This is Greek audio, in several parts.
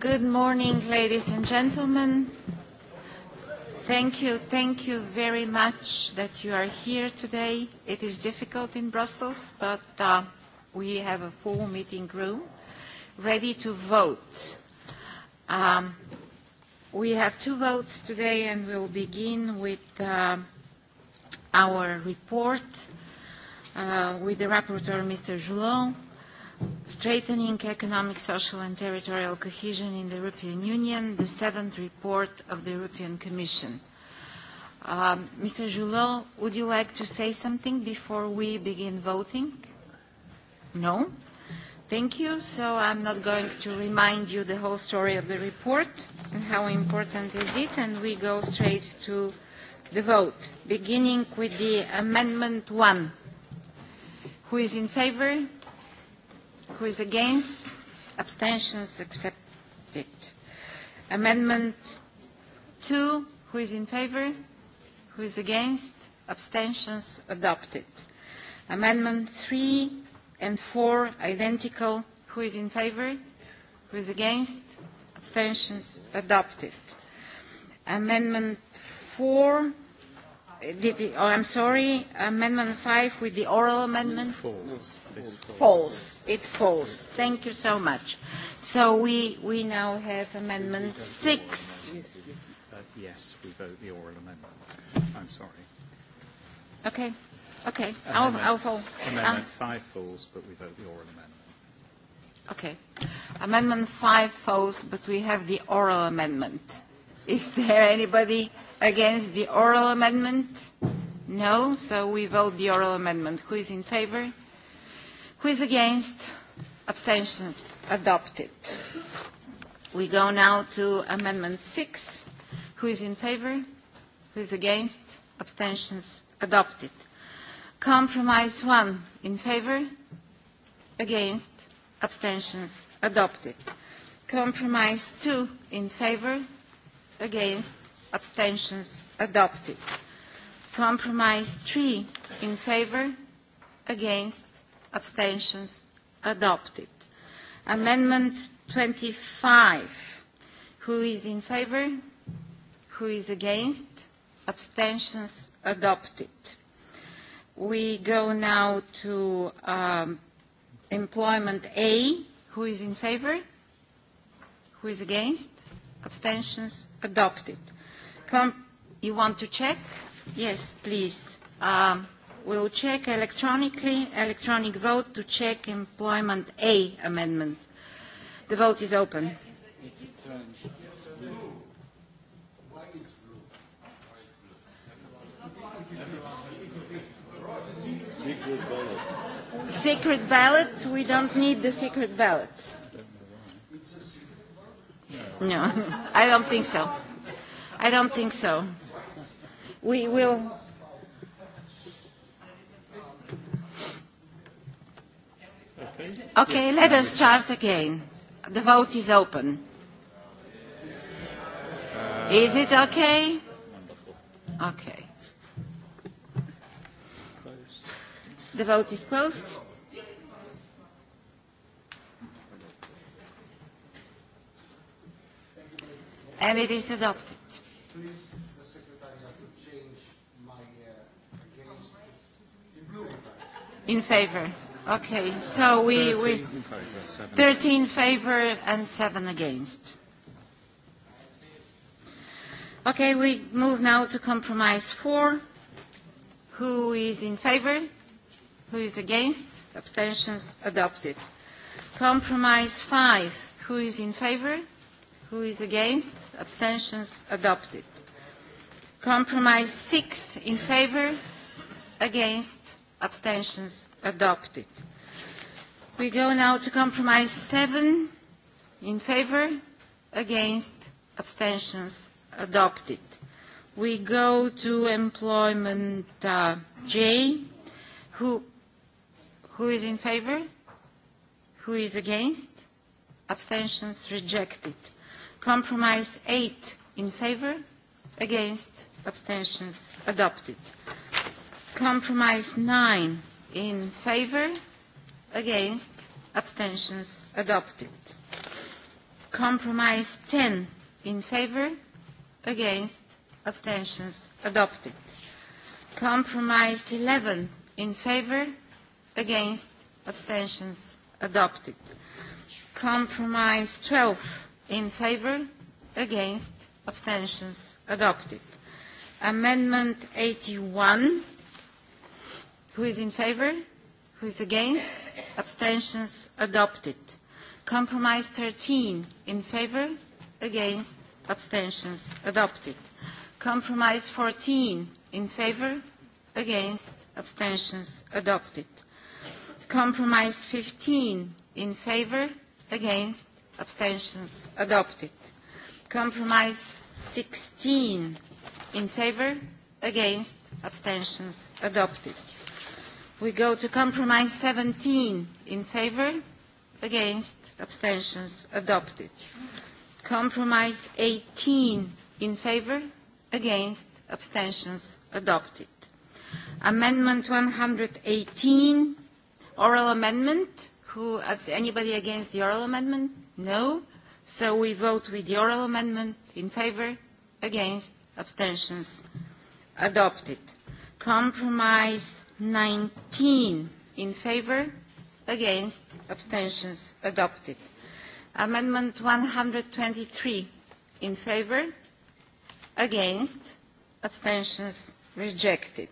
Good morning, ladies and gentlemen. Thank you, thank you very much that you are here today. It is difficult in Brussels, but we have a full meeting room ready to vote. We have two votes today, and we'll begin with our report with the rapporteur, Mr. Joulon Straightening Economic, Social and Territorial Cohesion in the European Union, the seventh report of the European Commission. Mr. Joulot, would you like to say something before we begin voting? No? Thank you. So I'm not going to remind you the whole story of the report and how important is it, and we go straight to the vote, beginning with the Amendment 1. Who is in favor? Who is against? Abstentions accepted. Amendment 2. Who is in favor? Who is against? Abstentions adopted. Amendment 3 and 4 identical. Who is in favor? Who is against? Abstentions adopted. Amendment 4 I'm sorry, Amendment 5 with the oral amendment? False. False. It falls. Thank you so much. So we, we now have Amendment 6. Yes, we vote the oral amendment. I'm sorry. Okay. Okay. I'll fall. Amendment 5 falls, but we vote the oral amendment. Okay. Amendment 5 falls, but we have the oral amendment. Is there anybody Against the oral amendment? No. So we vote the oral amendment. Who is in favor? Who is against? Abstentions. Adopted. We go now to Amendment 6. Who is in favor? Who is against? Abstentions. Adopted. Compromise 1. In favor? Against? Abstentions. Adopted. Compromise 2. In favor? Against? abstentions adopted. Compromise 3 in favor, against, abstentions adopted. Amendment 25. Who is in favor? Who is against? Abstentions adopted. We go now to employment A. Who is in favor? Who is against? Abstentions adopted. You want to check? Yes, please. We'll check electronically, electronic vote to check employment A amendment. The vote is open. Secret ballot? We don't need the secret ballot. No, I don't think so. I don't think so. We will. Okay, let us start again. The vote is open. Is it okay? Okay. The vote is closed. And it is adopted. Please, the Secretariat would change my against in blue. In favor. Okay, so we... we 13 in favor and 7 against. Okay, we move now to compromise 4. Who is in favor? Who is against? Abstentions adopted. Compromise 5. Who is in favor? Who is against? abstentions adopted. Compromise 6 in favor, against, abstentions adopted. We go now to compromise 7 in favor, against, abstentions adopted. We go to employment J. Who who is in favor? Who is against? Abstentions rejected. Compromise 8 in favor, against, abstentions adopted. Compromise 9 in favor, against, abstentions adopted. Compromise 10 in favor, against, abstentions adopted. Compromise 11 in favor, against, abstentions adopted. Compromise 12 in favor against abstentions adopted amendment 81 who is in favor who is against abstentions adopted compromise 13 in favor against abstentions adopted compromise 14 in favor against abstentions adopted compromise 15 in favor against abstentions adopted. Compromise 16 in favor, against, abstentions adopted. We go to compromise 17 in favor, against, abstentions adopted. Compromise 18 in favor, against, abstentions adopted. Amendment 118, oral amendment. Who, anybody against the oral amendment? No. So we vote with the oral amendment in favor, against, abstentions. Adopted. Compromise 19 in favor, against, abstentions. Adopted. Amendment 123 in favor, against, abstentions. Rejected.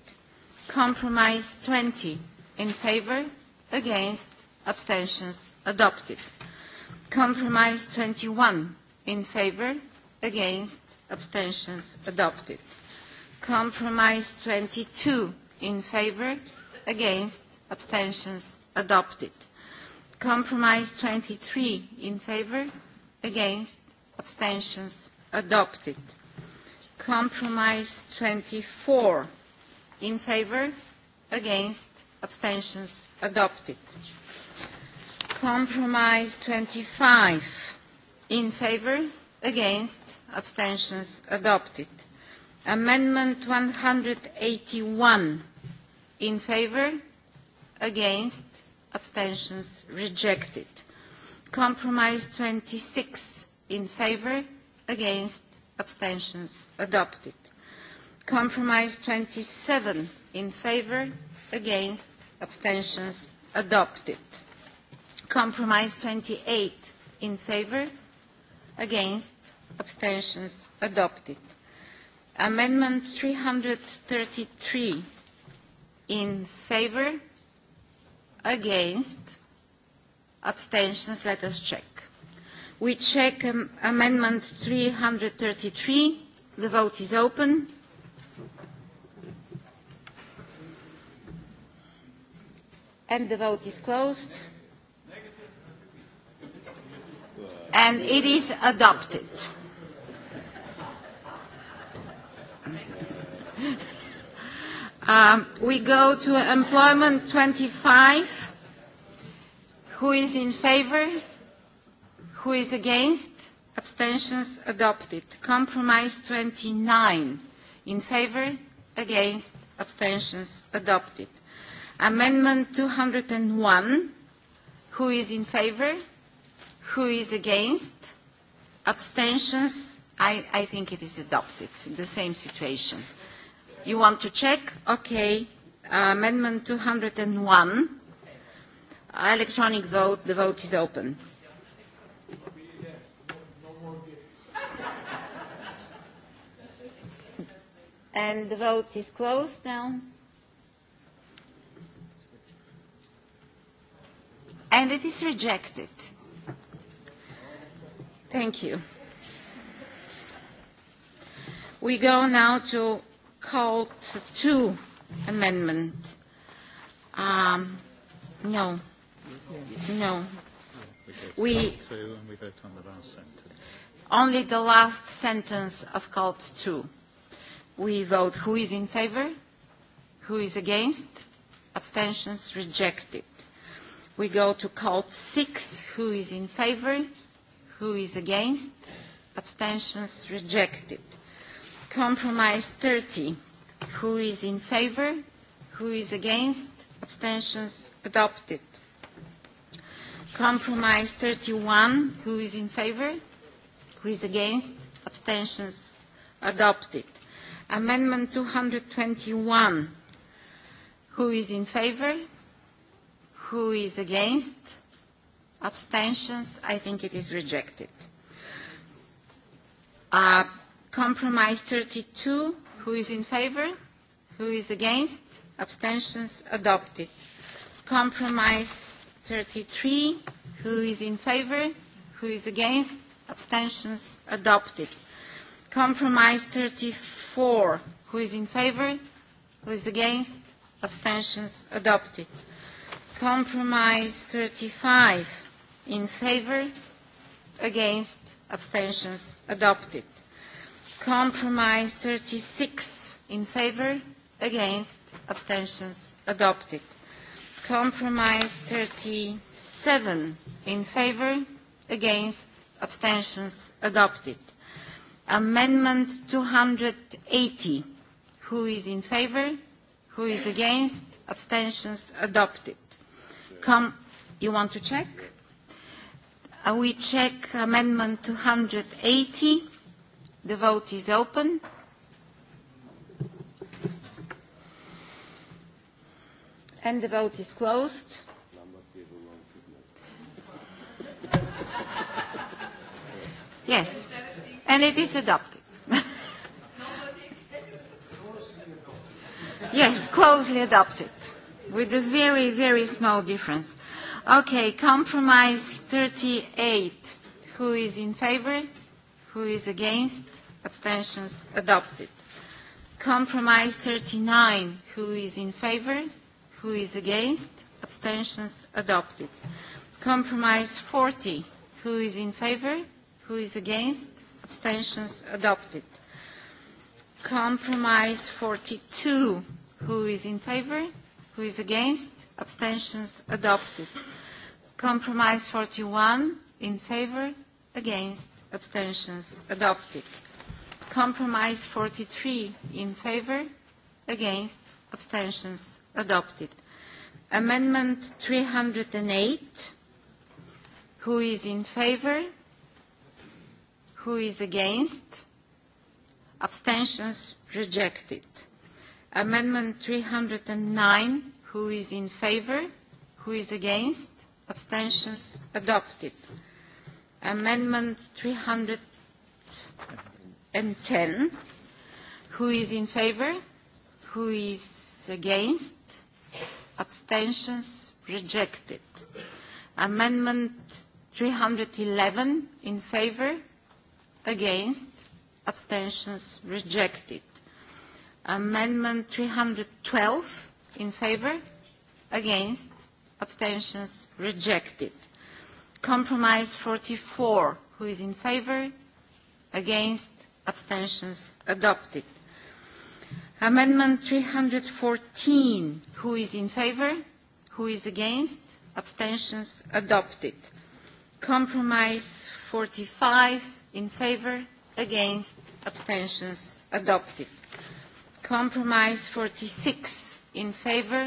Compromise 20 in favor, against, abstentions. Adopted. Compromise 21 in favor, against, abstentions adopted. Compromise 22 in favor, against, abstentions adopted. Compromise 23 in favor, against, abstentions adopted. Compromise 24 in favor, against, abstentions adopted. Compromise 25. In favor? Against? Abstentions? Adopted. Amendment 181. In favor? Against? Abstentions? Rejected. Compromise 26. In favor? Against? Abstentions? Adopted. Compromise 27. In favor? Against? Abstentions? Adopted. Compromise 28 in favor, against, abstentions adopted. Amendment 333 in favor, against, abstentions, let us check. We check Amendment 333. The vote is open. And the vote is closed. and it is adopted. We go to employment 25. Who is in favor? Who is against? Abstentions adopted. Compromise 29. In favor? Against? Abstentions adopted. Amendment 201. Who is in favor? Who is against? Abstentions? I, think it is adopted. The same situation. You want to check? Okay. amendment 201. Electronic vote. The vote is open. And the vote is closed now. And it is rejected. Thank you. We go now to call two amendment. Um, no. No. We only the last sentence of cult two. We vote who is in favor, who is against, abstentions rejected. We go to cult six, who is in favor, Who is against? Abstentions rejected. Compromise 30. Who is in favor? Who is against? Abstentions adopted. Compromise 31. Who is in favor? Who is against? Abstentions adopted. Amendment 221. Who is in favor? Who is against? Abstentions? I think it is rejected. Compromise 32. Who is in favor? Who is against? Abstentions? Adopted. Compromise 33. Who is in favor? Who is against? Abstentions? Adopted. Compromise 34. Who is in favor? Who is against? Abstentions? Adopted. Compromise 35 in favor against abstentions adopted compromise 36 in favor against abstentions adopted compromise 37 in favor against abstentions adopted amendment 280 who is in favor who is against abstentions adopted come you want to check We check amendment 280. The vote is open. And the vote is closed. Yes. And it is adopted. Yes, closely adopted. With a very, very small difference. Okay, compromise 38. Who is in favor? Who is against? Abstentions adopted. Compromise 39. Who is in favor? Who is against? Abstentions adopted. Compromise 40. Who is in favor? Who is against? Abstentions adopted. Compromise 42. Who is in favor? Who is against? abstentions adopted. Compromise 41 in favor, against, abstentions adopted. Compromise 43 in favor, against, abstentions adopted. Amendment 308, who is in favor, who is against, abstentions rejected. Amendment 309, Who is in favor? Who is against? Abstentions adopted. Amendment 310. Who is in favor? Who is against? Abstentions rejected. Amendment 311 in favor, against, abstentions rejected. Amendment 312 in favor against abstentions rejected compromise 44 who is in favor against abstentions adopted amendment 314 who is in favor who is against abstentions adopted compromise 45 in favor against abstentions adopted compromise 46 in favor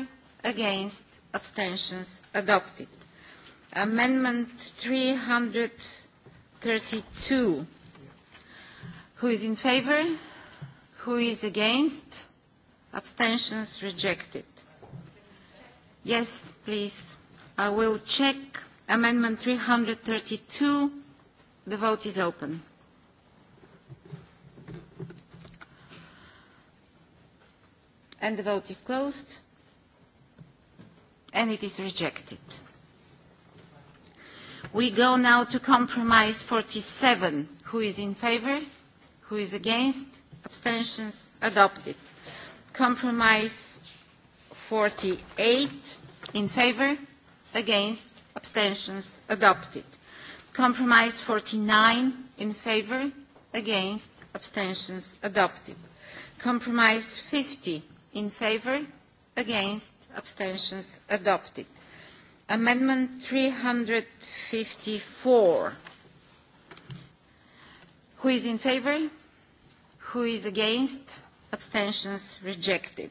against abstentions adopted amendment 332 who is in favor who is against abstentions rejected yes please i will check amendment 332 the vote is open And the vote is closed. And it is rejected. We go now to compromise 47. Who is in favor? Who is against? Abstentions? Adopted. Compromise 48. In favor? Against? Abstentions? Adopted. Compromise 49. In favor? Against? Abstentions? Adopted. Compromise 50 in favor against abstentions adopted amendment 354 who is in favor who is against abstentions rejected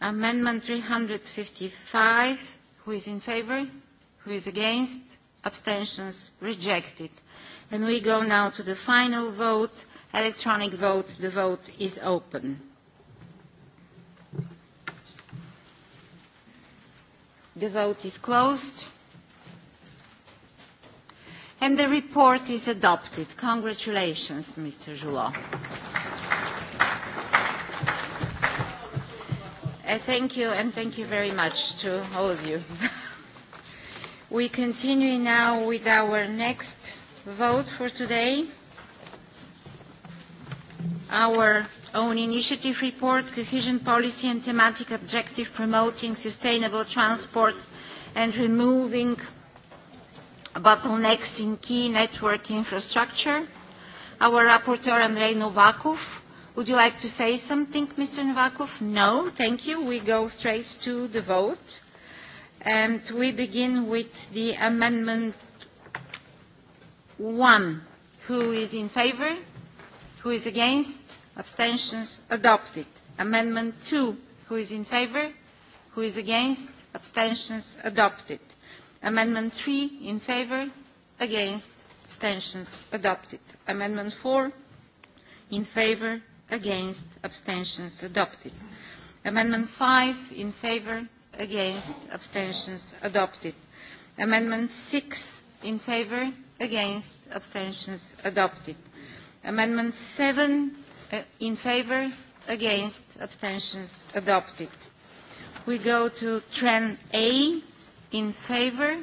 amendment 355 who is in favor who is against abstentions rejected and we go now to the final vote electronic vote the vote is open The vote is closed. And the report is adopted. Congratulations, Mr. Joulot. Thank you, and thank you very much to all of you. We continue now with our next vote for today. Our own initiative report, cohesion policy and thematic objective promoting sustainable transport and removing bottlenecks in key network infrastructure. Our rapporteur, Andrei Novakov. Would you like to say something, Mr. Novakov? No, thank you. We go straight to the vote. And we begin with the amendment one. Who is in favor? Who is against? abstentions adopted amendment 2 who is in favor who is against abstentions adopted amendment 3 in favor against abstentions adopted amendment 4 in favor against abstentions adopted amendment 5 in favor against abstentions adopted amendment 6 in favor against abstentions adopted amendment 7 in favour, against abstentions adopted we go to trend a in favour,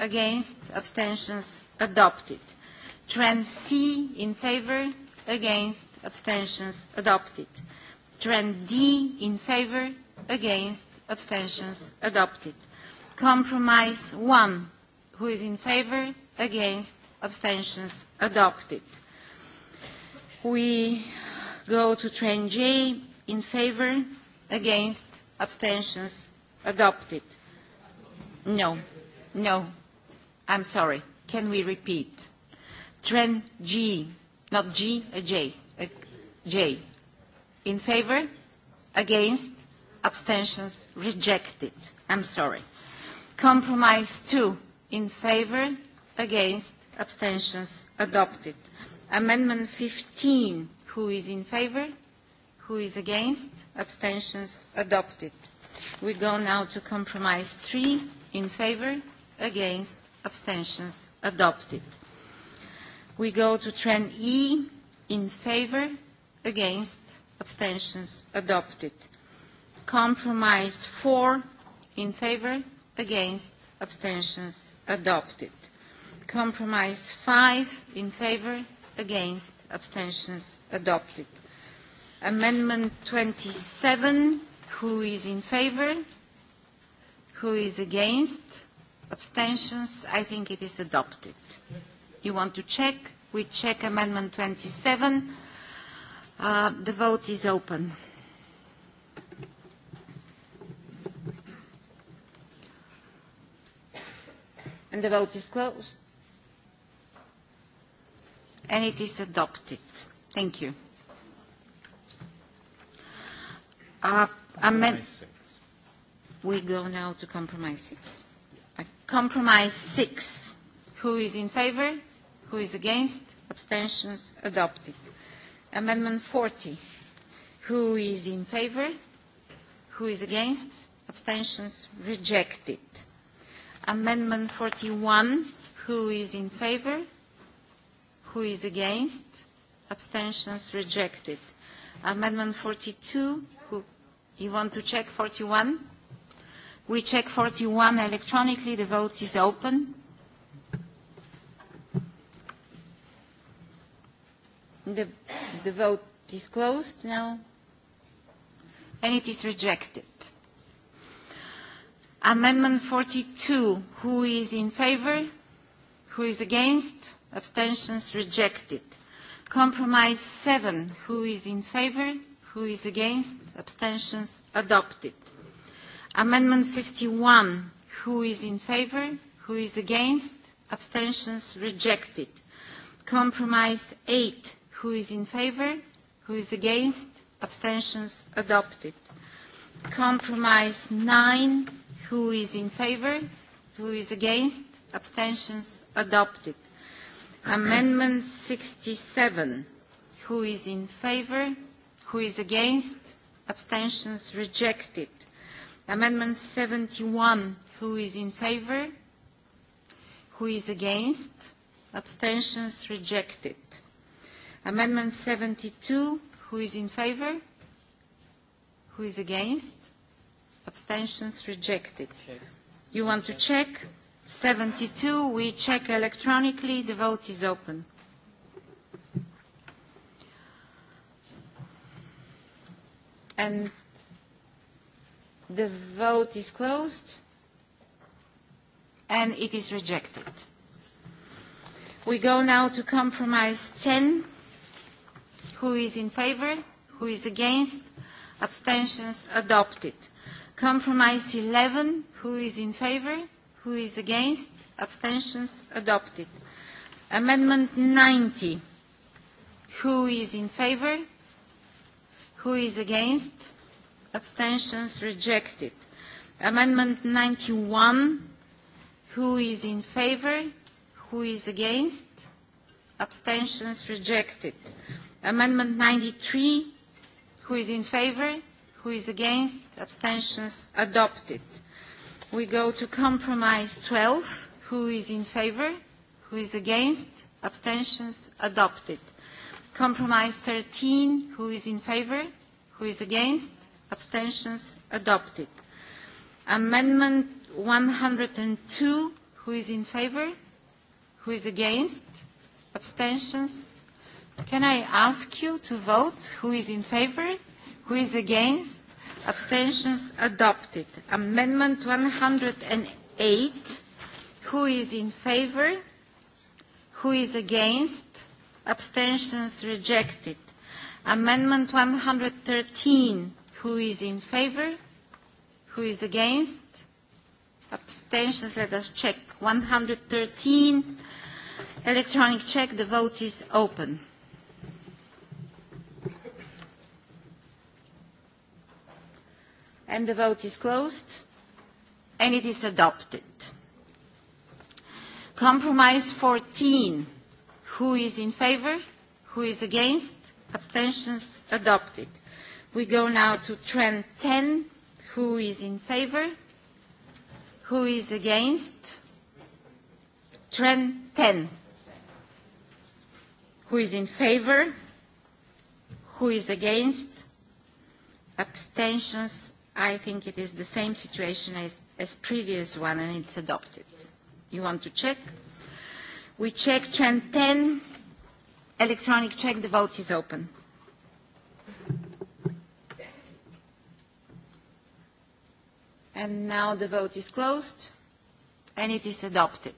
against abstentions adopted trend c in favour, against abstentions adopted trend d in favour, against abstentions adopted compromise 1 who is in favour, against abstentions adopted We go to trend J. In favor? Against? Abstentions? Adopted. No. No. I'm sorry. Can we repeat? Trend G. Not G, a J. A J. In favor? Against? Abstentions? Rejected. I'm sorry. Compromise 2. In favor? Against? Abstentions? Adopted. Amendment 15. Who is in favor? Who is against? Abstentions adopted. We go now to compromise 3. In favor? Against? Abstentions adopted. We go to trend E. In favor? Against? Abstentions adopted. Compromise 4. In favor? Against? Abstentions adopted. Compromise 5. In favor? against, abstentions adopted. Amendment 27, who is in favor? Who is against? Abstentions? I think it is adopted. You want to check? We check Amendment 27. The vote is open. And the vote is closed and it is adopted. Thank you. We go now to compromise six. Compromise six. Who is in favor? Who is against? Abstentions adopted. Amendment 40. Who is in favor? Who is against? Abstentions rejected. Amendment 41. Who is in favor? Who is against? Abstentions rejected. Amendment 42. Who, you want to check 41? We check 41 electronically. The vote is open. The, the vote is closed now. And it is rejected. Amendment 42. Who is in favor? Who is against? abstentions rejected. Compromise 7. Who is in favor? Who is against? Abstentions adopted. Amendment 51. Who is in favor? Who is against? Abstentions rejected. Compromise 8. Who is in favor? Who is against? Abstentions adopted. Compromise 9. Who is in favor? Who is against? Abstentions adopted. Amendment 67. Who is in favor? Who is against? Abstentions rejected. Amendment 71. Who is in favor? Who is against? Abstentions rejected. Amendment 72. Who is in favor? Who is against? Abstentions rejected. You want to check? 72, we check electronically. The vote is open. And the vote is closed, and it is rejected. We go now to compromise 10. Who is in favor? Who is against? Abstentions adopted. Compromise 11. Who is in favor? Who is against? Abstentions? Adopted. Amendment 90. Who is in favor? Who is against? Abstentions? Rejected. Amendment 91. Who is in favor? Who is against? Abstentions? Rejected. Amendment 93. Who is in favor? Who is against? Abstentions? Adopted. We go to compromise 12. Who is in favor? Who is against? Abstentions adopted. Compromise 13. Who is in favor? Who is against? Abstentions adopted. Amendment 102. Who is in favor? Who is against? Abstentions? Can I ask you to vote? Who is in favor? Who is against? abstentions adopted. Amendment 108. Who is in favor? Who is against? Abstentions rejected. Amendment 113. Who is in favor? Who is against? Abstentions. Let us check. 113. Electronic check. The vote is open. and the vote is closed, and it is adopted. Compromise 14. Who is in favor? Who is against? Abstentions adopted. We go now to trend 10. Who is in favor? Who is against? Trend 10. Who is in favor? Who is against? Abstentions I think it is the same situation as previous one and it's adopted. You want to check? We check trend 10. Electronic check. The vote is open. And now the vote is closed and it is adopted.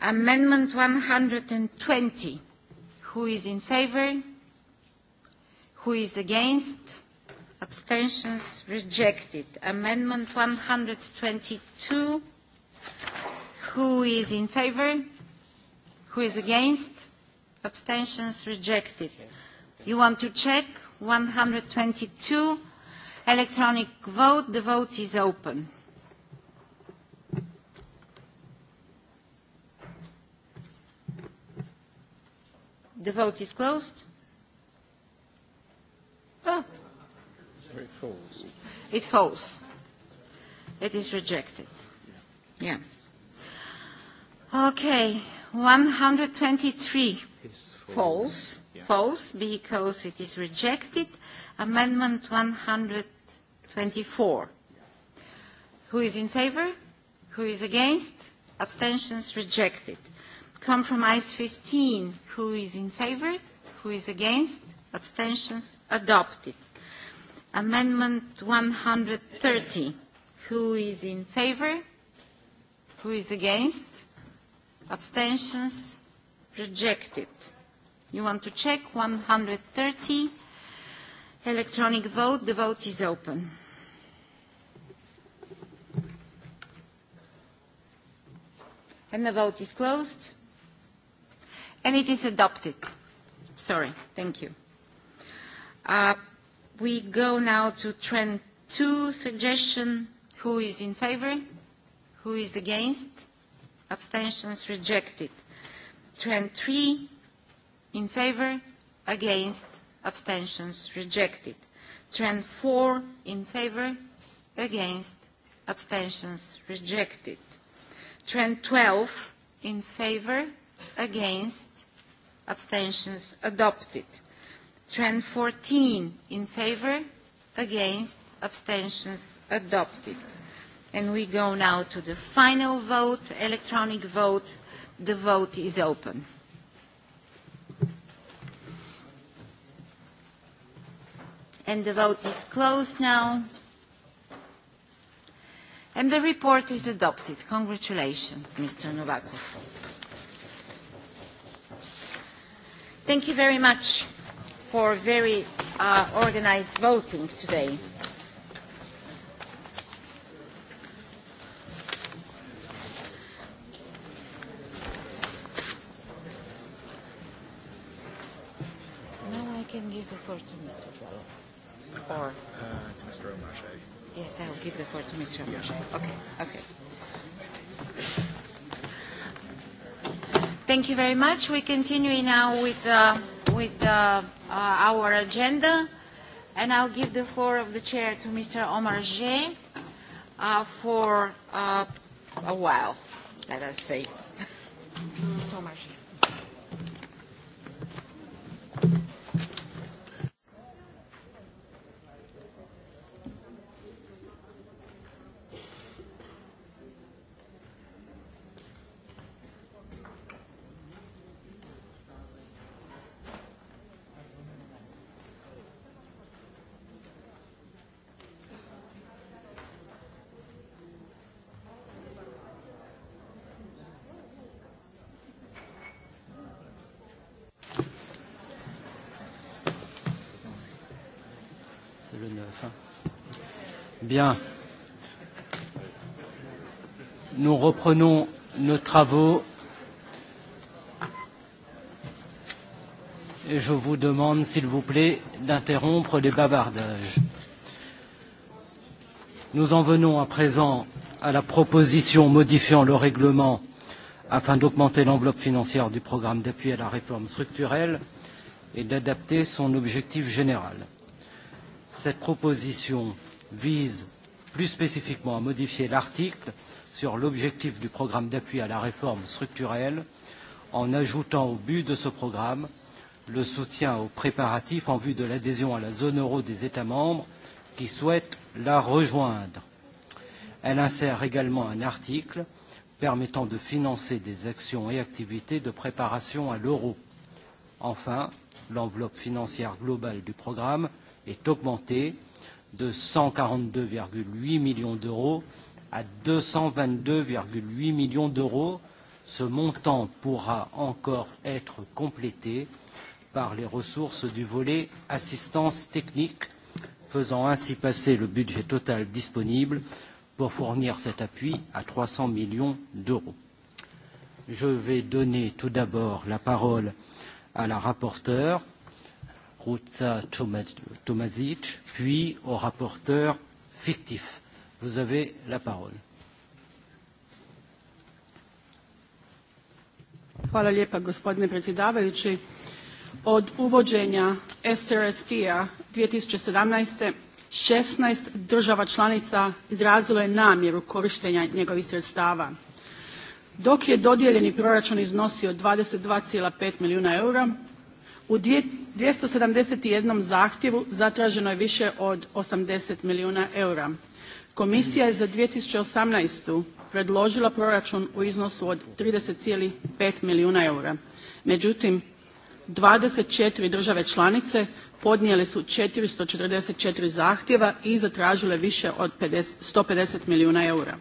Amendment 120. Who is in favor? Who is against? abstentions rejected amendment 122 who is in favor who is against abstentions rejected you want to check 122 electronic vote the vote is open the vote is closed oh It falls. It It is rejected. Yeah. Okay. 123 False False because it is rejected. Amendment 124. Who is in favor? Who is against? Abstentions rejected. Compromise 15. Who is in favor? Who is against? Abstentions adopted. Amendment 130. Who is in favor? Who is against? Abstentions? Rejected. You want to check 130. Electronic vote. The vote is open. And the vote is closed. And it is adopted. Sorry. Thank you. We go now to trend two suggestion. Who is in favor? Who is against? Abstentions rejected. Trend three in favor, against, abstentions rejected. Trend four in favor, against, abstentions rejected. Trend 12 in favor, against, abstentions adopted. Trend 14 in favor, against, abstentions adopted. And we go now to the final vote, electronic vote. The vote is open. And the vote is closed now. And the report is adopted. Congratulations, Mr. Novakov. Thank you very much for very organized voting today. Now I can give the floor to Mr. Gallo. Or? To Mr. Omarche. Yes, I will give the floor to Mr. Omarche. Okay, okay. Thank you very much. We continue now with with our agenda, and I'll give the floor of the chair to Mr. Omar Jay for a while, let us say. Mr. Omar Bien. Nous reprenons nos travaux. Et je vous demande, s'il vous plaît, d'interrompre les bavardages. Nous en venons à présent à la proposition modifiant le règlement afin d'augmenter l'enveloppe financière du programme d'appui à la réforme structurelle et d'adapter son objectif général. Cette proposition vise plus spécifiquement à modifier l'article sur l'objectif du programme d'appui à la réforme structurelle en ajoutant au but de ce programme le soutien aux préparatifs en vue de l'adhésion à la zone euro des États membres qui souhaitent la rejoindre. Elle insère également un article permettant de financer des actions et activités de préparation à l'euro. Enfin, l'enveloppe financière globale du programme est augmenté de 142,8 millions d'euros à 222,8 millions d'euros. Ce montant pourra encore être complété par les ressources du volet assistance technique, faisant ainsi passer le budget total disponible pour fournir cet appui à 300 millions d'euros. Je vais donner tout d'abord la parole à la rapporteure Ruza Tomazic, puis au rapporteur fictif. Vous avez la parole. Hvala lijepa gospodine predsjedavajući. Od uvođenja SRSP-a 2017. 16 država članica izrazilo je namjeru korištenja njegovih sredstava. Dok je dodijeljeni proračun iznosio 22,5 milijuna eura, U 271 zahtjevu zatraženo je više od 80 milijuna eura. Komisija je za 2018. predložila proračun u iznosu od 30,5 milijuna eura. Međutim, 24 države članice podnijele su 444 zahtjeva i zatražile više od 50, 150 milijuna eura.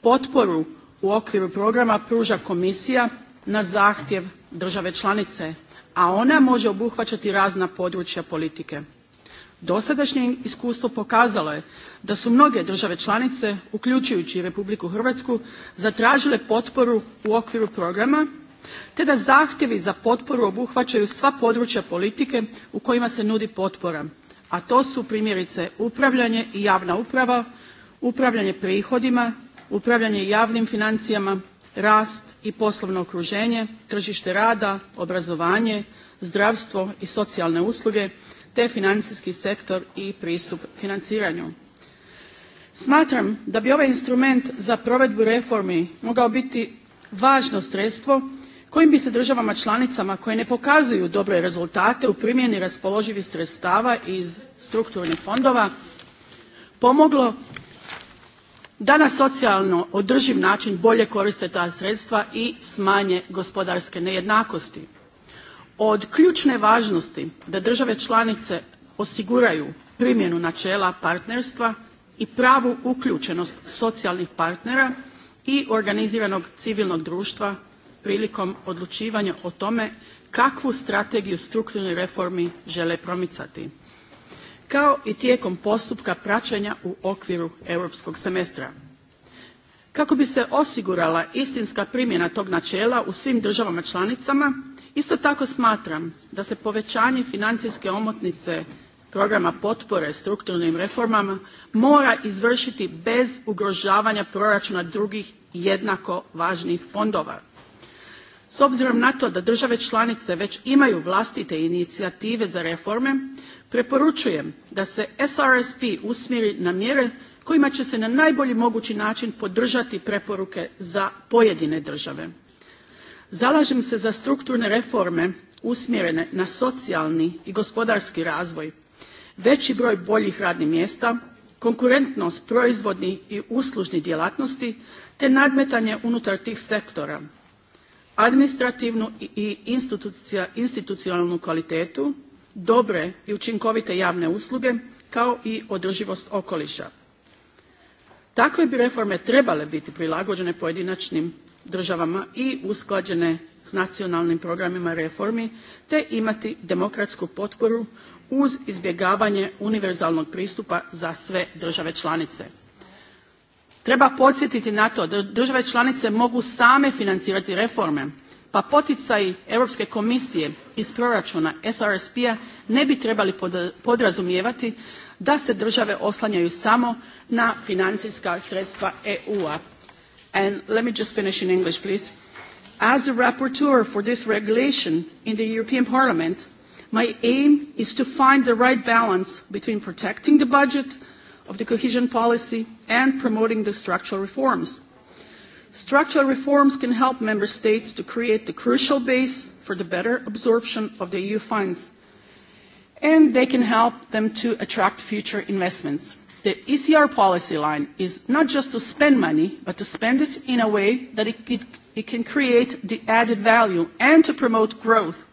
Potporu u okviru programa pruža komisija na zahtjev države članice a ona može obuhvaćati razna područja politike. Dosadašnje iskustvo pokazalo je da su mnoge države članice, uključujući i Republiku Hrvatsku, zatražile potporu u okviru programa, te da zahtjevi za potporu obuhvaćaju sva područja politike u kojima se nudi potpora, a to su primjerice upravljanje i javna uprava, upravljanje prihodima, upravljanje javnim financijama, rast i poslovno okruženje, tržište rada, obrazovanje, zdravstvo i socijalne usluge, te financijski sektor i pristup financiranju. Smatram da bi ovaj instrument za provedbu reformi mogao biti važno sredstvo kojim bi se državama članicama koje ne pokazuju dobre rezultate u primjeni raspoloživih sredstava iz strukturnih fondova pomoglo da na socijalno održiv način bolje koriste ta sredstva i smanje gospodarske nejednakosti. Od ključne važnosti da države članice osiguraju primjenu načela partnerstva i pravu uključenost socijalnih partnera i organiziranog civilnog društva prilikom odlučivanja o tome kakvu strategiju strukturnih reformi žele promicati kao i tijekom postupka praćenja u okviru europskog semestra. Kako bi se osigurala istinska primjena tog načela u svim državama članicama, isto tako smatram da se povećanje financijske omotnice programa potpore strukturnim reformama mora izvršiti bez ugrožavanja proračuna drugih jednako važnih fondova. S obzirom na to da države članice već imaju vlastite inicijative za reforme, Preporučujem da se SRSP usmjeri na mjere kojima će se na najbolji mogući način podržati preporuke za pojedine države. Zalažem se za strukturne reforme usmjerene na socijalni i gospodarski razvoj, veći broj boljih radnih mjesta, konkurentnost proizvodnih i uslužnih djelatnosti te nadmetanje unutar tih sektora, administrativnu i institucionalnu kvalitetu, dobre i učinkovite javne usluge kao i održivost okoliša. Takve bi reforme trebale biti prilagođene pojedinačnim državama i usklađene s nacionalnim programima reformi te imati demokratsku potporu uz izbjegavanje univerzalnog pristupa za sve države članice. Treba podsjetiti na to da države članice mogu same financirati reforme pa poticaji Europske komisije iz proračuna SRSP-a ne bi trebali podrazumijevati da se države oslanjaju samo na financijska sredstva EU-a. And let me just finish in English, please. As the rapporteur for this regulation in the European Parliament, my aim is to find the right balance between protecting the budget of the cohesion policy and promoting the structural reforms Structural reforms can help member states to create the crucial base for the better absorption of the EU funds, and they can help them to attract future investments. The ECR policy line is not just to spend money, but to spend it in a way that it can create the added value and to promote growth.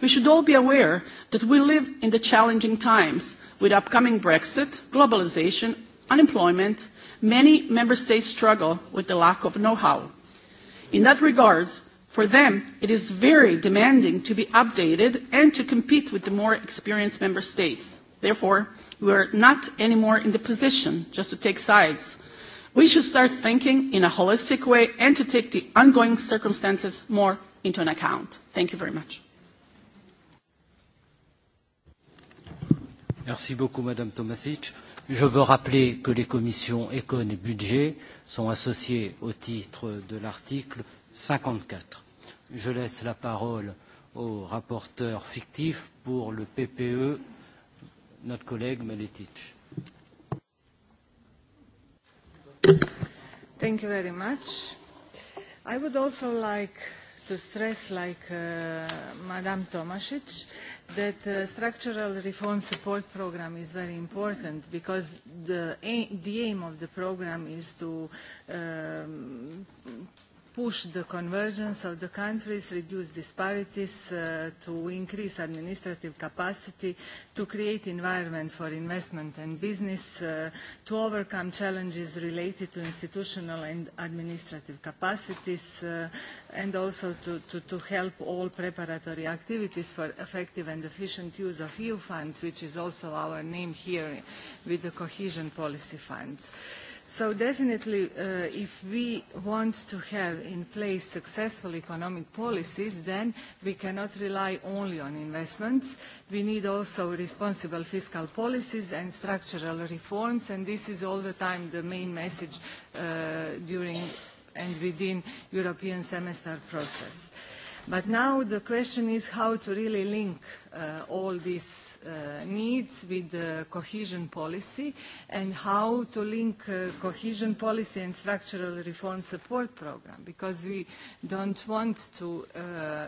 We should all be aware that we live in the challenging times with upcoming Brexit, globalization, unemployment, many member states struggle with the lack of know-how. In that regard, for them, it is very demanding to be updated and to compete with the more experienced member states. Therefore, we are not anymore in the position just to take sides. We should start thinking in a holistic way and to take the ongoing circumstances more into account. Thank you very much. Merci beaucoup, Madame Tomasic. Je veux rappeler que les commissions Econ et Budget sont associées au titre de l'article 54. Je laisse la parole au rapporteur fictif pour le PPE, notre collègue Meletic. Thank you very much. I would also to stress, like Madame Tomasic, that structural reform support program is very important because the aim of the program is to push the convergence of the countries, reduce disparities, to increase administrative capacity, to create environment for investment and business, to overcome challenges related to institutional and administrative capacities, and also to help all preparatory activities for effective and efficient use of EU funds, which is also our name here with the cohesion policy funds. So definitely, if we want to have in place successful economic policies, then we cannot rely only on investments. We need also responsible fiscal policies and structural reforms, and this is all the time the main message during and within European semester process. But now the question is how to really link all these needs with the cohesion policy and how to link cohesion policy and structural reform support program because we don't want to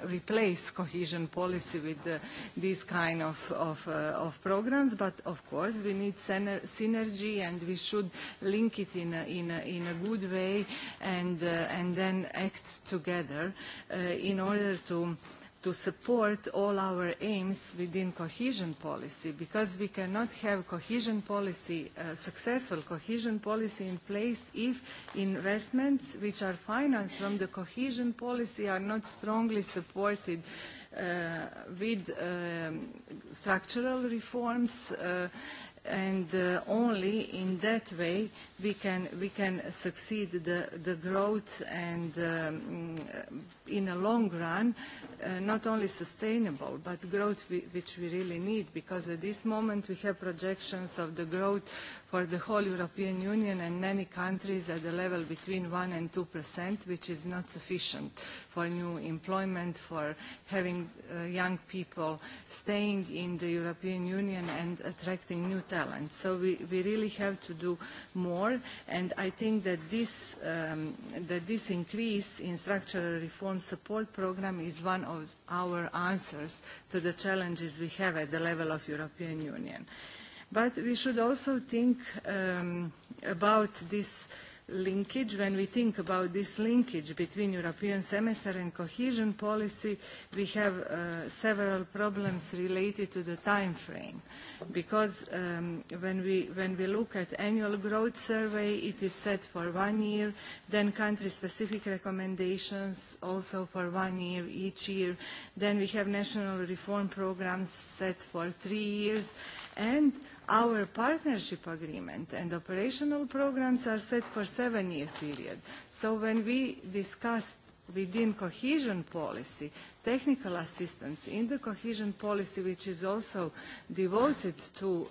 replace cohesion policy with this kind of programs but of course we need synergy and we should link it in a good way and then act together in order to to support all our aims within cohesion policy because we cannot have cohesion policy, successful cohesion policy in place if investments which are financed from the cohesion policy are not strongly supported with structural reforms and only in that way we can we can succeed the the growth and in a long run not only sustainable but growth which we really need because at this moment we have projections of the growth for the whole European Union and many countries at the level between 1 and 2 which is not sufficient for new employment, for having young people staying in the European Union and attracting new talent. So we really have to do more, and I think that this increase in structural reform support program is one of our answers to the challenges we have at the level of European Union. But we should also think about this linkage. When we think about this linkage between European semester and cohesion policy, we have several problems related to the time frame. Because when we when we look at annual growth survey, it is set for one year, then country-specific recommendations also for one year each year. Then we have national reform programs set for three years. And Our partnership agreement and operational programs are set for seven-year period. So when we discussed within cohesion policy, technical assistance in the cohesion policy, which is also devoted to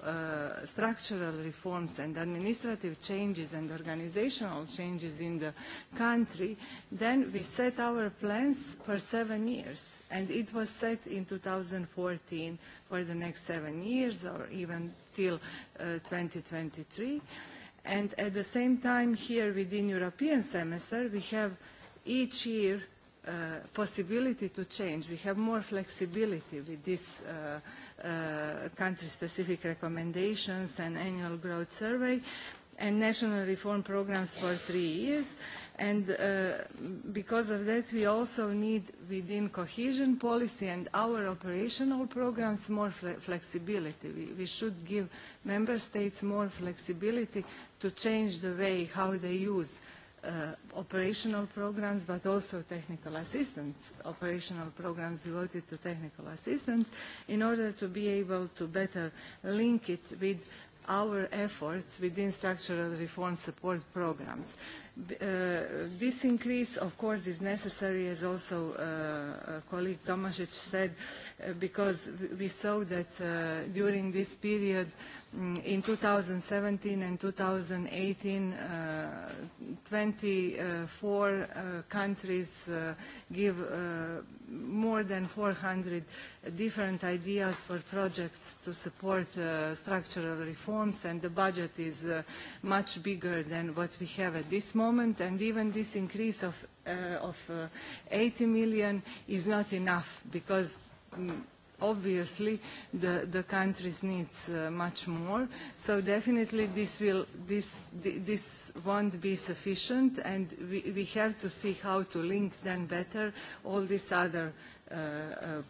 structural reforms and administrative changes and organizational changes in the country, then we set our plans for seven years. And it was set in 2014 for the next seven years or even till 2023. And at the same time, here within European semester, we have each year possibility to change. We have more flexibility with these country-specific recommendations and annual growth survey and national reform programs for three years. And because of that, we also need within cohesion policy and our operational programs more flexibility. We should give member states more flexibility to change the way how they use operational programs, but also technical assistance, operational programs devoted to technical assistance, in order to be able to better link it with our efforts within structural reform support programs. This increase, of course, is necessary, as also colleague Tomasic said, because we saw that during this period in 2017 and 2018 24 countries give more than 400 different ideas for projects to support structural reforms and the budget is much bigger than what we have at this moment and even this increase of 80 million is not enough because obviously the the countries need much more so definitely this will this this won't be sufficient and we have to see how to link then better all these other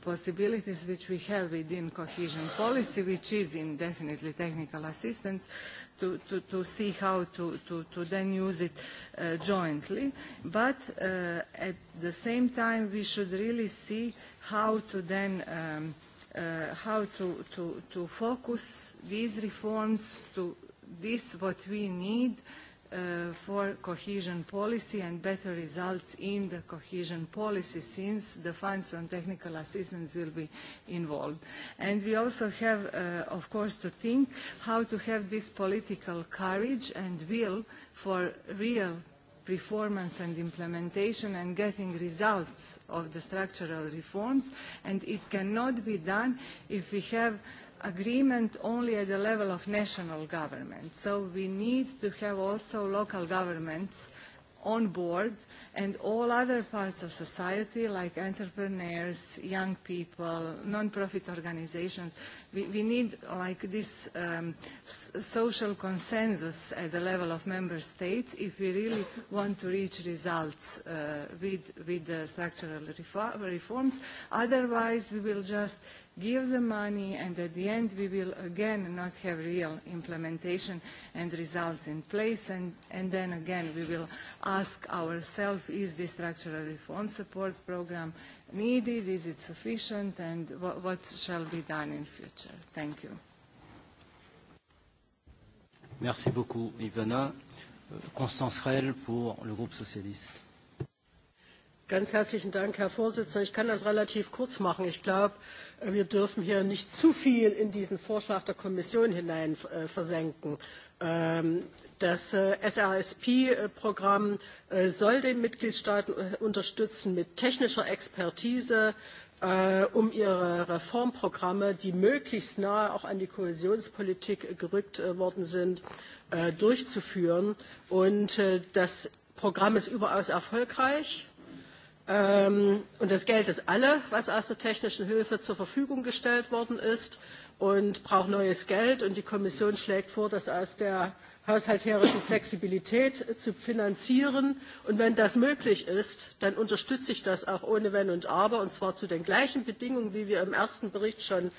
possibilities which we have within cohesion policy which is in definitely technical assistance to to to see how to to to then use it jointly but at the same time we should really see how to then how to to to focus these reforms to this what we need for cohesion policy and better results in the cohesion policy since the funds from technical assistance will be involved. And we also have, of course, to think how to have this political courage and will for real performance and implementation and getting results of the structural reforms, and it cannot be done if we have agreement only at the level of national government. So we need to have also local governments on board and all other parts of society like entrepreneurs, young people, non-profit organizations. We need like this social consensus at the level of member states if we really want to reach results with the structural reforms. Otherwise, we will just give the money and at the end we will again not have real implementation and results in place and then again we will ask ourselves is this structural reform support program needed, is it sufficient and what shall be done in future. Thank you. Merci beaucoup Ivana. Constance Rell pour le groupe socialiste. Ganz herzlichen Dank, Herr Vorsitzender. Ich kann das relativ kurz machen. Ich glaube, wir dürfen hier nicht zu viel in diesen Vorschlag der Kommission hinein versenken. Das SRSP-Programm soll den Mitgliedstaaten unterstützen mit technischer Expertise, um ihre Reformprogramme, die möglichst nahe auch an die Kohäsionspolitik gerückt worden sind, durchzuführen. das Programm ist überaus erfolgreich Und das Geld ist alle, was aus der technischen Hilfe zur Verfügung gestellt worden ist und braucht neues Geld. Und die Kommission schlägt vor, dass aus der haushalterische Flexibilität zu finanzieren. Und wenn das möglich ist, dann unterstütze ich das auch ohne Wenn und Aber, und zwar zu den gleichen Bedingungen, wie wir im ersten Bericht schon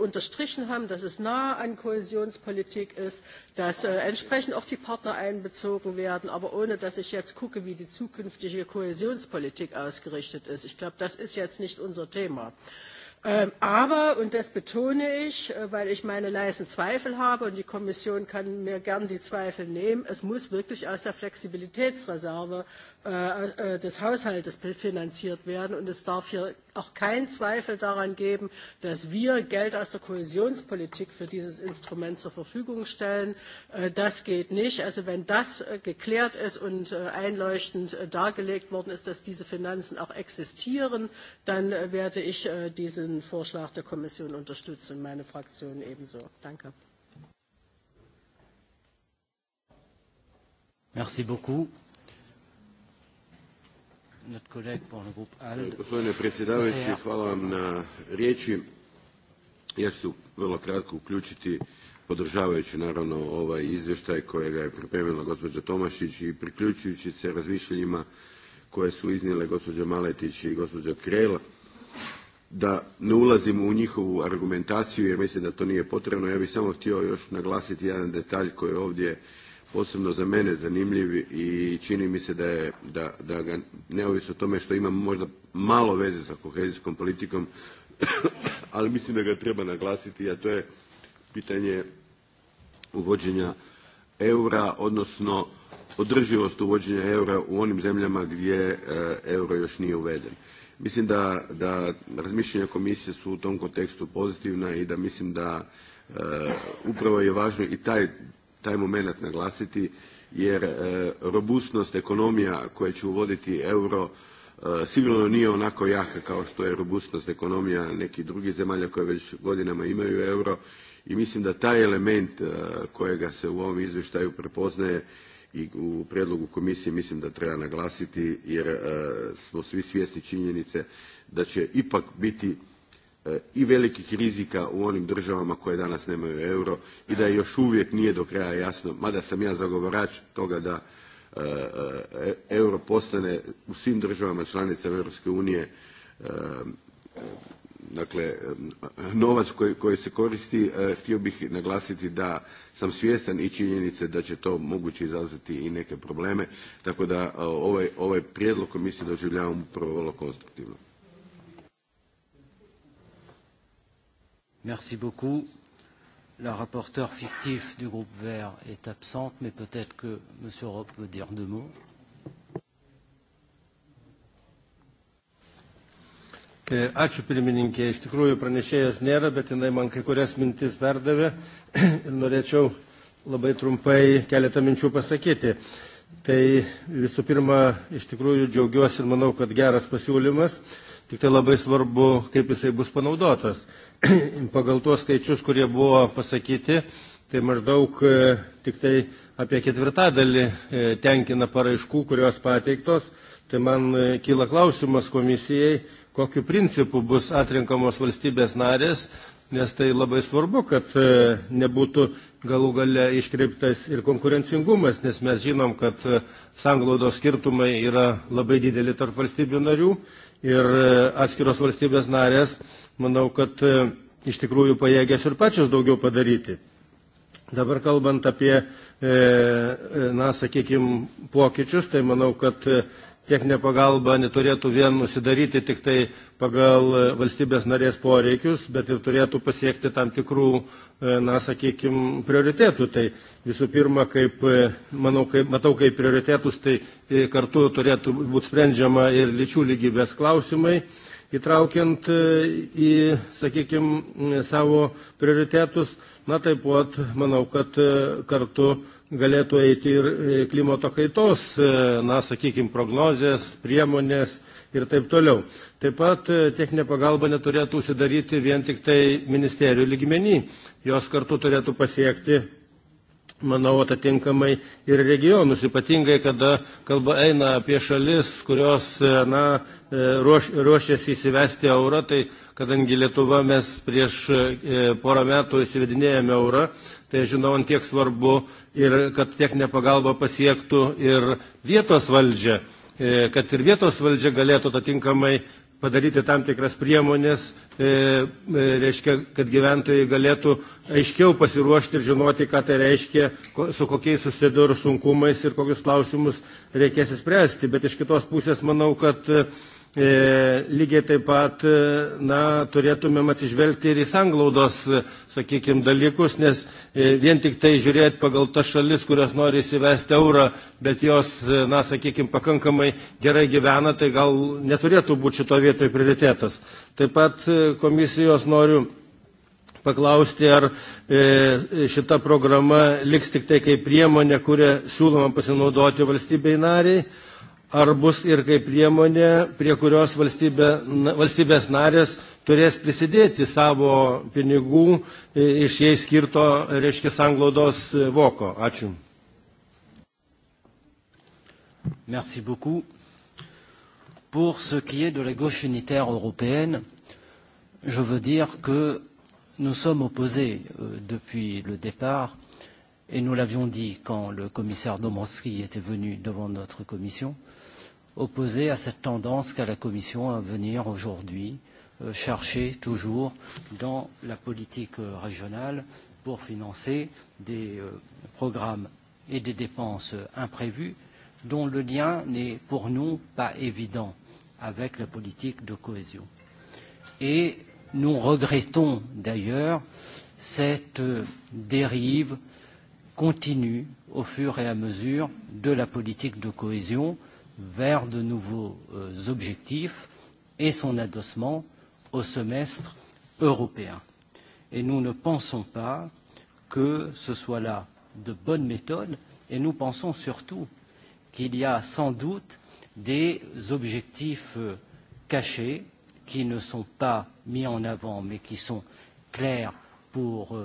unterstrichen haben, dass es nahe an Kohäsionspolitik ist, dass entsprechend auch die Partner einbezogen werden, aber ohne dass ich jetzt gucke, wie die zukünftige Kohäsionspolitik ausgerichtet ist. Ich glaube, das ist jetzt nicht unser Thema. Aber, und das betone ich, weil ich meine leisen Zweifel habe, und die Kommission kann mir gern die Zweifel nehmen, es muss wirklich aus der Flexibilitätsreserve des Haushaltes finanziert werden. Und es darf hier auch keinen Zweifel daran geben, dass wir Geld aus der Kohäsionspolitik für dieses Instrument zur Verfügung stellen. Das geht nicht. Also wenn das geklärt ist und einleuchtend dargelegt worden ist, dass diese Finanzen auch existieren, dann werde ich diesen Vorschlag der Kommission unterstützen und meine Fraktion ebenso. Danke. Gospodine predsjedavajući, hvala vam na riječi. Ja ću vrlo kratko uključiti podržavajući naravno ovaj izvještaj kojega je pripremila gospođa Tomašić i priključujući se razmišljenjima koje su iznijele gospođa Maletić i gospođa krela da ne ulazimo u njihovu argumentaciju jer mislim da to nije potrebno. Ja bih samo htio još naglasiti jedan detalj koji je ovdje posebno za mene zanimljiv i čini mi se da, je, da, da ga neovisno o tome što ima možda malo veze sa kohezijskom politikom, ali mislim da ga treba naglasiti, a to je pitanje uvođenja eura, odnosno održivost uvođenja eura u onim zemljama gdje euro još nije uveden. Mislim da, da razmišljanja komisije su u tom kontekstu pozitivna i da mislim da e, upravo je važno i taj taj moment naglasiti jer robustnost ekonomija koje će uvoditi euro sigurno nije onako jaka kao što je robustnost ekonomija nekih drugih zemalja koje već godinama imaju euro i mislim da taj element kojega se u ovom izvještaju prepoznaje i u predlogu komisije mislim da treba naglasiti jer smo svi svjesni činjenice da će ipak biti i velikih rizika u onim državama koje danas nemaju euro i da još uvijek nije do kraja jasno, mada sam ja zagovorač toga da euro postane u svim državama članicama Europske unije dakle novac koji se koristi htio bih naglasiti da sam svjestan i činjenice da će to moguće izazvati i neke probleme tako da ovaj prijedlog komisije doživljavam upravo vrlo konstruktivno. Merci beaucoup. La rapporteure fictif du groupe Vert est absente, mais peut-être que M. peut dire deux mots. Ačiū pirmininkė, iš tikrųjų pranešėjas nėra, bet jinai man kai kurias mintis perdavė ir norėčiau labai trumpai keletą minčių pasakyti. Tai visų pirma, iš tikrųjų džiaugiuosi ir manau, kad geras pasiūlymas, tik tai labai svarbu, kaip jisai bus panaudotas pagal tuos skaičius, kurie buvo pasakyti, tai maždaug tik tai apie ketvirtadalį tenkina paraiškų, kurios pateiktos. Tai man kyla klausimas komisijai, kokiu principu bus atrenkamos valstybės narės, nes tai labai svarbu, kad nebūtų galų gale iškreiptas ir konkurencingumas, nes mes žinom, kad sanglaudos skirtumai yra labai dideli tarp valstybių narių ir atskiros valstybės narės, manau, kad iš tikrųjų pajėgės ir pačios daugiau padaryti. Dabar kalbant apie, na, sakykime, pokyčius, tai manau, kad techninė pagalba neturėtų vien nusidaryti tik tai pagal valstybės narės poreikius, bet ir turėtų pasiekti tam tikrų, na, sakykime, prioritėtų. Tai visų pirma, kaip, manau, kaip, matau, kaip prioritėtus, tai kartu turėtų būti sprendžiama ir lyčių lygybės klausimai įtraukiant į, sakykime, savo prioritetus. Na, taip pat manau, kad kartu galėtų eiti ir klimato kaitos, na, sakykime, prognozės, priemonės ir taip toliau. Taip pat techninė pagalba neturėtų užsidaryti vien tik tai ministerijų lygmenį, jos kartu turėtų pasiekti manau, atitinkamai ir regionus, ypatingai, kada kalba eina apie šalis, kurios na, ruoš, ruošiasi įsivesti eurą, tai kadangi Lietuva mes prieš porą metų įsivedinėjame eurą, tai žinau, tiek svarbu ir kad tiek nepagalba pasiektų ir vietos valdžią kad ir vietos valdžia galėtų atitinkamai padaryti tam tikras priemonės, reiškia, kad gyventojai galėtų aiškiau pasiruošti ir žinoti, ką tai reiškia, su kokiais susidur sunkumais ir kokius klausimus reikės įspręsti. Bet iš kitos pusės manau, kad lygiai taip pat na, turėtumėm atsižvelgti ir į sanglaudos, sakykime, dalykus, nes vien tik tai žiūrėti pagal tas šalis, kurios nori įsivesti eurą, bet jos, na, sakykime, pakankamai gerai gyvena, tai gal neturėtų būti šito vietoj prioritetas. Taip pat komisijos noriu paklausti, ar šita programa liks tik tai kaip priemonė, kurią siūloma pasinaudoti valstybei nariai ar bus ir kaip priemonė, prie kurios valstybė, valstybės narės turės prisidėti savo pinigų iš jai skirto, reiškia, sanglaudos voko. Ačiū. Merci beaucoup. Pour ce qui est de la gauche unitaire européenne, je veux dire que nous sommes opposés depuis le départ, et nous l'avions dit quand le commissaire Dombrovski était venu devant notre commission, opposé à cette tendance qu'a la Commission à venir aujourd'hui chercher toujours dans la politique régionale pour financer des programmes et des dépenses imprévues dont le lien n'est pour nous pas évident avec la politique de cohésion. Et nous regrettons d'ailleurs cette dérive continue au fur et à mesure de la politique de cohésion vers de nouveaux objectifs et son adossement au semestre européen. Et nous ne pensons pas que ce soit là de bonnes méthodes et nous pensons surtout qu'il y a sans doute des objectifs cachés qui ne sont pas mis en avant mais qui sont clairs pour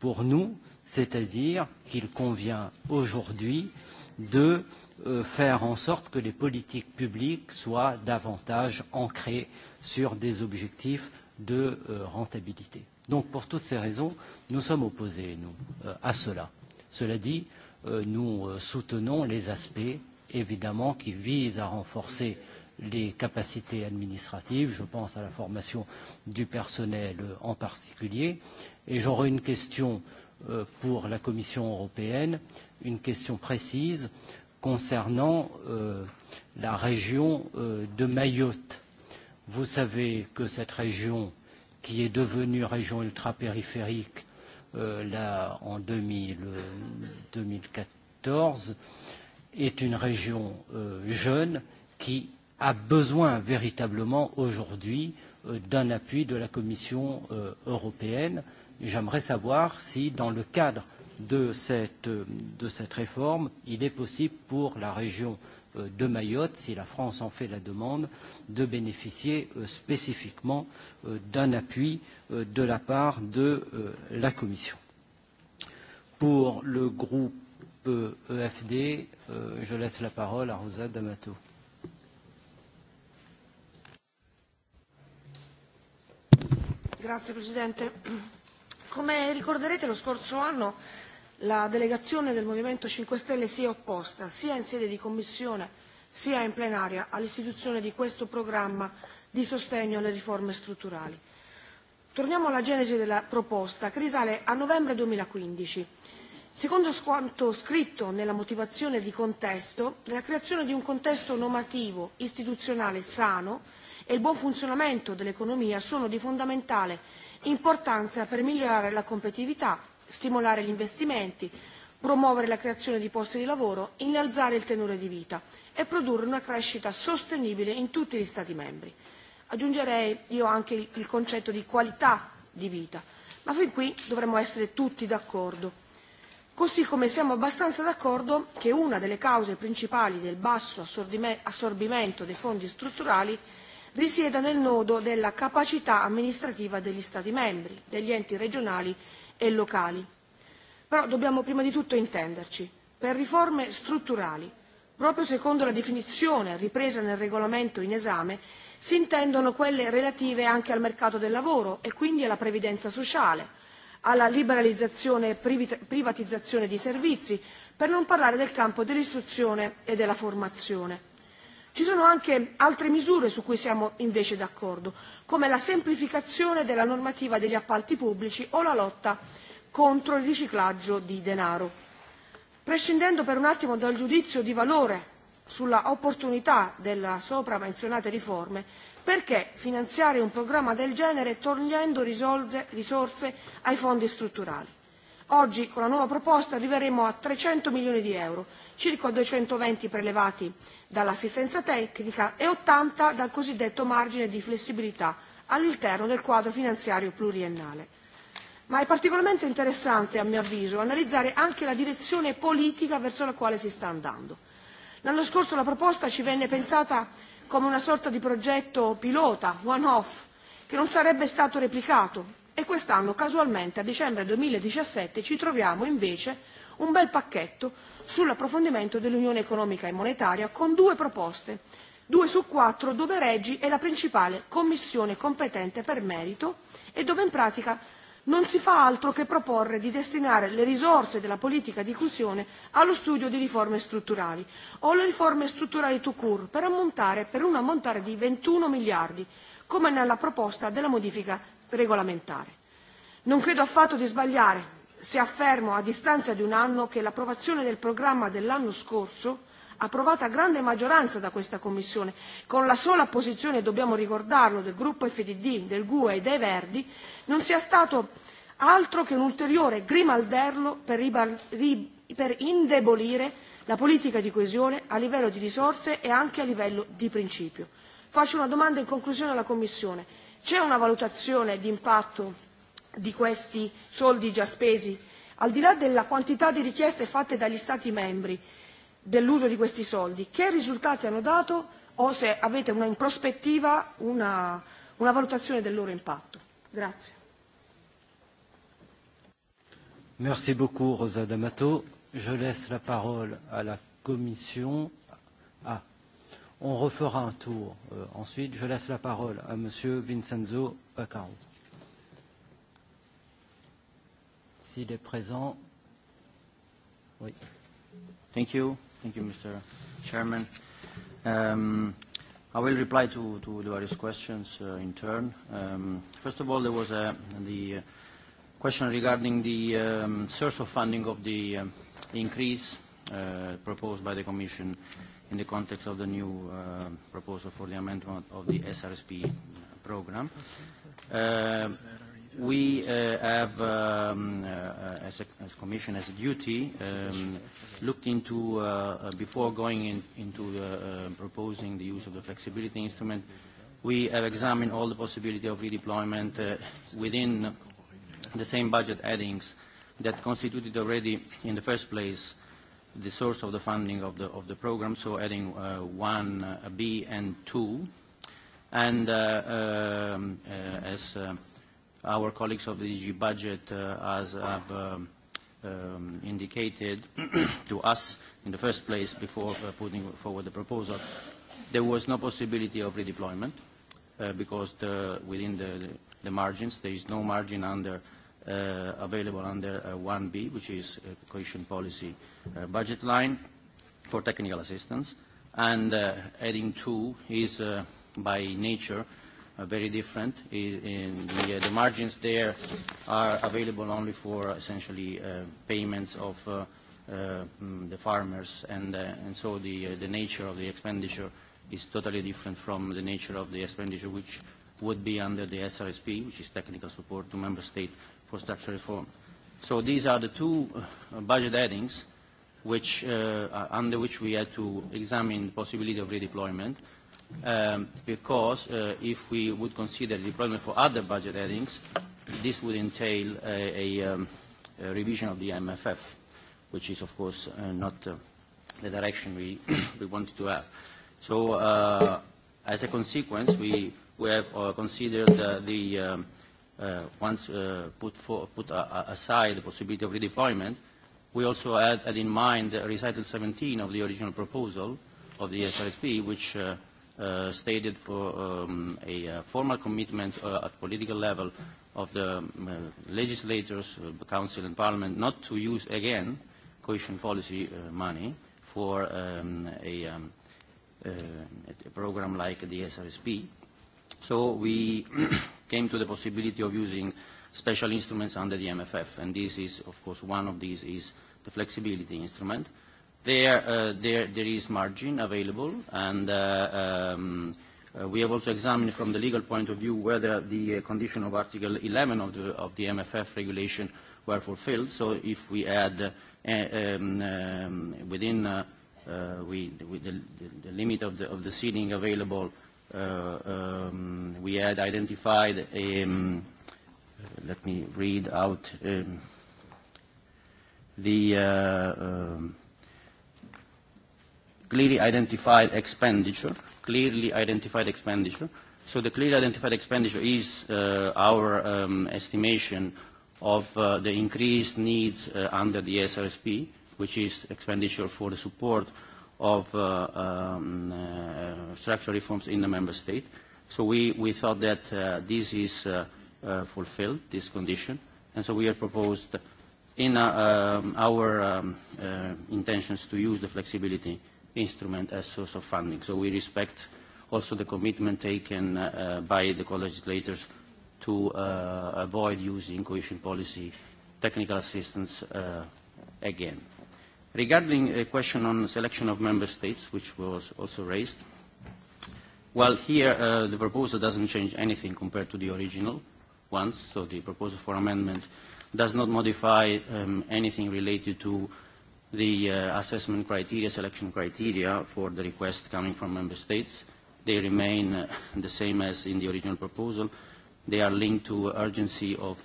pour nous, c'est-à-dire qu'il convient aujourd'hui de faire en sorte que les politiques publiques soient davantage ancrées sur des objectifs de rentabilité. Donc pour toutes ces raisons, nous sommes opposés, nous, à cela. Cela dit, nous soutenons les aspects, évidemment, qui visent à renforcer les capacités administratives. Je pense à la formation du personnel en particulier. Et j'aurai une question pour la Commission européenne, une question précise concernant la région de Mayotte. Vous savez que cette région, qui est devenue région ultra ultrapériphérique en 2014, est une région jeune qui a besoin véritablement aujourd'hui d'un appui de la Commission européenne. J'aimerais savoir si, dans le cadre de cette réforme, il est possible pour la région de Mayotte, si la France en fait la demande, de bénéficier spécifiquement d'un appui de la part de la Commission. Pour le groupe EFD, je laisse la parole à Rosa D'Amato. Grazie Presidente. Come ricorderete lo scorso anno la delegazione del Movimento 5 Stelle si è opposta, sia in sede di Commissione sia in plenaria, all'istituzione di questo programma di sostegno alle riforme strutturali. Torniamo alla genesi della proposta, che risale a novembre 2015. Secondo quanto scritto nella motivazione di contesto, la creazione di un contesto normativo istituzionale sano e il buon funzionamento dell'economia sono di fondamentale importanza per migliorare la competitività stimolare gli investimenti, promuovere la creazione di posti di lavoro, innalzare il tenore di vita e produrre una crescita sostenibile in tutti gli Stati membri. Aggiungerei io anche il concetto di qualità di vita, ma fin qui dovremmo essere tutti d'accordo. Così come siamo abbastanza d'accordo che una delle cause principali del basso assorbimento dei fondi strutturali risieda nel nodo della capacità amministrativa degli Stati membri, degli enti regionali e locali. Però dobbiamo prima di tutto intenderci per riforme strutturali. Proprio secondo la definizione ripresa nel regolamento in esame si intendono quelle relative anche al mercato del lavoro e quindi alla previdenza sociale, alla liberalizzazione e privatizzazione di servizi, per non parlare del campo dell'istruzione e della formazione. Ci sono anche altre misure su cui siamo invece d'accordo, come la semplificazione della normativa degli appalti pubblici o la lotta contro il riciclaggio di denaro. Prescindendo per un attimo dal giudizio di valore sulla opportunità della sopra menzionate riforme, perché finanziare un programma del genere togliendo risorse ai fondi strutturali? Oggi, con la nuova proposta, arriveremo a 300 milioni di euro, circa 220 prelevati dall'assistenza tecnica e 80 dal cosiddetto margine di flessibilità all'interno del quadro finanziario pluriennale. Ma è particolarmente interessante, a mio avviso, analizzare anche la direzione politica verso la quale si sta andando. L'anno scorso la proposta ci venne pensata come una sorta di progetto pilota, one-off, che non sarebbe stato replicato e quest'anno casualmente a dicembre 2017 ci troviamo invece un bel pacchetto sull'approfondimento dell'unione economica e monetaria con due proposte, due su quattro dove Regi è la principale commissione competente per merito e dove in pratica non si fa altro che proporre di destinare le risorse della politica di inclusione allo studio di riforme strutturali o le riforme strutturali to court per un ammontare di 21 miliardi, come nella proposta della modifica regolamentare. Non credo affatto di sbagliare se affermo a distanza di un anno che l'approvazione del programma dell'anno scorso approvata a grande maggioranza da questa Commissione, con la sola posizione, dobbiamo ricordarlo, del gruppo FDD, del GUE e dei Verdi, non sia stato altro che un ulteriore grimaldello per indebolire la politica di coesione a livello di risorse e anche a livello di principio. Faccio una domanda in conclusione alla Commissione. C'è una valutazione di impatto di questi soldi già spesi? Al di là della quantità di richieste fatte dagli Stati membri dell'uso di questi soldi, che risultati hanno dato o se avete in prospettiva una valutazione del loro impatto? Grazie. Merci beaucoup Rosa D'Amato. Je laisse la parole à la Commission on refera un tour ensuite. Je laisse la parole à Monsieur Vincenzo Baccaro. S'il est présent. Oui. Thank you. Thank you, Mr. Chairman. Um, I will reply to, to the various questions in turn. Um, first of all, there was a, the question regarding the um, source of funding of the increase proposed by the Commission in the context of the new proposal for the amendment of the SRSP program. We have, as Commission, as a duty, looked into, before going into proposing the use of the flexibility instrument, we have examined all the possibility of redeployment within the same budget addings that constituted already, in the first place, the source of the funding of the of the program, so adding 1B and 2. And as our colleagues of the DG budget as have indicated to us in the first place before putting forward the proposal, there was no possibility of redeployment because within the margins there is no margin under available under 1B, which is a cohesion policy budget line for technical assistance. And adding 2 is by nature very different. The margins there are available only for essentially payments of the farmers, and so the nature of the expenditure is totally different from the nature of the expenditure which would be under the SRSP, which is technical support to member states for structural reform. So these are the two budget headings which under which we had to examine the possibility of redeployment because if we would consider deployment for other budget headings, this would entail a revision of the MFF, which is, of course, not the direction we we wanted to have. So, as a consequence, we we have considered the once put put aside the possibility of redeployment, we also had in mind recital 17 of the original proposal of the SRSP, which stated for a formal commitment at political level of the legislators, the Council and Parliament, not to use again cohesion policy money for a program like the SRSP So we came to the possibility of using special instruments under the MFF, and this is, of course, one of these is the flexibility instrument. There, there, there is margin available, and we have also examined from the legal point of view whether the condition of Article 11 of the, of the MFF regulation were fulfilled. So if we add within with the limit of the of the ceiling available we had identified, let me read out, the clearly identified expenditure, clearly identified expenditure. So the clearly identified expenditure is our estimation of the increased needs under the SRSP, which is expenditure for the support of structural reforms in the member state. So we, we thought that this is fulfilled, this condition, and so we have proposed in our intentions to use the flexibility instrument as source of funding. So we respect also the commitment taken by the co-legislators to avoid using cohesion policy technical assistance again. Regarding a question on selection of member states, which was also raised, well, here the proposal doesn't change anything compared to the original ones, so the proposal for amendment does not modify anything related to the assessment criteria, selection criteria for the request coming from member states. They remain the same as in the original proposal. They are linked to urgency of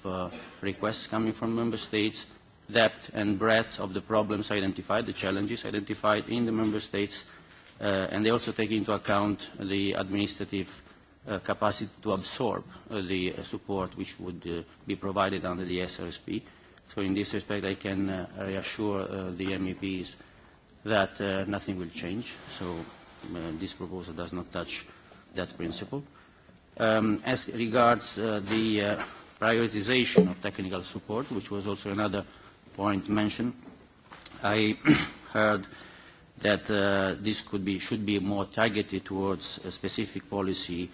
requests coming from member states depth and breadth of the problems identified, the challenges identified in the member states, and they also take into account the administrative capacity to absorb the support which would be provided under the SRSP. So in this respect, I can reassure the MEPs that nothing will change. So this proposal does not touch that principle. As regards the prioritization of technical support, which was also another point mentioned. I heard that this could be should be more targeted towards specific policy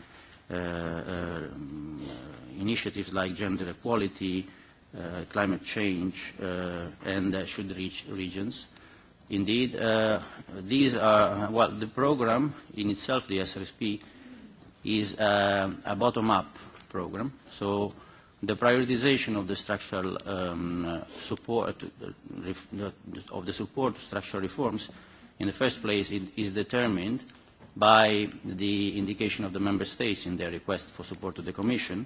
initiatives like gender equality, climate change, and should reach regions. Indeed, these are well the program in itself, the SRSP, is a bottom-up program, so The prioritization of the structural support of the support to structural reforms, in the first place, is determined by the indication of the member states in their request for support to the Commission,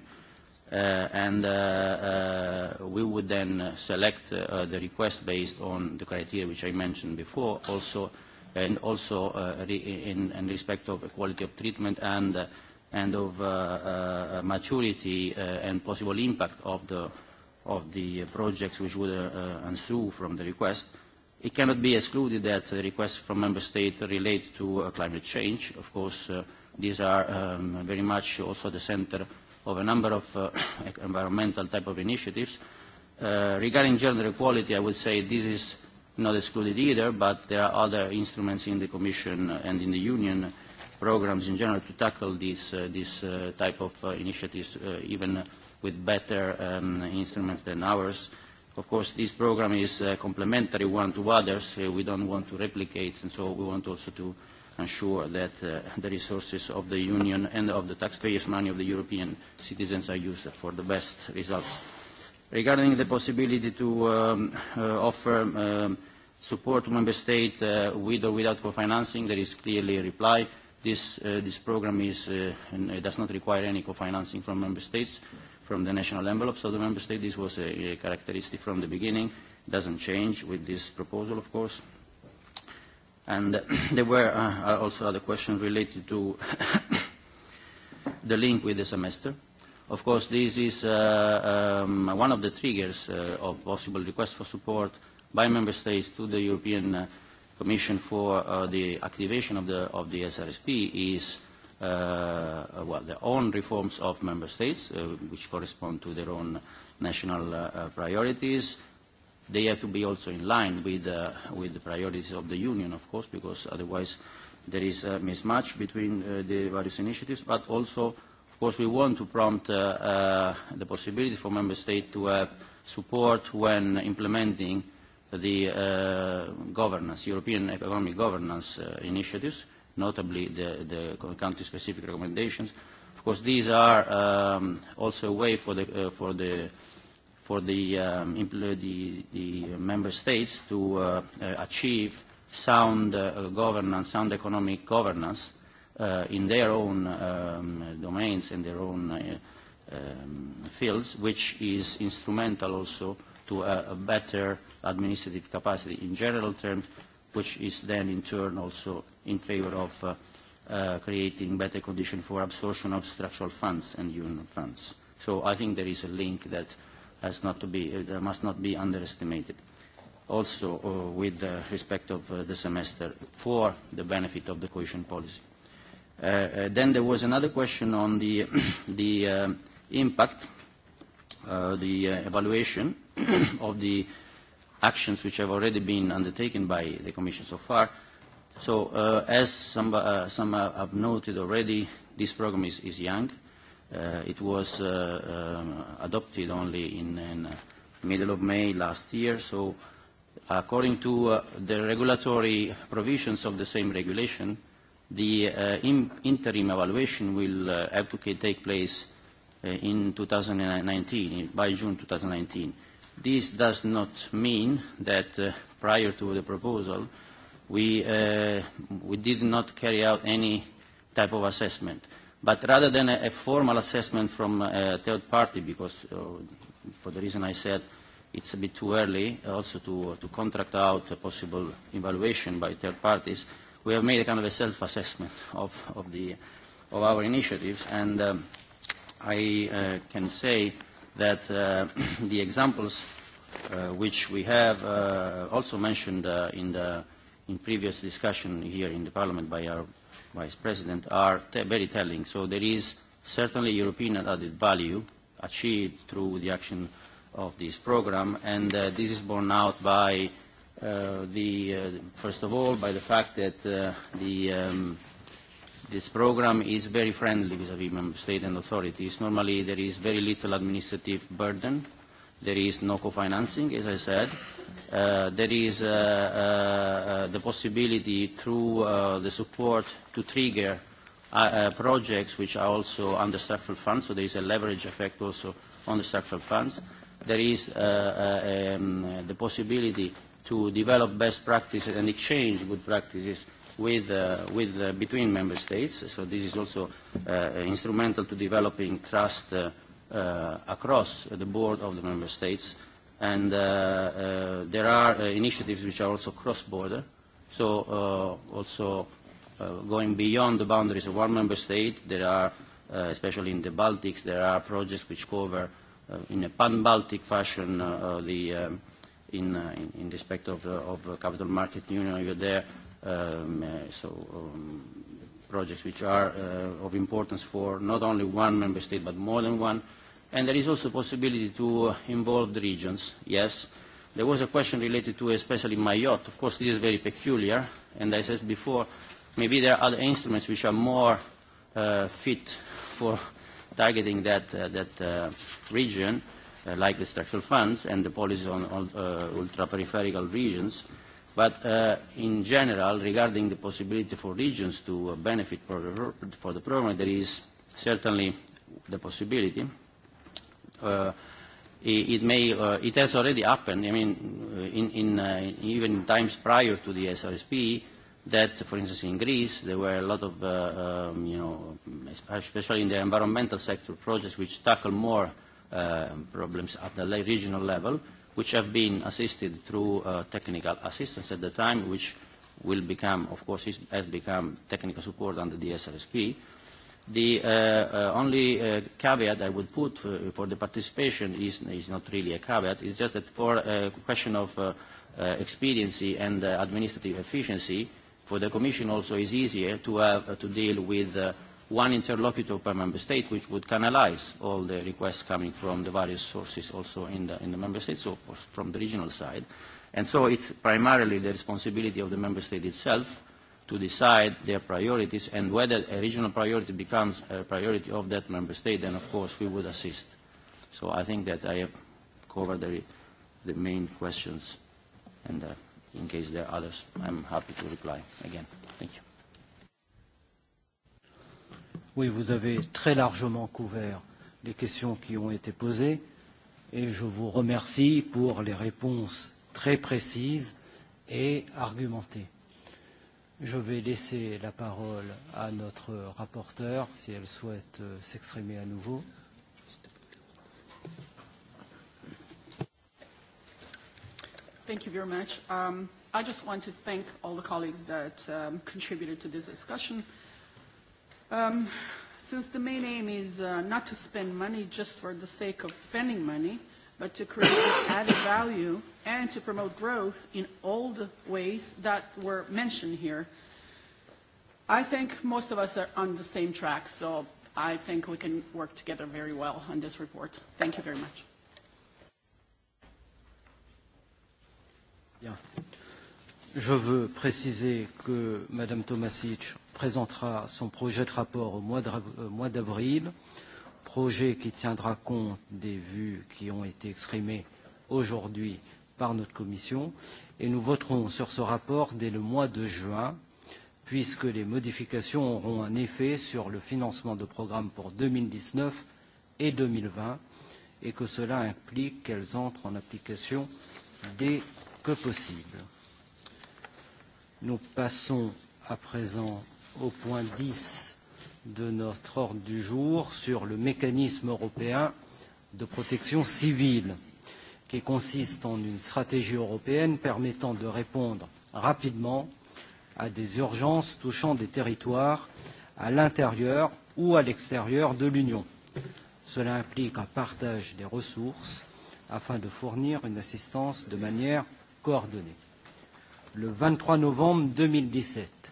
and we would then select the request based on the criteria which I mentioned before, also and also in respect of equality of treatment and and of maturity and possible impact of the of the projects which would ensue from the request, it cannot be excluded that the requests from member states relate to climate change. Of course, these are very much also the center of a number of environmental type of initiatives. Regarding gender equality, I would say this is not excluded either, but there are other instruments in the Commission and in the Union programs in general to tackle these this type of initiatives even with better instruments than ours. Of course, this program is complementary one to others. We don't want to replicate, and so we want also to ensure that the resources of the Union and of the taxpayers' money of the European citizens are used for the best results. Regarding the possibility to offer support to Member States with or without co-financing, there is clearly a reply. This this program is does not require any co-financing from member states, from the national envelopes of the member states. This was a characteristic from the beginning. Doesn't change with this proposal, of course. And there were also other questions related to the link with the semester. Of course, this is one of the triggers of possible requests for support by member states to the European Commission for the activation of the of the SRSP is well their own reforms of member states which correspond to their own national priorities. They have to be also in line with with the priorities of the Union, of course, because otherwise there is a mismatch between the various initiatives. But also, of course, we want to prompt the possibility for member states to have support when implementing the governance, European economic governance initiatives, notably the country-specific recommendations. Of course, these are also a way for the for the for the the member states to achieve sound governance, sound economic governance in their own domains and their own fields, which is instrumental also to a better administrative capacity in general terms, which is then in turn also in favour of creating better conditions for absorption of structural funds and union funds. So I think there is a link that has not to be, must not be underestimated. Also with respect of the semester for the benefit of the cohesion policy. Then there was another question on the the impact, the evaluation of the actions which have already been undertaken by the Commission so far. So as some have noted already, this program is young. It was adopted only in the middle of May last year, so according to the regulatory provisions of the same regulation, the interim evaluation will have to take place in 2019, by June 2019. This does not mean that prior to the proposal we we did not carry out any type of assessment. But rather than a formal assessment from a third party, because for the reason I said it's a bit too early also to to contract out a possible evaluation by third parties, we have made a kind of a self-assessment of of of our initiatives, and I can say that the examples which we have also mentioned in the in previous discussion here in the Parliament by our Vice President are very telling. So there is certainly European added value achieved through the action of this program, and this is borne out by the, first of all, by the fact that the this program is very friendly vis a member state and authorities. Normally there is very little administrative burden. There is no co-financing, as I said. There is the possibility through the support to trigger projects which are also under structural funds, so there is a leverage effect also on the structural funds. There is the possibility to develop best practices and exchange good practices with with between member states. So this is also instrumental to developing trust across the board of the member states. And there are initiatives which are also cross-border, so also going beyond the boundaries of one member state. There are, especially in the Baltics, there are projects which cover in a pan-Baltic fashion the in in respect of of capital market union. You're there so projects which are of importance for not only one member state but more than one. And there is also possibility to involve the regions, yes. There was a question related to especially Mayotte. Of course, this is very peculiar, and as I said before, maybe there are other instruments which are more fit for targeting that region, like the structural funds and the policies on ultra-peripheral regions. But in general, regarding the possibility for regions to benefit for the program, there is certainly the possibility. It may, it has already happened. I mean, in in even times prior to the SRSP, that, for instance, in Greece, there were a lot of, you know, especially in the environmental sector projects which tackle more problems at the regional level which have been assisted through technical assistance at the time, which will become, of course, has become technical support under the SRSP. The only caveat I would put for the participation is not really a caveat. It's just that for a question of expediency and administrative efficiency, for the Commission also is easier to have to deal with one interlocutor per member state, which would canalize all the requests coming from the various sources also in the, in the member states, so from the regional side. And so it's primarily the responsibility of the member state itself to decide their priorities and whether a regional priority becomes a priority of that member state, then of course we would assist. So I think that I have covered the, the main questions and in case there are others, I'm happy to reply again. Thank you. Oui, vous avez très largement couvert les questions qui ont été posées et je vous remercie pour les réponses très précises et argumentées. Je vais laisser la parole à notre rapporteur si elle souhaite s'exprimer à nouveau. Thank you very much. I just want to thank all the colleagues that contributed to this discussion. Since the main aim is not to spend money just for the sake of spending money, but to create added value and to promote growth in all the ways that were mentioned here, I think most of us are on the same track, so I think we can work together very well on this report. Thank you very much. Je veux préciser que Madame Tomasic présentera son projet de rapport au mois d'avril, projet qui tiendra compte des vues qui ont été exprimées aujourd'hui par notre commission, et nous voterons sur ce rapport dès le mois de juin, puisque les modifications auront un effet sur le financement de programmes pour 2019 et 2020, et que cela implique qu'elles entrent en application dès que possible. Nous passons à présent au point 10 de notre ordre du jour sur le mécanisme européen de protection civile, qui consiste en une stratégie européenne permettant de répondre rapidement à des urgences touchant des territoires à l'intérieur ou à l'extérieur de l'Union. Cela implique un partage des ressources afin de fournir une assistance de manière coordonnée. Le 23 novembre 2017,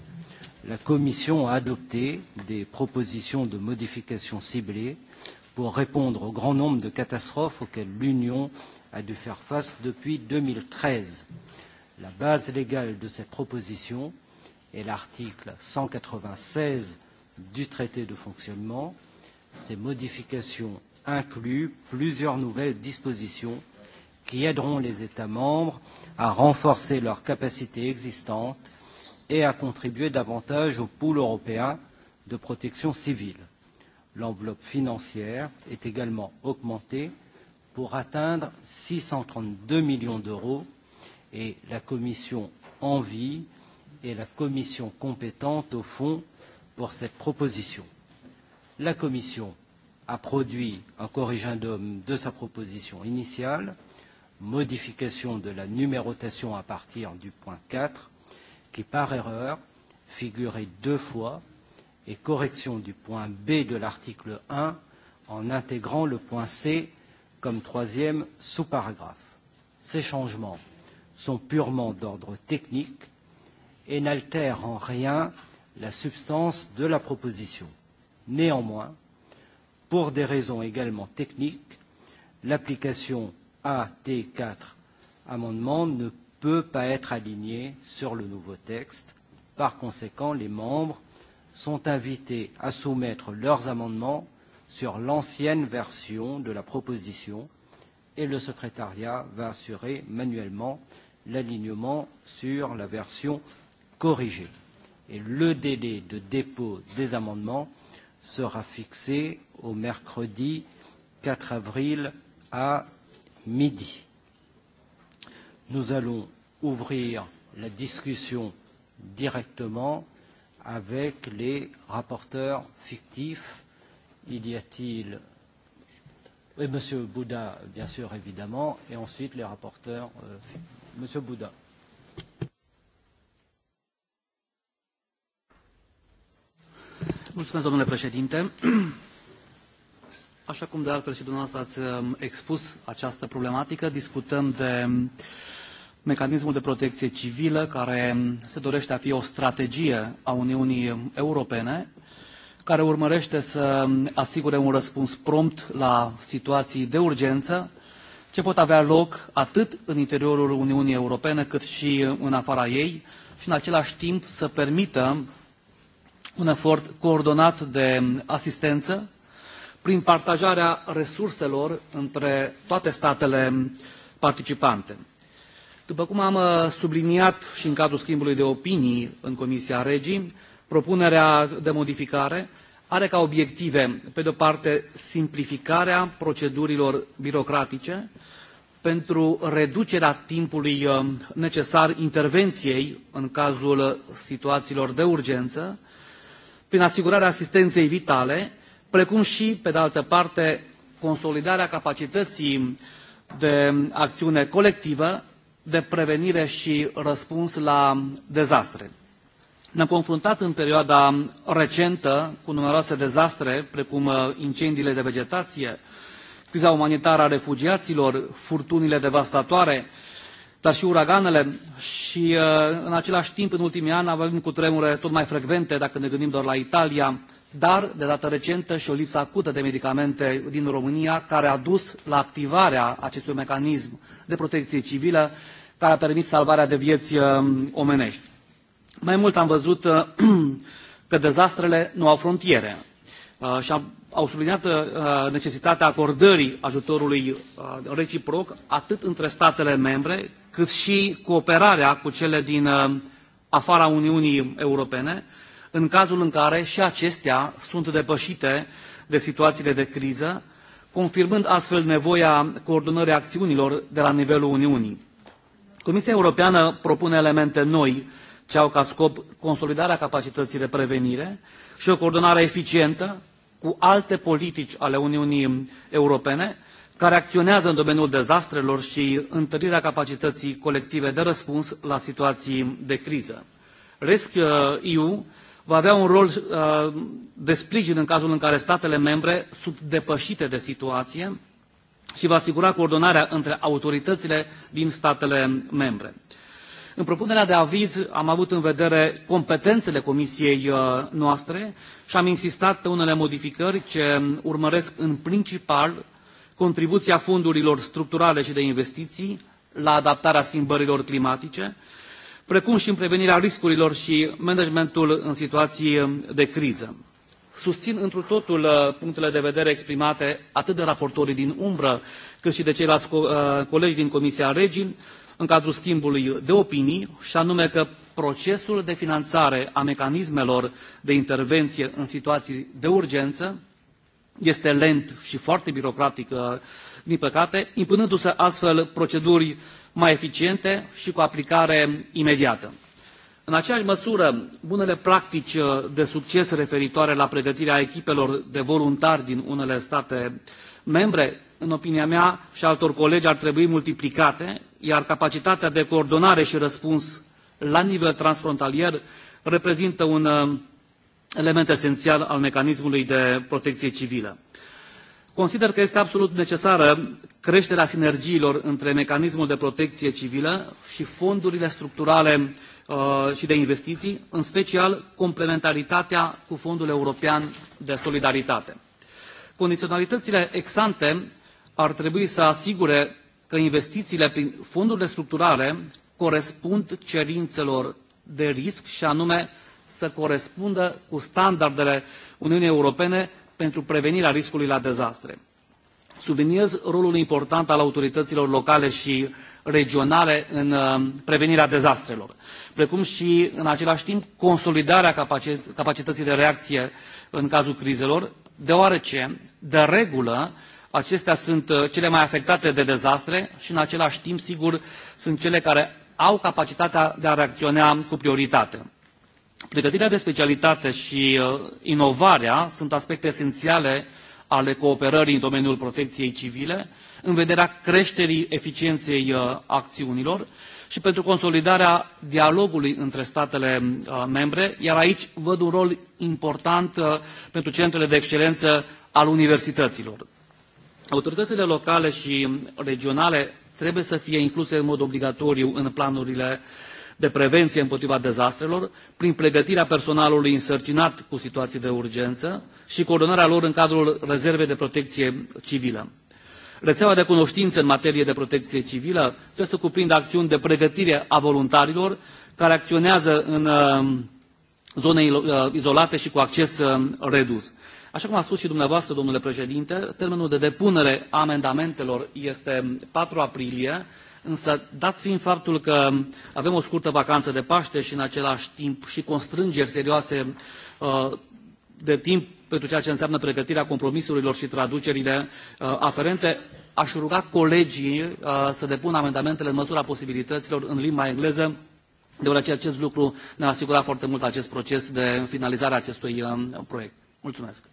la Commission a adopté des propositions de modifications ciblées pour répondre au grand nombre de catastrophes auxquelles l'Union a dû faire face depuis 2013. La base légale de cette proposition est l'article 196 du traité de fonctionnement. Ces modifications incluent plusieurs nouvelles dispositions qui aideront les États membres à renforcer leurs capacités existantes et à contribuer davantage au pool européen de protection civile. L'enveloppe financière est également augmentée pour atteindre 632 millions d'euros et la commission Envie est la commission compétente au fond pour cette proposition. La commission a produit un corrigendum de sa proposition initiale, modification de la numérotation à partir du point 4 qui, par erreur, figurait deux fois et correction du point B de l'article 1 en intégrant le point C comme troisième sous-paragraphe. Ces changements sont purement d'ordre technique et n'altèrent en rien la substance de la proposition. Néanmoins, pour des raisons également techniques, l'application AT4 amendement ne peut pas être aligné sur le nouveau texte. Par conséquent, les membres sont invités à soumettre leurs amendements sur l'ancienne version de la proposition et le secrétariat va assurer manuellement l'alignement sur la version corrigée. Et le délai de dépôt des amendements sera fixé au mercredi 4 avril à midi. Nous allons ouvrir la discussion directement avec les rapporteurs fictifs. Il y a-t-il. Oui, Monsieur Bouddha, bien sûr, évidemment, et ensuite les rapporteurs. Monsieur Bouddha. Mulțumesc, domnule președinte. Așa cum de altfel și dumneavoastră ați expus această problematică, discutăm de uh, mecanismul de protecție civilă, care se dorește a fi o strategie a Uniunii Europene, care urmărește să asigure un răspuns prompt la situații de urgență, ce pot avea loc atât în interiorul Uniunii Europene, cât și în afara ei, și în același timp să permită un efort coordonat de asistență prin partajarea resurselor între toate statele participante. După cum am subliniat și în cadrul schimbului de opinii în Comisia Regii, propunerea de modificare are ca obiective, pe de-o parte, simplificarea procedurilor birocratice pentru reducerea timpului necesar intervenției în cazul situațiilor de urgență, prin asigurarea asistenței vitale, precum și, pe de altă parte, consolidarea capacității de acțiune colectivă de prevenire și răspuns la dezastre. Ne-am confruntat în perioada recentă cu numeroase dezastre, precum incendiile de vegetație, criza umanitară a refugiaților, furtunile devastatoare, dar și uraganele și în același timp, în ultimii ani, avem cu tremure tot mai frecvente, dacă ne gândim doar la Italia, dar de dată recentă și o lipsă acută de medicamente din România, care a dus la activarea acestui mecanism de protecție civilă care a permis salvarea de vieți omenești. Mai mult am văzut că dezastrele nu au frontiere și au subliniat necesitatea acordării ajutorului reciproc atât între statele membre, cât și cooperarea cu cele din afara Uniunii Europene, în cazul în care și acestea sunt depășite de situațiile de criză, confirmând astfel nevoia coordonării acțiunilor de la nivelul Uniunii. Comisia Europeană propune elemente noi ce au ca scop consolidarea capacității de prevenire și o coordonare eficientă cu alte politici ale Uniunii Europene care acționează în domeniul dezastrelor și întărirea capacității colective de răspuns la situații de criză. EU va avea un rol de sprijin în cazul în care statele membre sunt depășite de situație și va asigura coordonarea între autoritățile din statele membre. În propunerea de aviz am avut în vedere competențele comisiei noastre și am insistat pe unele modificări ce urmăresc în principal contribuția fondurilor structurale și de investiții la adaptarea schimbărilor climatice, precum și în prevenirea riscurilor și managementul în situații de criză. Susțin întru totul punctele de vedere exprimate atât de raportorii din umbră, cât și de ceilalți colegi din Comisia Regii, în cadrul schimbului de opinii, și anume că procesul de finanțare a mecanismelor de intervenție în situații de urgență este lent și foarte birocratic, din păcate, impunându-se astfel proceduri mai eficiente și cu aplicare imediată. În aceeași măsură, bunele practici de succes referitoare la pregătirea echipelor de voluntari din unele state membre, în opinia mea și altor colegi, ar trebui multiplicate, iar capacitatea de coordonare și răspuns la nivel transfrontalier reprezintă un element esențial al mecanismului de protecție civilă. Consider că este absolut necesară creșterea sinergiilor între mecanismul de protecție civilă și fondurile structurale și de investiții, în special complementaritatea cu Fondul European de Solidaritate. Condiționalitățile ex-ante ar trebui să asigure că investițiile prin fondurile structurale corespund cerințelor de risc și anume să corespundă cu standardele Uniunii Europene pentru prevenirea riscului la dezastre. Subliniez rolul important al autorităților locale și regionale în prevenirea dezastrelor precum și, în același timp, consolidarea capacității de reacție în cazul crizelor, deoarece, de regulă, acestea sunt cele mai afectate de dezastre și, în același timp, sigur, sunt cele care au capacitatea de a reacționa cu prioritate. Pregătirea de specialitate și inovarea sunt aspecte esențiale ale cooperării în domeniul protecției civile, în vederea creșterii eficienței acțiunilor și pentru consolidarea dialogului între statele membre, iar aici văd un rol important pentru centrele de excelență al universităților. Autoritățile locale și regionale trebuie să fie incluse în mod obligatoriu în planurile de prevenție împotriva dezastrelor, prin pregătirea personalului însărcinat cu situații de urgență și coordonarea lor în cadrul rezervei de protecție civilă. Rețeaua de cunoștință în materie de protecție civilă trebuie să cuprindă acțiuni de pregătire a voluntarilor care acționează în zone izolate și cu acces redus. Așa cum a spus și dumneavoastră, domnule președinte, termenul de depunere a amendamentelor este 4 aprilie, însă dat fiind faptul că avem o scurtă vacanță de Paște și în același timp și constrângeri serioase de timp pentru ceea ce înseamnă pregătirea compromisurilor și traducerile aferente. Aș ruga colegii să depună amendamentele în măsura posibilităților în limba engleză, deoarece acest lucru ne-a asigurat foarte mult acest proces de finalizare a acestui proiect. Mulțumesc!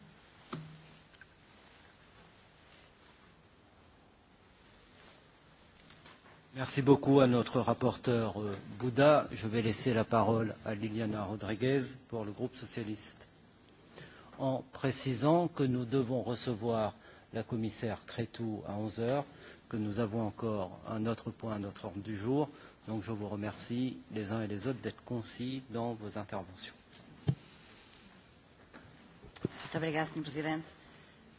Merci beaucoup à notre rapporteur Bouddha. Je vais laisser la parole à Liliana Rodriguez pour le groupe socialiste en précisant que nous devons recevoir la commissaire Crétou à 11 heures, que nous avons encore un autre point à notre ordre du jour. Donc je vous remercie les uns et les autres d'être concis dans vos interventions. Muito obrigada, Sr. Presidente.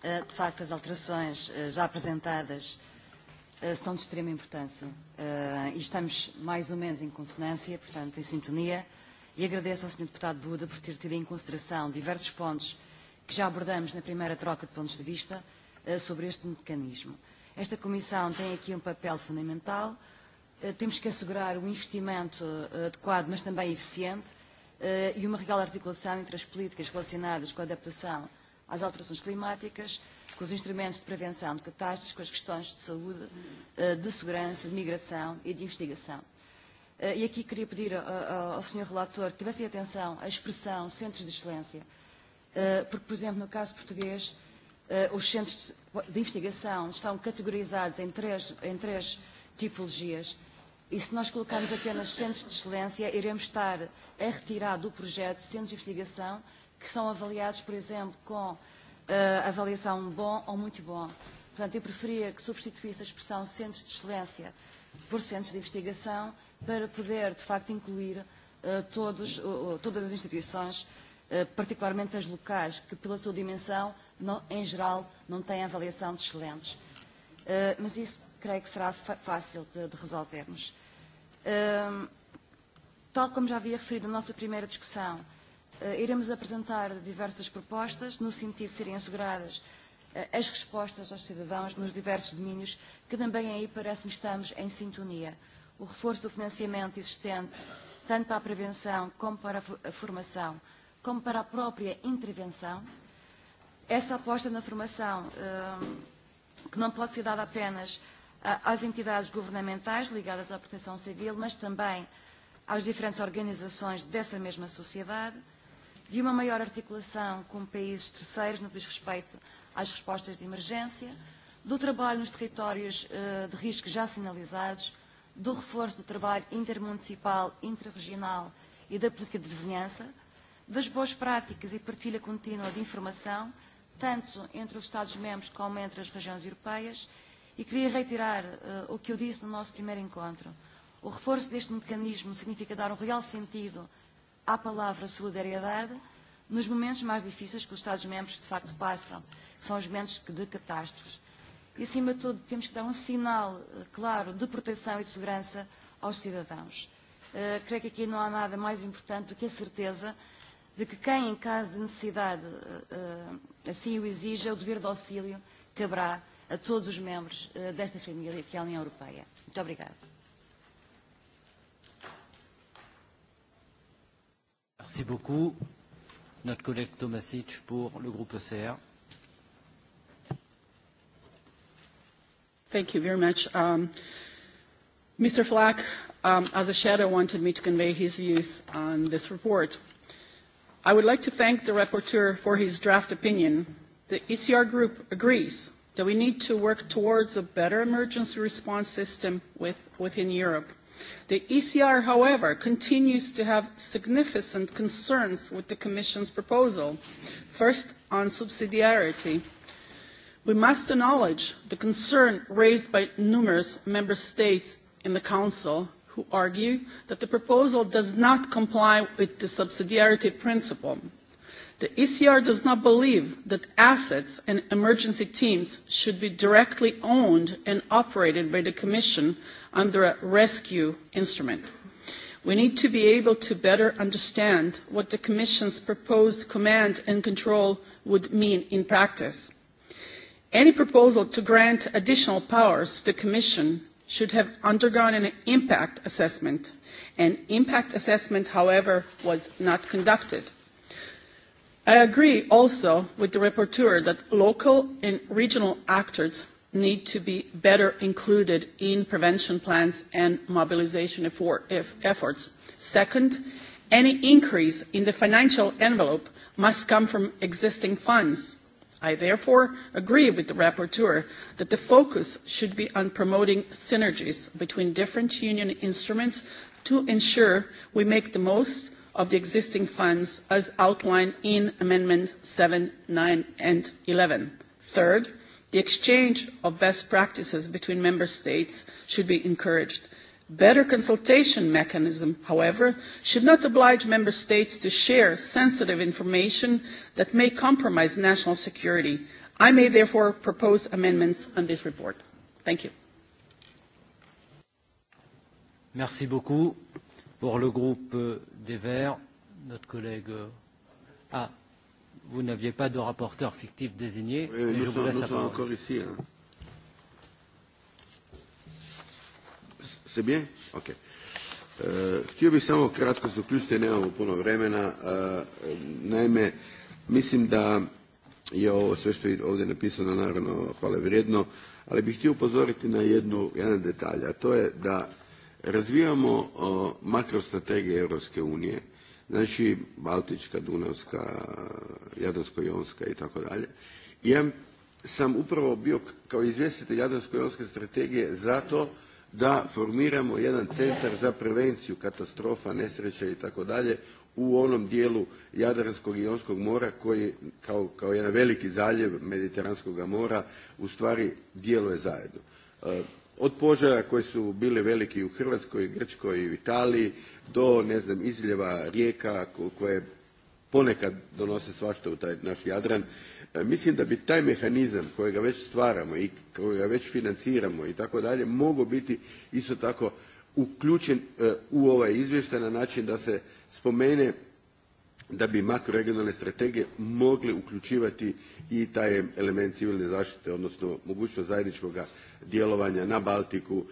De facto, as alterações já apresentadas são de extrema importância e estamos mais ou menos em consonância, portanto, em sintonia, e agradeço ao Sr. Deputado Buda por ter tido em consideração diversos pontos que já abordamos na primeira troca de pontos de vista sobre este mecanismo. Esta Comissão tem aqui um papel fundamental. Temos que assegurar um investimento adequado, mas também eficiente, e uma real articulação entre as políticas relacionadas com a adaptação às alterações climáticas, com os instrumentos de prevenção de catástrofes, com as questões de saúde, de segurança, de migração e de investigação. E aqui queria pedir ao Sr. Relator que tivesse atenção à expressão centros de excelência, porque, por exemplo, no caso português, os centros de investigação estão categorizados em três, em três tipologias. E se nós colocarmos apenas centros de excelência, iremos estar a retirar do projeto centros de investigação que são avaliados, por exemplo, com avaliação bom ou muito bom. Portanto, eu preferia que substituísse a expressão centros de excelência por centros de investigação para poder, de facto, incluir todas as instituições particularmente as locais, que pela sua dimensão, em geral, não têm avaliação de excelentes. Mas isso creio que será fácil de resolvermos. Tal como já havia referido na nossa primeira discussão, iremos apresentar diversas propostas no sentido de serem asseguradas as respostas aos cidadãos nos diversos domínios, que também aí parece-me estamos em sintonia. O reforço do financiamento existente, tanto para a prevenção como para a formação, como para a própria intervenção. Essa aposta na formação, que não pode ser dada apenas às entidades governamentais ligadas à proteção civil, mas também às diferentes organizações dessa mesma sociedade, de uma maior articulação com países terceiros no que diz respeito às respostas de emergência, do trabalho nos territórios de risco já sinalizados, do reforço do trabalho intermunicipal, interregional e da política de vizinhança, das boas práticas e partilha contínua de informação, tanto entre os Estados-membros como entre as regiões europeias, e queria reiterar o que eu disse no nosso primeiro encontro. O reforço deste mecanismo significa dar um real sentido à palavra solidariedade nos momentos mais difíceis que os Estados-membros de facto passam, que são os momentos de catástrofes. E, acima de tudo, temos que dar um sinal claro de proteção e de segurança aos cidadãos. Creio que aqui não há nada mais importante do que a certeza de que quem, em caso de necessidade, assim o exija, o dever de auxílio caberá a todos os membros desta família que é a União Europeia. Muito obrigada. Merci beaucoup. Notre collègue Tomasic pour le groupe ECR. Thank you very much. Um, Mr. Flack, um, as a shadow, wanted me to convey his views on this report. I would like to thank the rapporteur for his draft opinion. The ECR group agrees that we need to work towards a better emergency response system within Europe. The ECR, however, continues to have significant concerns with the Commission's proposal. First, on subsidiarity. We must acknowledge the concern raised by numerous Member States in the Council who argue that the proposal does not comply with the subsidiarity principle. The ECR does not believe that assets and emergency teams should be directly owned and operated by the Commission under a rescue instrument. We need to be able to better understand what the Commission's proposed command and control would mean in practice. Any proposal to grant additional powers to the Commission should have undergone an impact assessment. An impact assessment, however, was not conducted. I agree also with the rapporteur that local and regional actors need to be better included in prevention plans and mobilisation efforts. Second, any increase in the financial envelope must come from existing funds I therefore agree with the rapporteur that the focus should be on promoting synergies between different union instruments to ensure we make the most of the existing funds as outlined in Amendment 7, 9 and 11. Third, the exchange of best practices between member states should be encouraged better consultation mechanism however should not oblige member states to share sensitive information that may compromise national security i may therefore propose amendments on this report thank you merci beaucoup pour le groupe des verts notre collègue ah vous n'aviez pas de rapporteur fictif désigné je vous laisse la parole ici C'est Htio bih samo kratko zaključiti, nemamo puno vremena. Naime, mislim da je ovo sve što je ovdje napisano naravno hvale vrijedno, ali bih htio upozoriti na jednu, jedan detalj, a to je da razvijamo makrostrategije Europske unije, znači Baltička, Dunavska, Jadransko-Jonska i tako dalje. Ja sam upravo bio kao izvjestitelj Jadransko-Jonske strategije zato da formiramo jedan centar za prevenciju katastrofa, nesreća i tako dalje u onom dijelu Jadranskog i Jonskog mora koji kao, kao jedan veliki zaljev Mediteranskog mora ustvari djeluje zajedno. Od požara koji su bili veliki u Hrvatskoj, Grčkoj i Italiji do ne znam, izljeva rijeka koje ponekad donose svašta u taj naš Jadran mislim da bi taj mehanizam kojega već stvaramo i kojega već financiramo i tako dalje mogao biti isto tako uključen u ovaj izvještaj na način da se spomene da bi makroregionalne strategije mogle uključivati i taj element civilne zaštite odnosno mogućnost zajedničkoga djelovanja na Baltiku,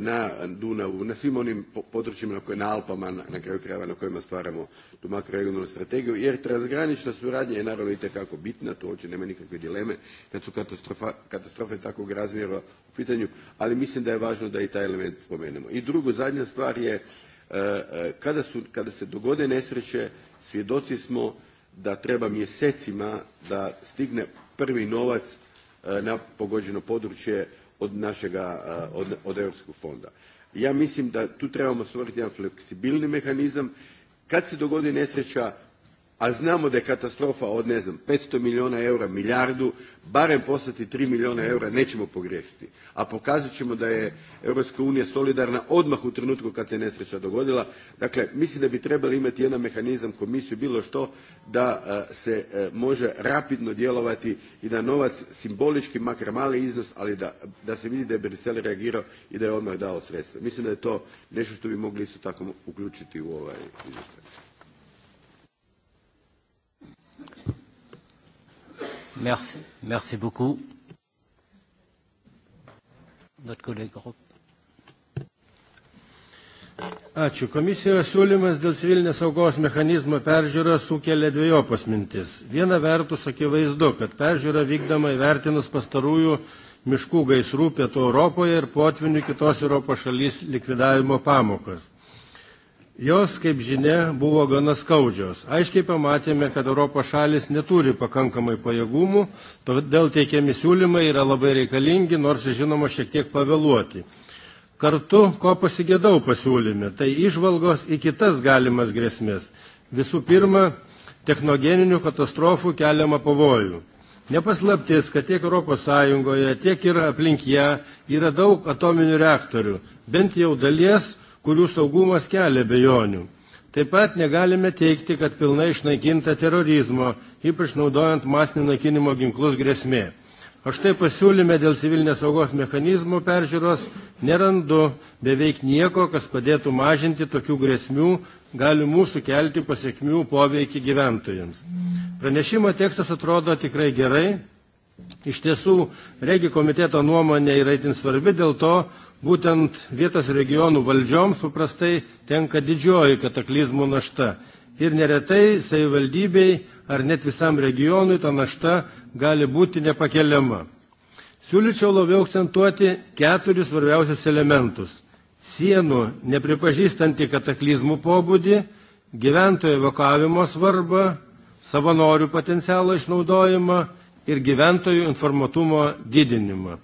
na Dunavu, na svim onim područjima na Alpama, na kraju krajeva na kojima stvaramo tu makroregionalnu strategiju, jer transgranična suradnja je naravno itekako bitna, to uopće nema nikakve dileme, kad su katastrofe takvog razmjera u pitanju, ali mislim da je važno da i taj element spomenemo. I drugo, zadnja stvar je, kada, su, kada se dogode nesreće, svjedoci smo da treba mjesecima da stigne prvi novac na pogođeno područje od našega, od Europskog fonda. Ja mislim da tu trebamo stvoriti jedan fleksibilni mehanizam. Kad se dogodi nesreća, a znamo da je katastrofa od ne znam 500 milijuna eura, milijardu, barem poslati 3 milijuna eura nećemo pogriješiti. A pokazat ćemo da je Europska unija solidarna odmah u trenutku kad se nesreća dogodila. Dakle, mislim da bi trebali imati jedan mehanizam, komisiju, bilo što, da se može rapidno djelovati i da novac simbolički, makar mali iznos, ali da, da se vidi da je Bruxelles reagirao i da je odmah dao sredstva. Mislim da je to nešto što bi mogli isto tako uključiti u ovaj izvještaj. Merci beaucoup. Ačiū. Komisijos siūlymas dėl civilinės saugos mechanizmo peržiūros sukelia dviejopos mintis. Viena vertus akivaizdu, kad peržiūra vykdama įvertinus pastarųjų miškų gaisrų pietų Europoje ir potvinių kitos Europos šalys likvidavimo pamokas. Jos, kaip žinia, buvo gana skaudžios. Aiškiai pamatėme, kad Europos šalis neturi pakankamai pajėgumų, todėl teikiami siūlymai yra labai reikalingi, nors žinoma šiek tiek pavėluoti. Kartu, ko pasigėdau pasiūlyme, tai išvalgos į kitas galimas grėsmės. Visų pirma, technogeninių katastrofų keliamą pavojų. Nepaslaptis, kad tiek Europos Sąjungoje, tiek ir aplink ją yra daug atominių reaktorių, bent jau dalies kurių saugumas kelia bejonių. Taip pat negalime teikti, kad pilnai išnaikinta terorizmo, ypač naudojant masinį naikinimo ginklus grėsmė. Aš tai pasiūlyme dėl civilinės saugos mechanizmų peržiūros nerandu beveik nieko, kas padėtų mažinti tokių grėsmių, gali mūsų kelti pasiekmių poveikį gyventojams. Pranešimo tekstas atrodo tikrai gerai. Iš tiesų, regi komiteto nuomonė yra itin svarbi, dėl to Būtent vietos regionų valdžioms suprastai tenka didžioji kataklizmų našta ir neretai savivaldybei ar net visam regionui ta našta gali būti nepakeliama. Siūlyčiau labiau akcentuoti keturis svarbiausius elementus. Sienų nepripažįstantį kataklizmų pobūdį, gyventojų evakavimo svarbą, savanorių potencialo išnaudojimą ir gyventojų informatumo didinimą.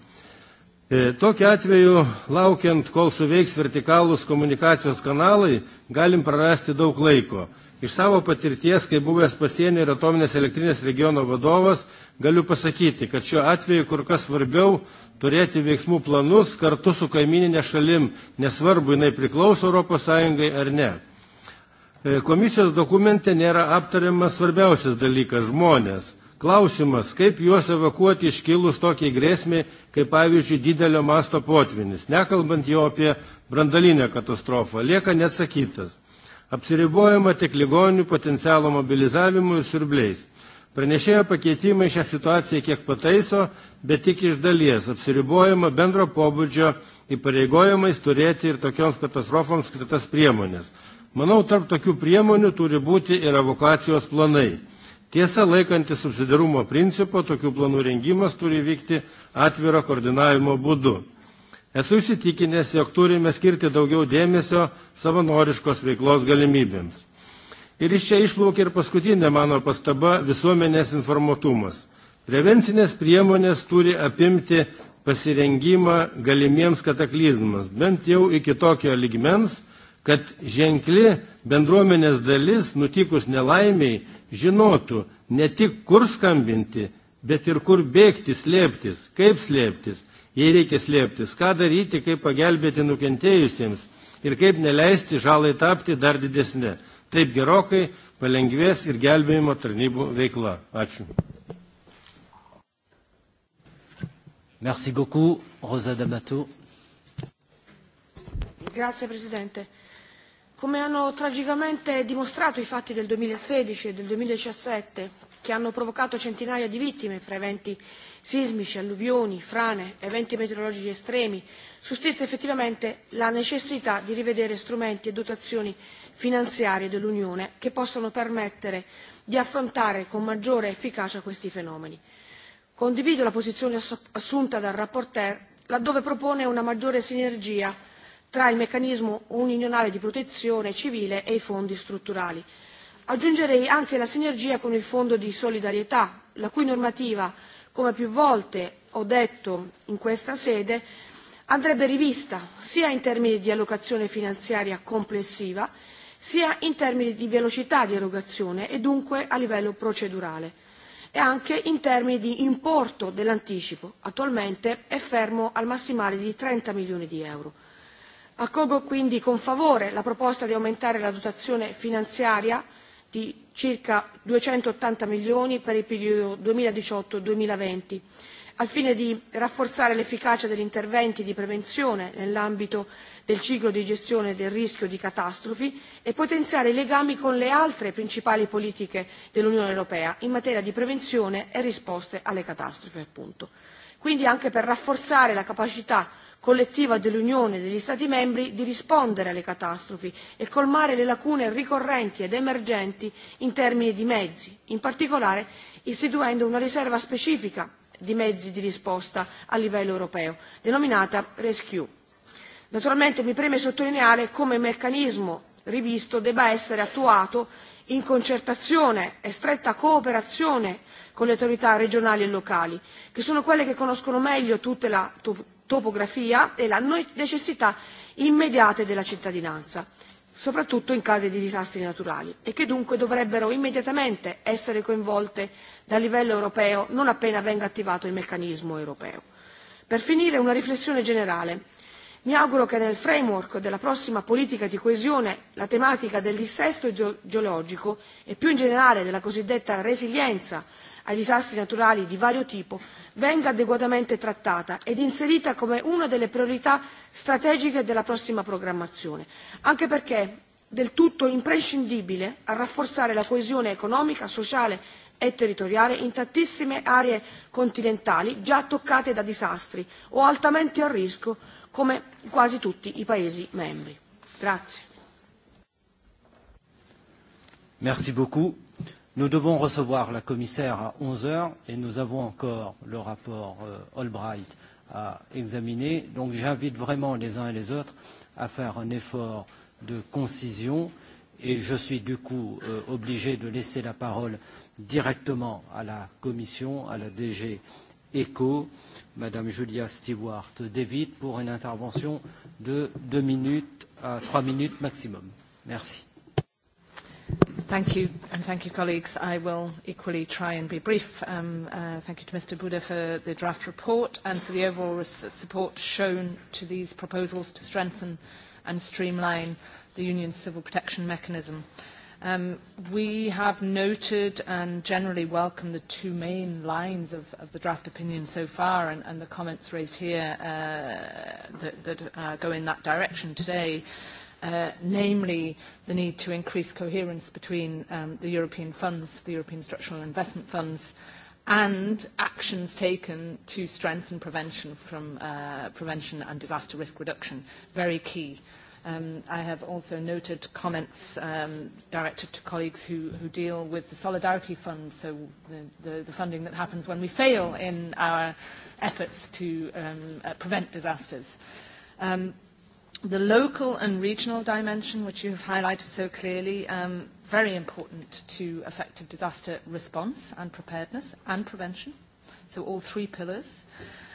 Tokiu atveju, laukiant, kol suveiks vertikalūs komunikacijos kanalai, galim prarasti daug laiko. Iš savo patirties, kai buvęs pasienio ir atominės elektrinės regiono vadovas, galiu pasakyti, kad šiuo atveju kur kas svarbiau turėti veiksmų planus kartu su kaimininė šalim, nesvarbu jinai priklauso ES ar ne. Komisijos dokumente nėra aptariamas svarbiausias dalykas – žmonės. Klausimas, kaip juos evakuoti iškilus tokiai grėsmiai, kaip pavyzdžiui didelio masto potvinis, nekalbant jau apie brandalinę katastrofą, lieka neatsakytas. Apsiribojama tik ligonių potencialo mobilizavimu ir surbliais. Pranešėjo pakeitimai šią situaciją kiek pataiso, bet tik iš dalies apsiribojama bendro pobūdžio įpareigojimais turėti ir tokioms katastrofoms skirtas priemonės. Manau, tarp tokių priemonių turi būti ir evakuacijos planai. Tiesa, laikantis subsidarumo principo, tokių planų rengimas turi vykti atviro koordinavimo būdu. Esu įsitikinęs, jog turime skirti daugiau dėmesio savanoriškos veiklos galimybėms. Ir iš čia išplaukia ir paskutinė mano pastaba visuomenės informotumas. Prevencinės priemonės turi apimti pasirengimą galimiems kataklizmas, bent jau iki tokio ligmens, kad ženkli bendruomenės dalis nutikus nelaimiai žinotų ne tik kur skambinti, bet ir kur bėgti, slėptis, kaip slėptis, jei reikia slėptis, ką daryti, kaip pagelbėti nukentėjusiems ir kaip neleisti žalai tapti dar didesnė. Taip gerokai palengvės ir gelbėjimo tarnybų veikla. Ačiū. Merci beaucoup, Rosa D'Amato. Grazie Presidente come hanno tragicamente dimostrato i fatti del 2016 e del 2017 che hanno provocato centinaia di vittime fra eventi sismici, alluvioni, frane, eventi meteorologici estremi, sussiste effettivamente la necessità di rivedere strumenti e dotazioni finanziarie dell'Unione che possano permettere di affrontare con maggiore efficacia questi fenomeni. Condivido la posizione assunta dal rapporteur laddove propone una maggiore sinergia tra il meccanismo unionale di protezione civile e i fondi strutturali. Aggiungerei anche la sinergia con il Fondo di solidarietà, la cui normativa, come più volte ho detto in questa sede, andrebbe rivista sia in termini di allocazione finanziaria complessiva, sia in termini di velocità di erogazione e dunque a livello procedurale e anche in termini di importo dell'anticipo attualmente è fermo al massimale di 30 milioni di euro. Accolgo quindi con favore la proposta di aumentare la dotazione finanziaria di circa 280 milioni per il periodo 2018-2020, al fine di rafforzare l'efficacia degli interventi di prevenzione nell'ambito del ciclo di gestione del rischio di catastrofi e potenziare i legami con le altre principali politiche dell'Unione europea in materia di prevenzione e risposte alle catastrofi, appunto. Quindi anche per rafforzare la capacità collettiva dell'Unione e degli Stati membri di rispondere alle catastrofi e colmare le lacune ricorrenti ed emergenti in termini di mezzi, in particolare istituendo una riserva specifica di mezzi di risposta a livello europeo, denominata Rescue. Naturalmente mi preme sottolineare come il meccanismo rivisto debba essere attuato in concertazione e stretta cooperazione con le autorità regionali e locali, che sono quelle che conoscono meglio tutte topografia e la necessità immediate della cittadinanza, soprattutto in caso di disastri naturali, e che dunque dovrebbero immediatamente essere coinvolte dal livello europeo non appena venga attivato il meccanismo europeo. Per finire una riflessione generale. Mi auguro che nel framework della prossima politica di coesione la tematica del dissesto geologico e più in generale della cosiddetta resilienza ai disastri naturali di vario tipo venga adeguatamente trattata ed inserita come una delle priorità strategiche della prossima programmazione, anche perché del tutto imprescindibile a rafforzare la coesione economica, sociale e territoriale in tantissime aree continentali già toccate da disastri o altamente a rischio come quasi tutti i Paesi membri. Grazie. Nous devons recevoir la commissaire à 11 heures et nous avons encore le rapport Albright à examiner. Donc j'invite vraiment les uns et les autres à faire un effort de concision et je suis du coup obligé de laisser la parole directement à la Commission, à la DG ECHO, Madame Julia Stewart David, pour une intervention de deux minutes à trois minutes maximum. Merci. Thank you, and thank you, colleagues. I will equally try and be brief. Thank you to Mr. Buda for the draft report and for the overall support shown to these proposals to strengthen and streamline the Union's civil protection mechanism. We have noted and generally welcome the two main lines of the draft opinion so far and the comments raised here that go in that direction today namely the need to increase coherence between the European funds, the European structural investment funds, and actions taken to strengthen prevention from prevention and disaster risk reduction. Very key. I have also noted comments directed to colleagues who deal with the Solidarity Fund, so the funding that happens when we fail in our efforts to prevent disasters. The local and regional dimension, which you have highlighted so clearly, very important to effective disaster response and preparedness and prevention, so all three pillars.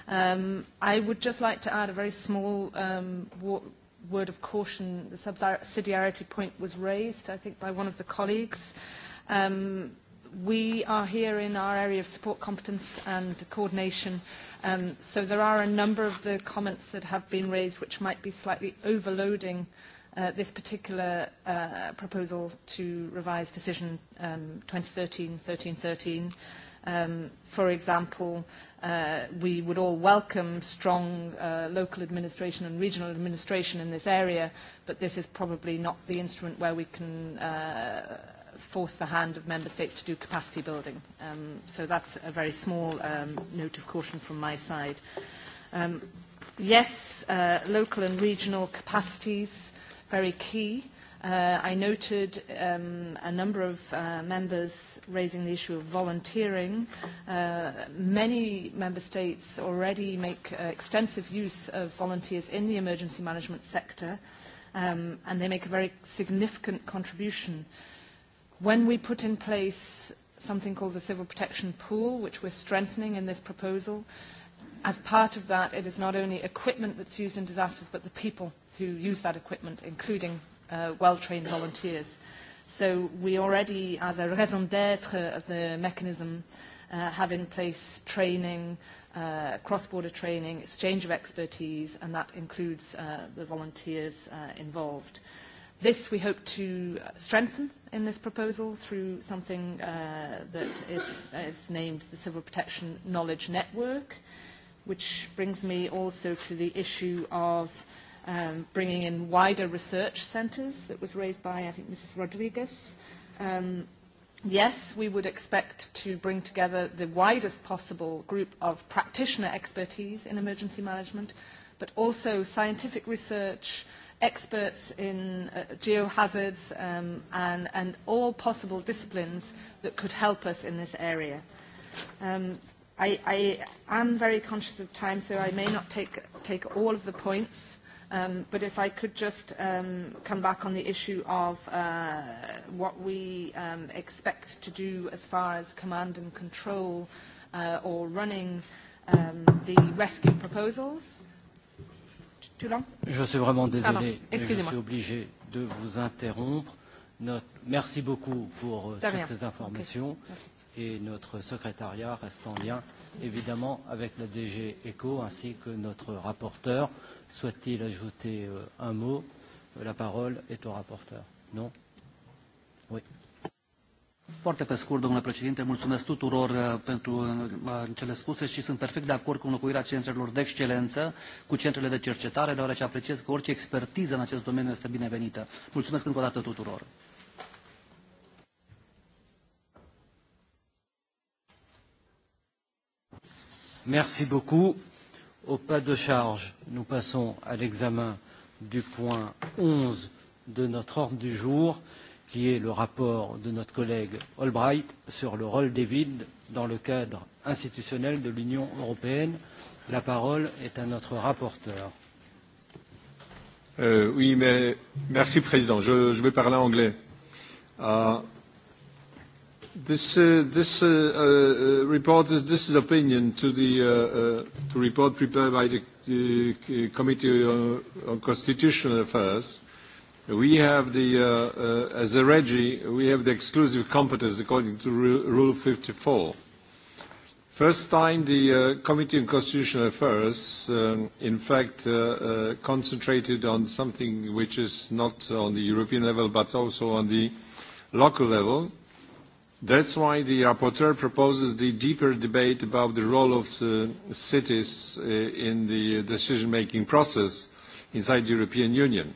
I would just like to add a very small word of caution. The subsidiarity point was raised, I think, by one of the colleagues. We are here in our area of support competence and coordination So there are a number of the comments that have been raised which might be slightly overloading this particular proposal to revise decision 2013-1313. For example, we would all welcome strong local administration and regional administration in this area, but this is probably not the instrument where we can force the hand of member states to do capacity building. So that's a very small note of caution from my side. Yes, local and regional capacities, very key. I noted a number of members raising the issue of volunteering. Many member states already make extensive use of volunteers in the emergency management sector, and they make a very significant contribution When we put in place something called the Civil Protection Pool, which we're strengthening in this proposal, as part of that, it is not only equipment that's used in disasters, but the people who use that equipment, including well-trained volunteers. So we already, as a raison d'être of the mechanism, have in place training, cross-border training, exchange of expertise, and that includes the volunteers involved. This we hope to strengthen in this proposal through something that is named the Civil Protection Knowledge Network, which brings me also to the issue of bringing in wider research centres that was raised by, I think, Mrs. Rodriguez. Yes, we would expect to bring together the widest possible group of practitioner expertise in emergency management, but also scientific research, experts in geohazards and and all possible disciplines that could help us in this area. I am very conscious of time, so I may not take all of the points, but if I could just come back on the issue of what we expect to do as far as command and control or running the rescue proposals. Je suis vraiment désolé, mais je suis obligé de vous interrompre. Merci beaucoup pour toutes ces informations et notre secrétariat reste en lien évidemment avec la DG ECO ainsi que notre rapporteur. Souhaite-t-il ajouter un mot La parole est au rapporteur. Non Oui. Foarte pe scurt, domnule președinte, mulțumesc tuturor pentru cele spuse și sunt perfect de acord cu înlocuirea centrelor de excelență cu centrele de cercetare, deoarece apreciez că orice expertiză în acest domeniu este binevenită. Mulțumesc încă o dată tuturor. Merci beaucoup. Au pas de charge, nous passons à l'examen du point 11 de notre ordre du jour qui est le rapport de notre collègue Albright sur le rôle des vides dans le cadre institutionnel de l'Union européenne. La parole est à notre rapporteur. Oui, mais merci Président. Je vais parler anglais. This report, this is opinion to the report prepared by the Committee on Constitutional Affairs We have the, as a REGI, we have the exclusive competence according to Rule 54. First time the Committee on Constitutional Affairs, in fact, concentrated on something which is not on the European level but also on the local level. That's why the rapporteur proposes the deeper debate about the role of the cities in the decision-making process inside the European Union.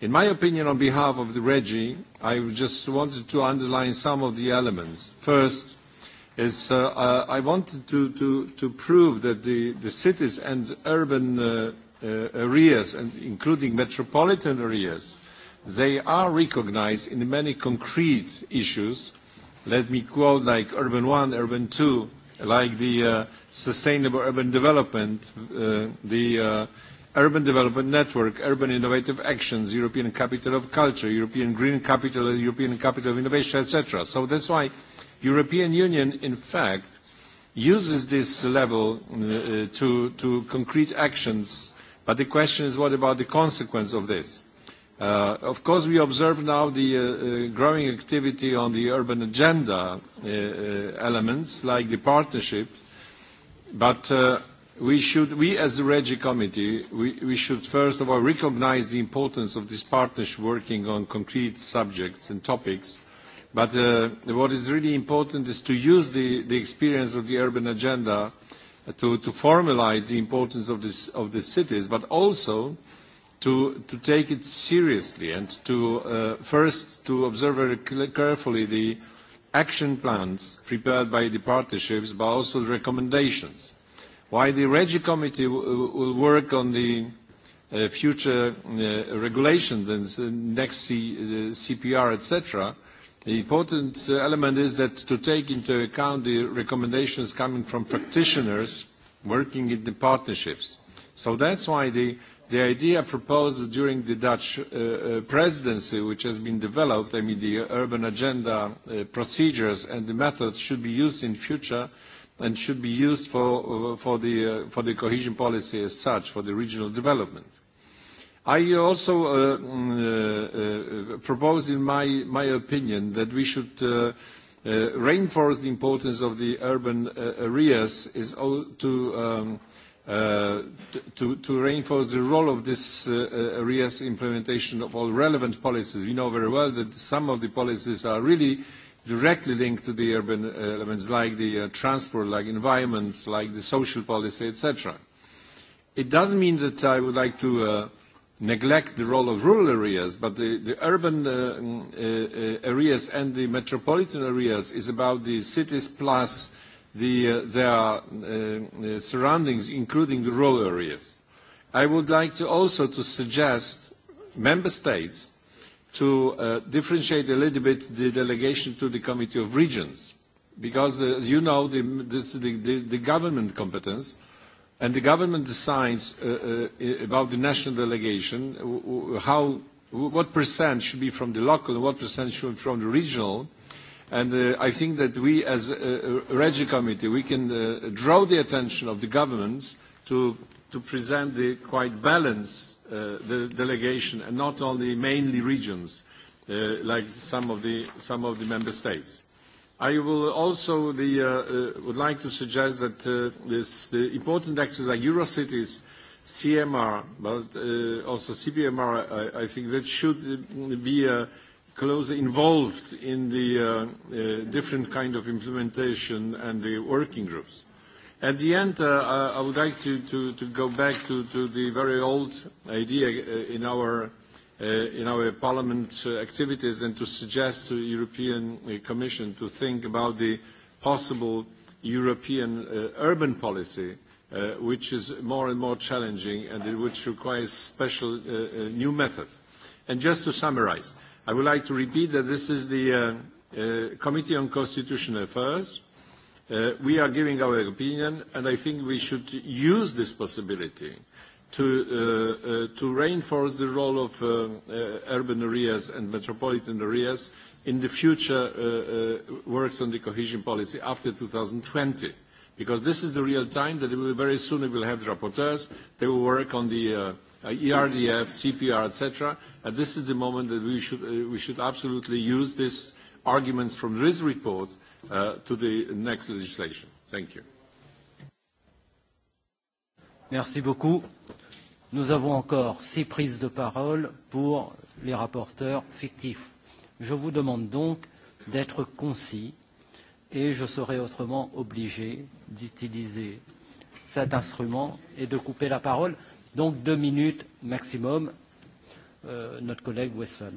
In my opinion, on behalf of the REGI, I just wanted to underline some of the elements. First, is I wanted to prove that the cities and urban areas, and including metropolitan areas, they are recognized in many concrete issues. Let me quote like Urban 1, Urban 2, like the sustainable urban development, the Urban Development Network, Urban Innovative Actions, European Capital of Culture, European Green Capital, European Capital of Innovation, etc. So that's why European Union, in fact, uses this level to concrete actions, but the question is what about the consequence of this? Of course, we observe now the growing activity on the urban agenda elements, like the partnership, but we should, we as the REGI committee, we should first of all recognise the importance of this partnership working on concrete subjects and topics. But what is really important is to use the experience of the urban agenda to formalise the importance of the cities, but also to take it seriously and to first to observe very carefully the action plans prepared by the partnerships, but also the recommendations. While the REGI committee will work on the future regulations and next CPR, etc. The important element is that to take into account the recommendations coming from practitioners working in the partnerships. So that's why the idea proposed during the Dutch presidency, which has been developed, I mean the urban agenda procedures and the methods should be used in future and should be used for the cohesion policy as such, for the regional development. I also propose in my opinion that we should reinforce the importance of the urban areas is to to reinforce the role of this areas implementation of all relevant policies. We know very well that some of the policies are really directly linked to the urban elements like the transport, like environment, like the social policy, etc. It doesn't mean that I would like to neglect the role of rural areas, but the urban areas and the metropolitan areas is about the cities plus their surroundings, including the rural areas. I would like to also to suggest member states to differentiate a little bit the delegation to the Committee of Regions, because, as you know, this is the government competence, and the government decides about the national delegation, how, what percent should be from the local and what percent should be from the regional. And I think that we, as a Regi Committee, we can draw the attention of the governments to to present the quite balanced delegation and not only mainly regions like some of the member states. I will also would like to suggest that this important actors like Eurocities, CMR, but also CBMR, I think that should be closely involved in the different kind of implementation and the working groups. At the end, I would like to go back to the very old idea in our in our Parliament activities and to suggest to the European Commission to think about the possible European urban policy, which is more and more challenging and which requires special new method. And just to summarize, I would like to repeat that this is the Committee on Constitutional Affairs We are giving our opinion, and I think we should use this possibility to reinforce the role of urban areas and metropolitan areas in the future works on the cohesion policy after 2020, because this is the real time that very soon we will have rapporteurs. They will work on the ERDF, CPR, etc. And this is the moment that we should absolutely use these arguments from this report to the next legislation. Thank you. Merci beaucoup. Nous avons encore six prises de parole pour les rapporteurs fictifs. Je vous demande donc d'être concis et je serai autrement obligé d'utiliser cet instrument et de couper la parole. Donc deux minutes maximum. Notre collègue Wesson.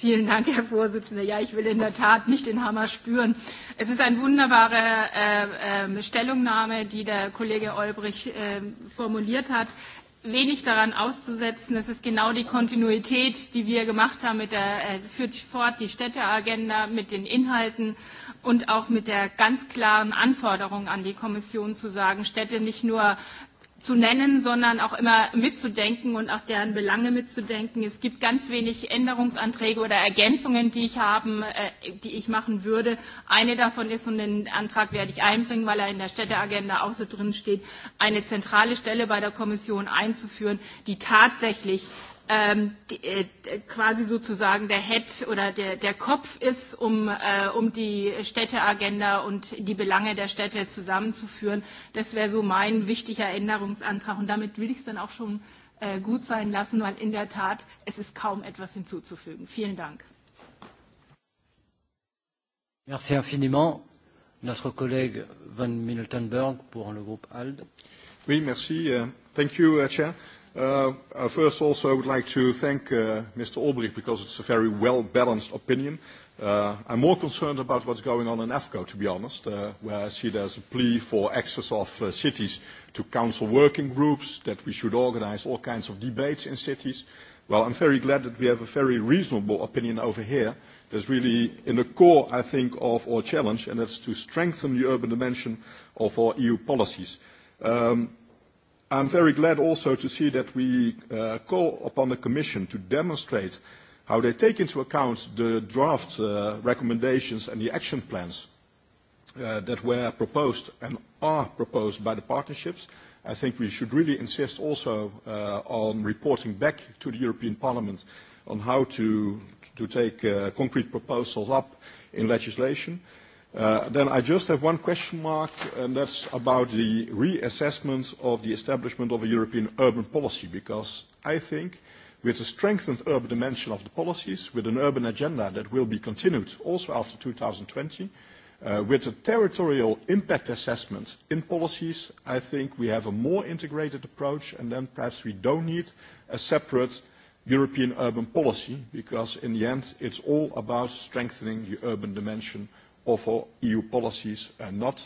Vielen Dank, Herr Vorsitzender. Ja, ich will in der Tat nicht den Hammer spüren. Es ist eine wunderbare Stellungnahme, die der Kollege Olbrich formuliert hat. Wenig daran auszusetzen. Es ist genau die Kontinuität, die wir gemacht haben, mit der, führt fort die Städteagenda mit den Inhalten und auch mit der ganz klaren Anforderung an die Kommission zu sagen, Städte nicht nur zu nennen, sondern auch immer mitzudenken und auch deren Belange mitzudenken. Es gibt ganz wenig Änderungsanträge oder Ergänzungen, die ich haben, die ich machen würde. Eine davon ist, und den Antrag werde ich einbringen, weil er in der Städteagenda auch so drin steht, eine zentrale Stelle bei der Kommission einzuführen, die tatsächlich quasi sozusagen der Head oder der Kopf ist, um die Städteagenda und die Belange der Städte zusammenzuführen. Das wäre so mein wichtiger Änderungsantrag. Und damit will ich es dann auch schon gut sein lassen, weil in der Tat es ist kaum etwas hinzuzufügen. Vielen Dank. Merci infiniment. Notre collègue Van Miltenberg pour le groupe Oui, merci. Thank you, Chair. First, also, I would like to thank Mr. Olbrich because it's a very well-balanced opinion. I'm more concerned about what's going on in AFCO, to be honest, where I see there's a plea for access of cities to council working groups, that we should organize all kinds of debates in cities. Well, I'm very glad that we have a very reasonable opinion over here. That's really in the core, I think, of our challenge, and that's to strengthen the urban dimension of our EU policies. I'm very glad also to see that we call upon the Commission to demonstrate how they take into account the draft recommendations and the action plans that were proposed and are proposed by the partnerships. I think we should really insist also on reporting back to the European Parliament on how to take concrete proposals up in legislation. Then I just have one question mark, and that's about the reassessment of the establishment of a European urban policy, because I think with a strengthened urban dimension of the policies, with an urban agenda that will be continued also after 2020, with a territorial impact assessment in policies, I think we have a more integrated approach, and then perhaps we don't need a separate European urban policy, because in the end, it's all about strengthening the urban dimension of all EU policies and not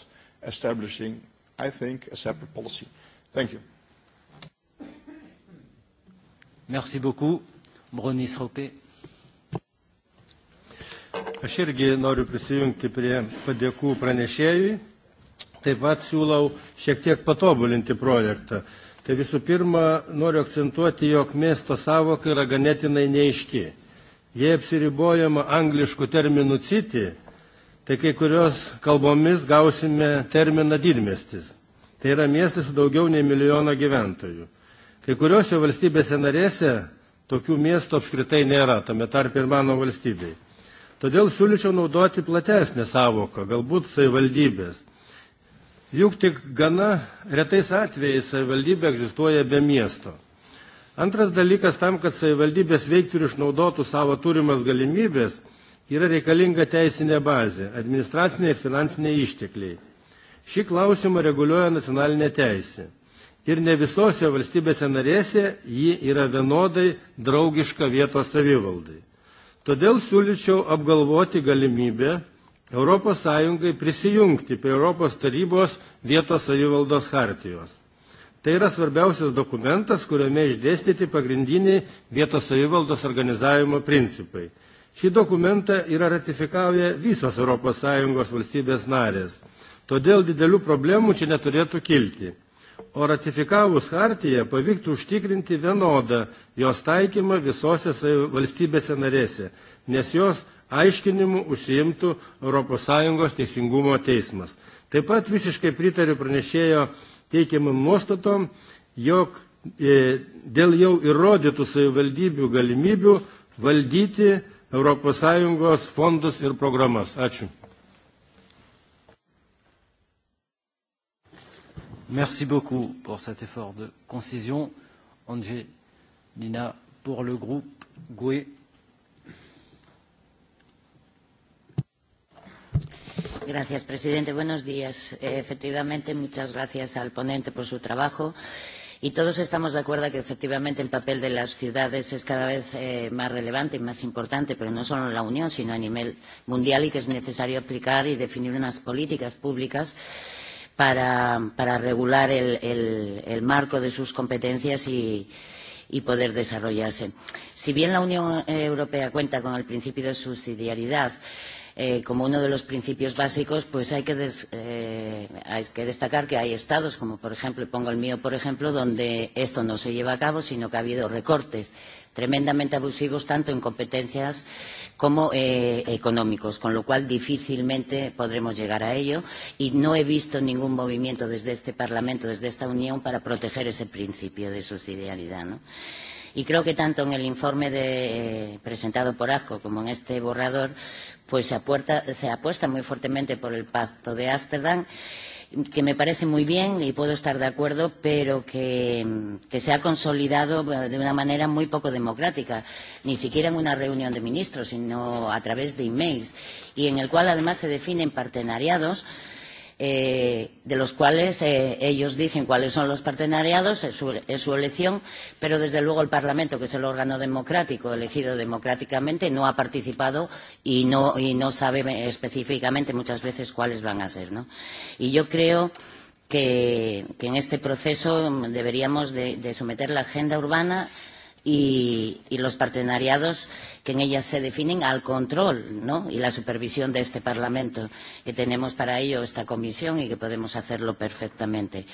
establishing, I think, a separate policy. Thank you. Merci beaucoup. Bronis Ropė. Aš irgi noriu prisijungti prie padėkų pranešėjui. Taip pat siūlau šiek tiek patobulinti projektą. Tai visų pirma, noriu akcentuoti, jog miesto savoka yra ganėtinai neiški. Jei apsiribojama angliškų terminų city, tai kai kurios kalbomis gausime terminą didmiestis. Tai yra miestas su daugiau nei milijono gyventojų. Kai kurios jo valstybėse narėse tokių miestų apskritai nėra, tame tarp ir mano valstybei. Todėl siūlyčiau naudoti platesnę savoką, galbūt savivaldybės. Juk tik gana retais atvejais savivaldybė egzistuoja be miesto. Antras dalykas tam, kad savivaldybės veiktų ir išnaudotų savo turimas galimybės – yra reikalinga teisinė bazė, administraciniai ir finansiniai ištekliai. Šį klausimą reguliuoja nacionalinė teisė. Ir ne visose valstybėse narėse ji yra vienodai draugiška vietos savivaldai. Todėl siūlyčiau apgalvoti galimybę ES prisijungti prie Europos tarybos vietos savivaldos hartijos. Tai yra svarbiausias dokumentas, kuriame išdėstyti pagrindiniai vietos savivaldos organizavimo principai – Šį dokumentą yra ratifikavę visos ES valstybės narės, todėl didelių problemų čia neturėtų kilti. O ratifikavus hartiją pavyktų užtikrinti vienodą jos taikymą visose valstybėse narėse, nes jos aiškinimu užsiimtų ES teisingumo teismas. Taip pat visiškai pritariu pranešėjo teikiamam nuostatom, jog dėl jau įrodytų savivaldybių galimybių valdyti Europos Sąjungos fondus ir programas. Ačiū. Merci beaucoup pour cet effort de concision. Angé Nina pour le groupe GUE. Gracias, presidente. Buenos días. Efectivamente, muchas gracias al ponente por su trabajo Y todos estamos de acuerdo que efectivamente el papel de las ciudades es cada vez más relevante y más importante, pero no solo en la Unión, sino a nivel mundial y que es necesario aplicar y definir unas políticas públicas para regular el marco de sus competencias y y poder desarrollarse. Si bien la Unión Europea cuenta con el principio de subsidiariedad, como uno de los principios básicos, pues hay que, hay que destacar que hay estados, como por ejemplo, pongo el mío por ejemplo, donde esto no se lleva a cabo, sino que ha habido recortes tremendamente abusivos, tanto en competencias como económicos, con lo cual difícilmente podremos llegar a ello. Y no he visto ningún movimiento desde este Parlamento, desde esta Unión, para proteger ese principio de subsidiariedad. ¿no? Y creo que tanto en el informe de, presentado por ASCO como en este borrador, pues se, apuerta, se apuesta muy fuertemente por el pacto de Ámsterdam, que me parece muy bien y puedo estar de acuerdo, pero que, que se ha consolidado de una manera muy poco democrática, ni siquiera en una reunión de ministros, sino a través de emails, y en el cual además se definen partenariados de los cuales ellos dicen cuáles son los partenariados, es su elección, pero desde luego el Parlamento, que es el órgano democrático, elegido democráticamente, no ha participado y no sabe específicamente muchas veces cuáles van a ser. Y yo creo que en este proceso deberíamos de someter la agenda urbana y los partenariados que en ellas se definen al control ¿no? y la supervisión de este Parlamento, que tenemos para ello esta comisión y que podemos hacerlo perfectamente.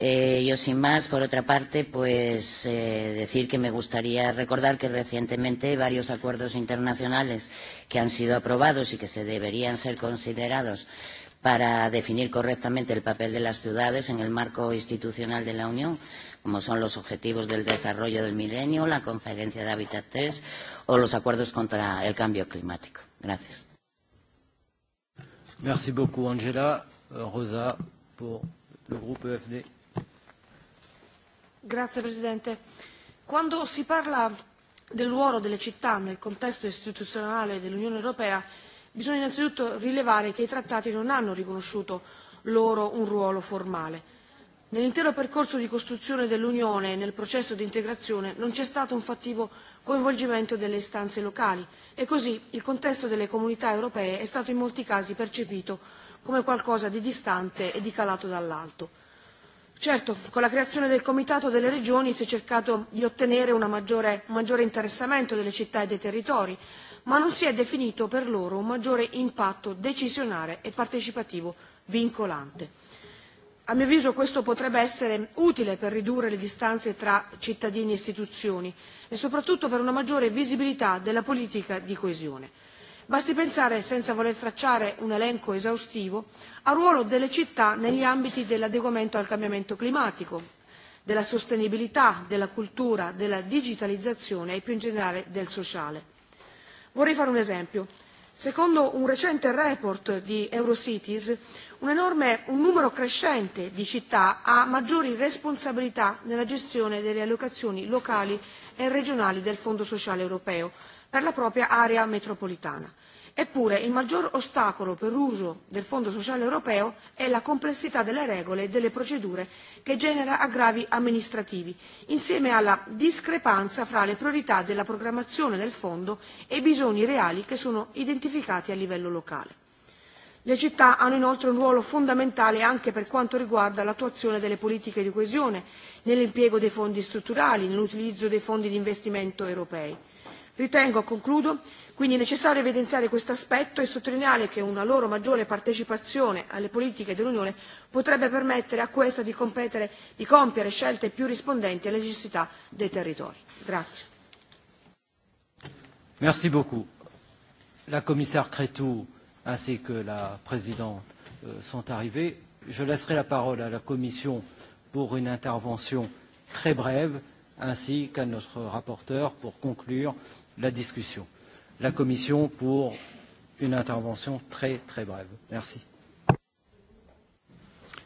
Yo, sin más, por otra parte, pues decir que me gustaría recordar que recientemente varios acuerdos internacionales que han sido aprobados y que se deberían ser considerados para definir correctamente el papel de las ciudades en el marco institucional de la Unión como son los Objetivos del Desarrollo del Milenio, la conferenza de Hábitat 3 o los acuerdos contra il cambio climático. Gracias. Merci beaucoup, Angela. Rosa, pour le groupe Grazie, Presidente. Quando si parla del ruolo delle città nel contesto istituzionale dell'Unione Europea, bisogna innanzitutto rilevare che i trattati non hanno riconosciuto loro un ruolo formale Nell'intero percorso di costruzione dell'Unione e nel processo di integrazione non c'è stato un fattivo coinvolgimento delle istanze locali e così il contesto delle comunità europee è stato in molti casi percepito come qualcosa di distante e di calato dall'alto. Certo, con la creazione del Comitato delle Regioni si è cercato di ottenere un maggiore interessamento delle città e dei territori, ma non si è definito per loro un maggiore impatto decisionale e partecipativo vincolante. A mio avviso questo potrebbe essere utile per ridurre le distanze tra cittadini e istituzioni e soprattutto per una maggiore visibilità della politica di coesione. Basti pensare, senza voler tracciare un elenco esaustivo, al ruolo delle città negli ambiti dell'adeguamento al cambiamento climatico, della sostenibilità, della cultura, della digitalizzazione e più in generale del sociale. Vorrei fare un esempio. Secondo un recente report di Eurocities, un numero crescente di città ha maggiori responsabilità nella gestione delle allocazioni locali e regionali del Fondo sociale europeo per la propria area metropolitana. Eppure il maggior ostacolo per l'uso del Fondo sociale europeo è la complessità delle regole e delle procedure che genera aggravi amministrativi, insieme alla discrepanza fra le priorità della programmazione del Fondo e i bisogni reali che sono identificati a livello locale. Le città hanno inoltre un ruolo fondamentale anche per quanto riguarda l'attuazione delle politiche di coesione, nell'impiego dei fondi strutturali, nell'utilizzo dei fondi di investimento europei. Ritengo, concludo, Quindi è necessario evidenziare questo aspetto e sottolineare che una loro maggiore partecipazione alle politiche dell'Unione potrebbe permettere a questa di compiere scelte più rispondenti alle necessità dei territori. Grazie. Merci beaucoup. La commissaire Cretou ainsi que la présidente sont arrivés. Je laisserai la parole à la Commission pour une intervention très brève, ainsi qu'à notre rapporteur pour conclure la discussion la Commission pour une intervention très très brève. Merci.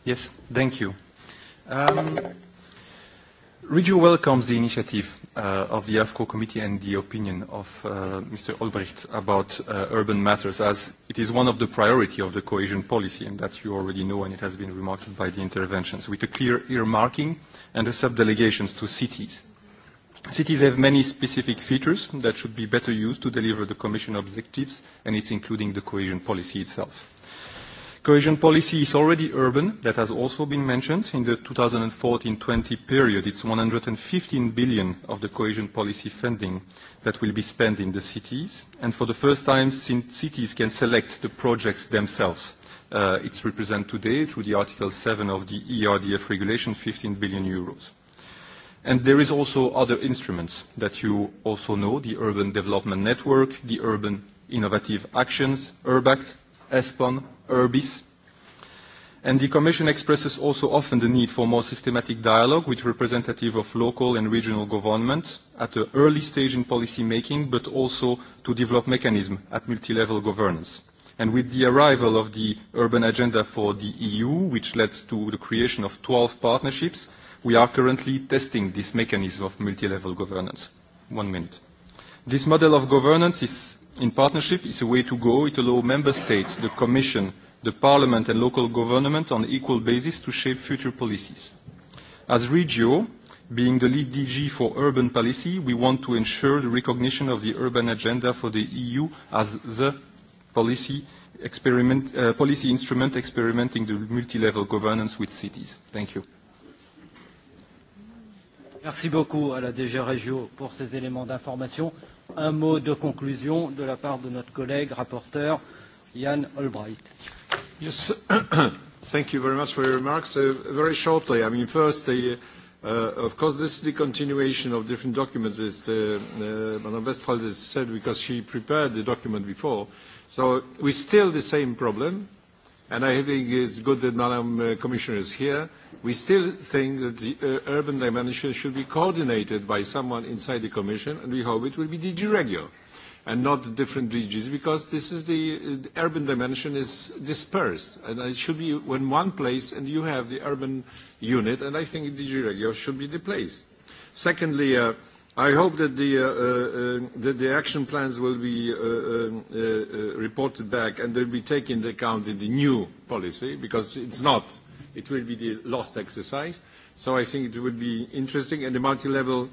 Yes, thank you. Regio welcomes the initiative of the AFCO Committee and the opinion of Mr. Olbricht about urban matters as it is one of the priority of the cohesion policy and that you already know and it has been remarked by the interventions with a clear earmarking and the sub-delegations to cities Cities have many specific features that should be better used to deliver the Commission objectives, and it's including the cohesion policy itself. Cohesion policy is already urban. That has also been mentioned. In the 2014-20 period, it's 115 billion of the cohesion policy funding that will be spent in the cities. And for the first time, cities can select the projects themselves. It's represented today through the Article 7 of the ERDF regulation, 15 billion euros there is also other instruments that you also know, the Urban Development Network, the Urban Innovative Actions, URBACT, ESPON, URBIS. And the Commission expresses also often the need for more systematic dialogue with representatives of local and regional government at an early stage in policy making, but also to develop mechanisms at multi-level governance. And with the arrival of the Urban Agenda for the EU, which led to the creation of 12 partnerships, We are currently testing this mechanism of multi-level governance. One minute. This model of governance in partnership is a way to go. It allows member states, the Commission, the Parliament and local government on equal basis to shape future policies. As Regio, being the lead DG for urban policy, we want to ensure the recognition of the urban agenda for the EU as the policy instrument experimenting the multi-level governance with cities. Thank you. Merci beaucoup à la DG Régio pour ces éléments d'information. Un mot de conclusion de la part de notre collègue rapporteur, Yann Albright. Yes, thank you very much for your remarks. Very shortly, I mean, first, the Of course, this is the continuation of different documents, as Madame Westphal said, because she prepared the document before. So we still the same problem and I think it's good that Madam Commissioner is here, we still think that the urban dimension should be coordinated by someone inside the Commission, and we hope it will be DG Regio and not the different DGs, because this is the urban dimension is dispersed, and it should be when one place, and you have the urban unit, and I think DG Regio should be the place. Secondly, I hope that the action plans will be reported back and they'll be taken into account in the new policy, because it's not. It will be the last exercise. So I think it would be interesting, and the multi-level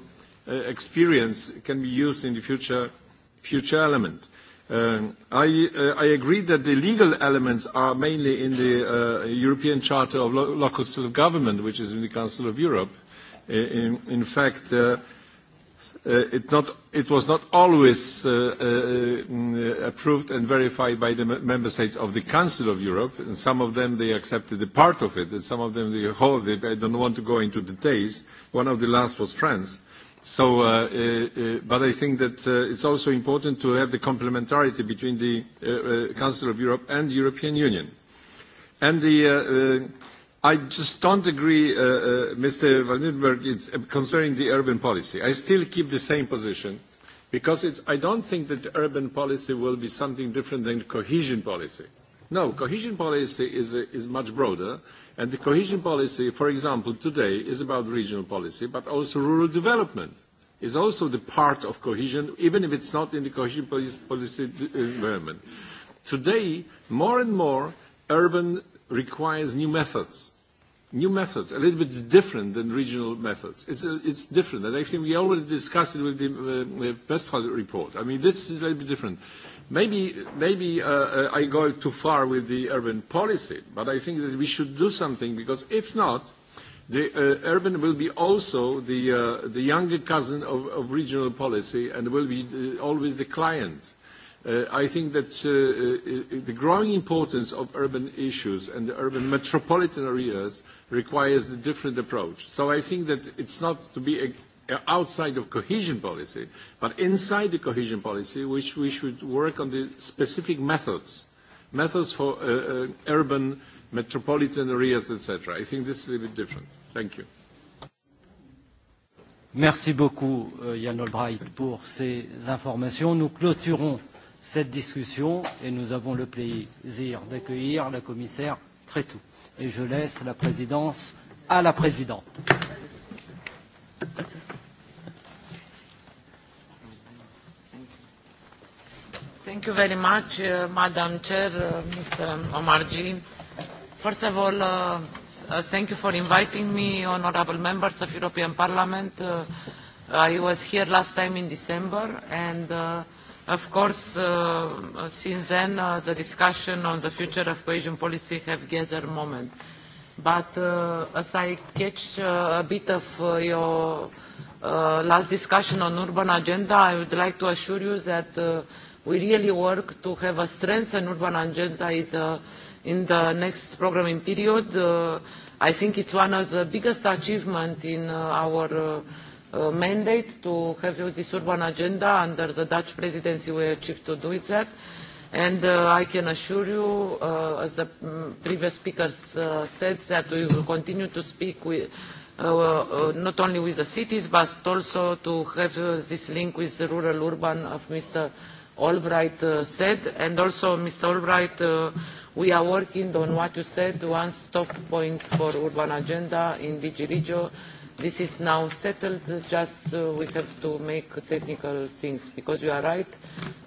experience can be used in the future element. I agree that the legal elements are mainly in the European Charter of Local Government, which is in the Council of Europe. In fact, It was not always approved and verified by the member states of the Council of Europe, and some of them they accepted a part of it, and some of them the whole it. I don't want to go into details. One of the last was France. but I think that it's also important to have the complementarity between the Council of Europe and the European Union, and the I just don't agree, Mr. Van Nidberg, concerning the urban policy. I still keep the same position because I don't think that urban policy will be something different than cohesion policy. No, cohesion policy is much broader, and the cohesion policy, for example, today is about regional policy, but also rural development is also the part of cohesion, even if it's not in the cohesion policy environment. Today, more and more, urban requires new methods new methods, a little bit different than regional methods. It's, it's different. And think we already discussed it with the Westphal report. I mean, this is a little bit different. Maybe, maybe I go too far with the urban policy, but I think that we should do something because if not, the urban will be also the, the younger cousin of, of regional policy and will be always the client. I think that the growing importance of urban issues and the urban metropolitan areas requires a different approach. So I think that it's not to be outside of cohesion policy, but inside the cohesion policy, which we should work on the specific methods, methods for urban, metropolitan areas, etc. I think this is a bit different. Thank you. Merci beaucoup, Yann Albright, pour ces informations. Nous clôturons cette discussion et nous avons le plaisir d'accueillir la commissaire Crétou et je laisse la présidence à la présidente. Thank you very much, Madam Chair, Mr. Omarji. First of all, thank you for inviting me, honorable members of European Parliament. I was here last time in December, and Of course, since then, the discussion on the future of cohesion policy have gathered moment. But as I catch a bit of your last discussion on urban agenda, I would like to assure you that we really work to have a strengthened urban agenda in the next programming period. I think it's one of the biggest achievements in our mandate to have this urban agenda under the Dutch presidency we achieved to do that. And I can assure you, as the previous speakers said, that we will continue to speak with not only with the cities, but also to have this link with the rural-urban as Mr. Albright said. And also, Mr. Albright, we are working on what you said, one stop point for urban agenda in DG Regio, This is now settled, just we have to make technical things, because you are right.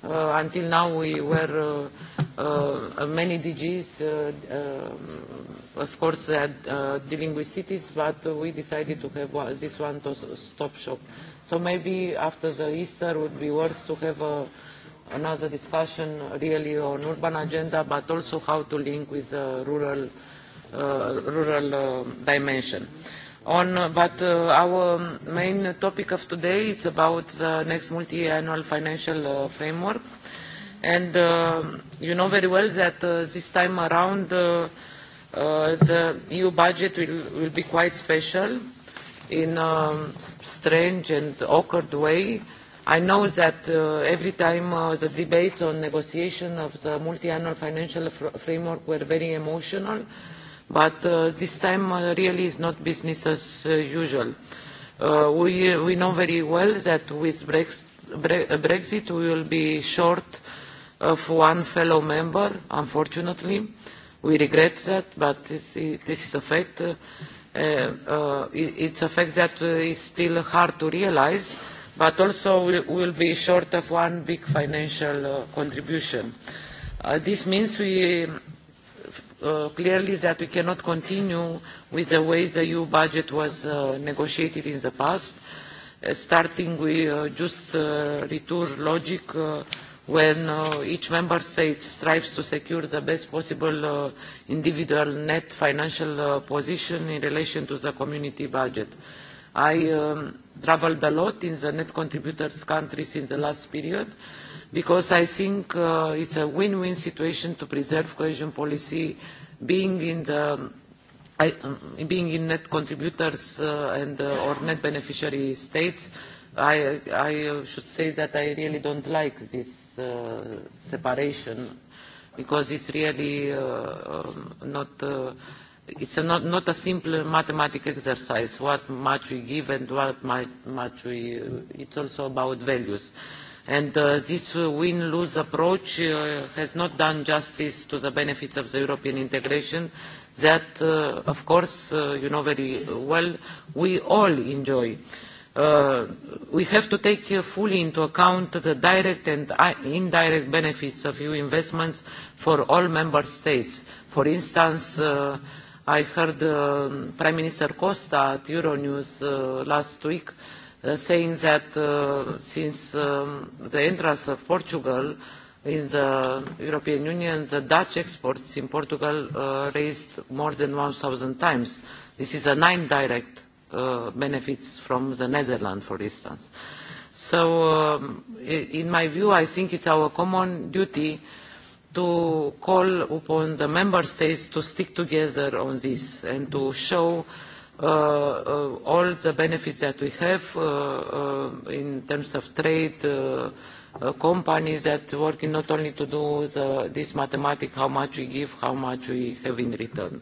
Until now we were many DGs, of course, dealing with cities, but we decided to have this one to stop shop. So maybe after the Easter would be worth to have another discussion really on urban agenda, but also how to link with the rural dimension on, but our main topic of today is about the next multi-annual financial framework. And you know very well that this time around the EU budget will be quite special in a strange and awkward way. I know that every time the debates on negotiation of the multi-annual financial framework were very emotional But this time really is not business as usual. We know very well that with Brexit we will be short of one fellow member, unfortunately. We regret that, but this is a fact. It's a fact that is still hard to realize, but also we will be short of one big financial contribution. This means we clearly that we cannot continue with the way the EU budget was negotiated in the past, starting with just return logic when each member state strives to secure the best possible individual net financial position in relation to the community budget. I traveled a lot in the net contributors countries in the last period because I think it's a win-win situation to preserve cohesion policy being in the being in net contributors and or net beneficiary states. I I should say that I really don't like this separation because it's really not It's not a simple mathematical exercise. What much we give and what much we. It's also about values. And this win-lose approach has not done justice to the benefits of the European integration that, of course, you know very well, we all enjoy. We have to take fully into account the direct and indirect benefits of EU investments for all member states. For instance I heard Prime Minister Costa at Euronews last week saying that since the entrance of Portugal in the European Union, the Dutch exports in Portugal raised more than 1,000 times. This is a nine direct benefits from the Netherlands, for instance. So, in my view, I think it's our common duty to call upon the member states to stick together on this and to show all the benefits that we have in terms of trade, companies that working not only to do this mathematics, how much we give, how much we have in return.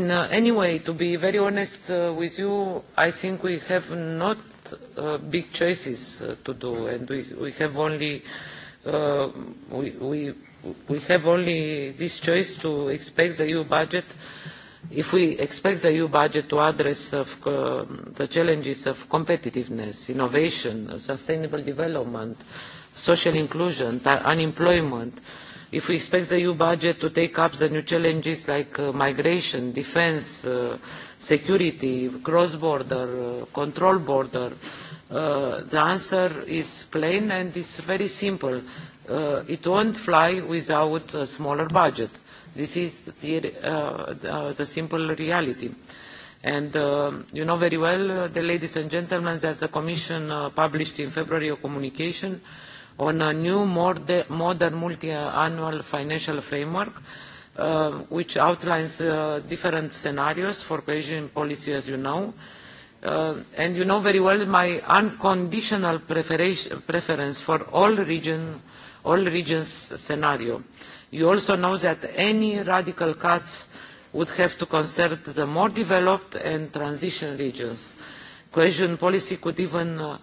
In any way, to be very honest with you, I think we have not big choices to do and we have only we we have only this choice to expect the EU budget. If we expect the EU budget to address the challenges of competitiveness, innovation, sustainable development, social inclusion, unemployment, if we expect the EU budget to take up the new challenges like migration, defence, security, cross-border, control border, The answer is plain and it's very simple. It won't fly without a smaller budget. This is the simple reality. And you know very well, the ladies and gentlemen, that the Commission published in February a communication on a new, modern multi-annual financial framework, which outlines different scenarios for cohesion policy, as you know and you know very well my unconditional preference for all all regions scenario. You also know that any radical cuts would have to concern the more developed and transition regions. Cohesion policy could even,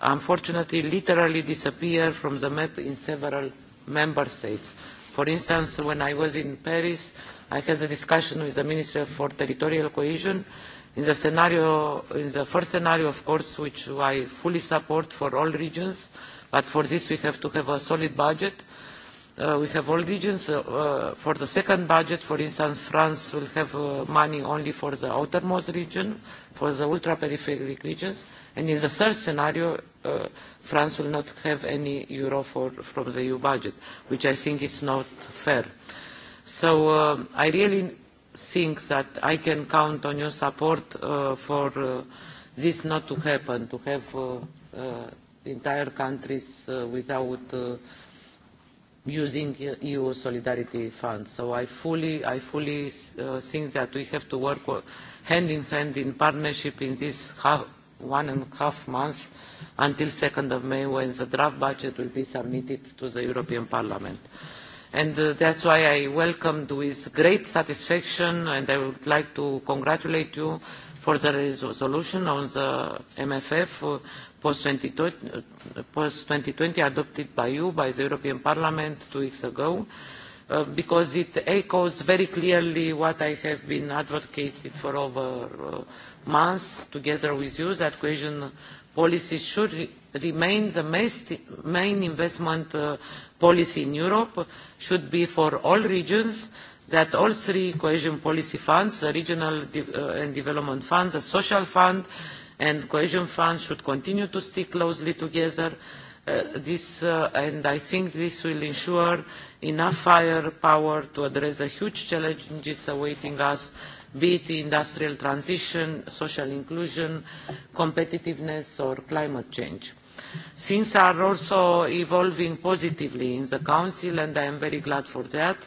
unfortunately, literally disappear from the map in several member states. For instance, when I was in Paris, I had a discussion with the Minister for Territorial Cohesion In the scenario, in the first scenario, of course, which I fully support for all regions, but for this we have to have a solid budget. We have all regions. For the second budget, for instance, France will have money only for the outermost region, for the ultra-peripheral regions, and in the third scenario, France will not have any euro for from the EU budget, which I think is not fair. So I really think that I can count on your support for this not to happen, to have entire countries without using EU solidarity funds. So I fully, I fully think that we have to work hand in hand in partnership in this one and a half months until 2nd of May when the draft budget will be submitted to the European Parliament and that's why I welcomed with great satisfaction and I would like to congratulate you for the resolution on the MFF post-2020 adopted by you, by the European Parliament two weeks ago, because it echoes very clearly what I have been advocating for over months together with you, that cohesion policy should remain the main investment policy in Europe should be for all regions, that all three cohesion policy funds, the regional and development fund, the social fund and cohesion fund should continue to stick closely together. This and I think this will ensure enough firepower to address the huge challenges awaiting us, be it industrial transition, social inclusion, competitiveness or climate change. Things are also evolving positively in the Council, and I am very glad for that.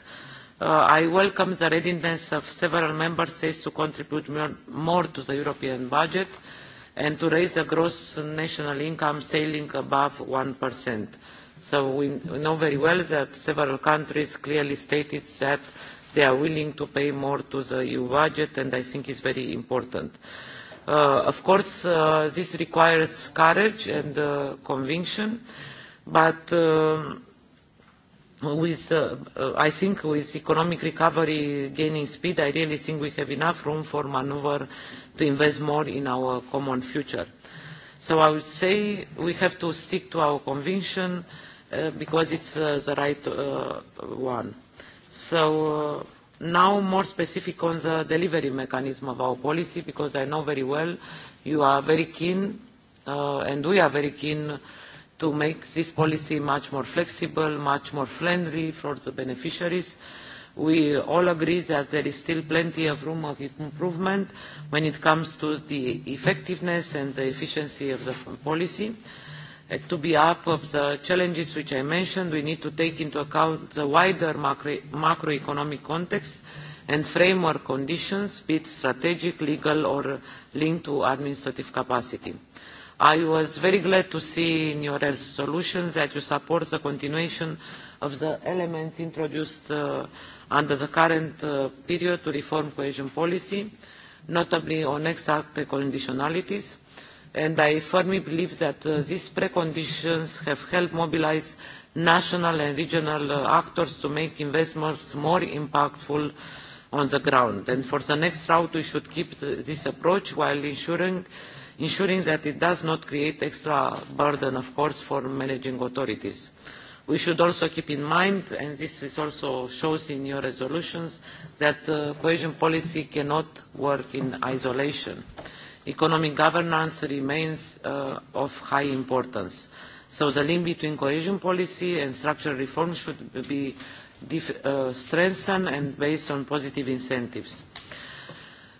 I welcome the readiness of several member states to contribute more to the European budget and to raise the gross national income sailing above 1%. So we know very well that several countries clearly stated that they are willing to pay more to the EU budget, and I think is very important. Of course, this requires courage and conviction, but with, I think, with economic recovery gaining speed, I really think we have enough room for maneuver to invest more in our common future. So I would say we have to stick to our conviction because it's the right one. So Now more specific on the delivery mechanism of our policy, because I know very well you are very keen and we are very keen to make this policy much more flexible, much more friendly for the beneficiaries. We all agree that there is still plenty of room of improvement when it comes to the effectiveness and the efficiency of the policy to be up of the challenges which I mentioned, we need to take into account the wider macroeconomic context and framework conditions, be it strategic, legal or linked to administrative capacity. I was very glad to see in your resolutions that you support the continuation of the elements introduced under the current period to reform cohesion policy, notably on ex conditionalities and I firmly believe that these preconditions have helped mobilise national and regional actors to make investments more impactful on the ground. for the next round, we should keep this approach while ensuring that it does not create extra burden, of course, for managing authorities. We should also keep in mind, and this is also shows in your resolutions, that cohesion policy cannot work in isolation economic governance remains of high importance. So the link between cohesion policy and structural reforms should be strengthened and based on positive incentives.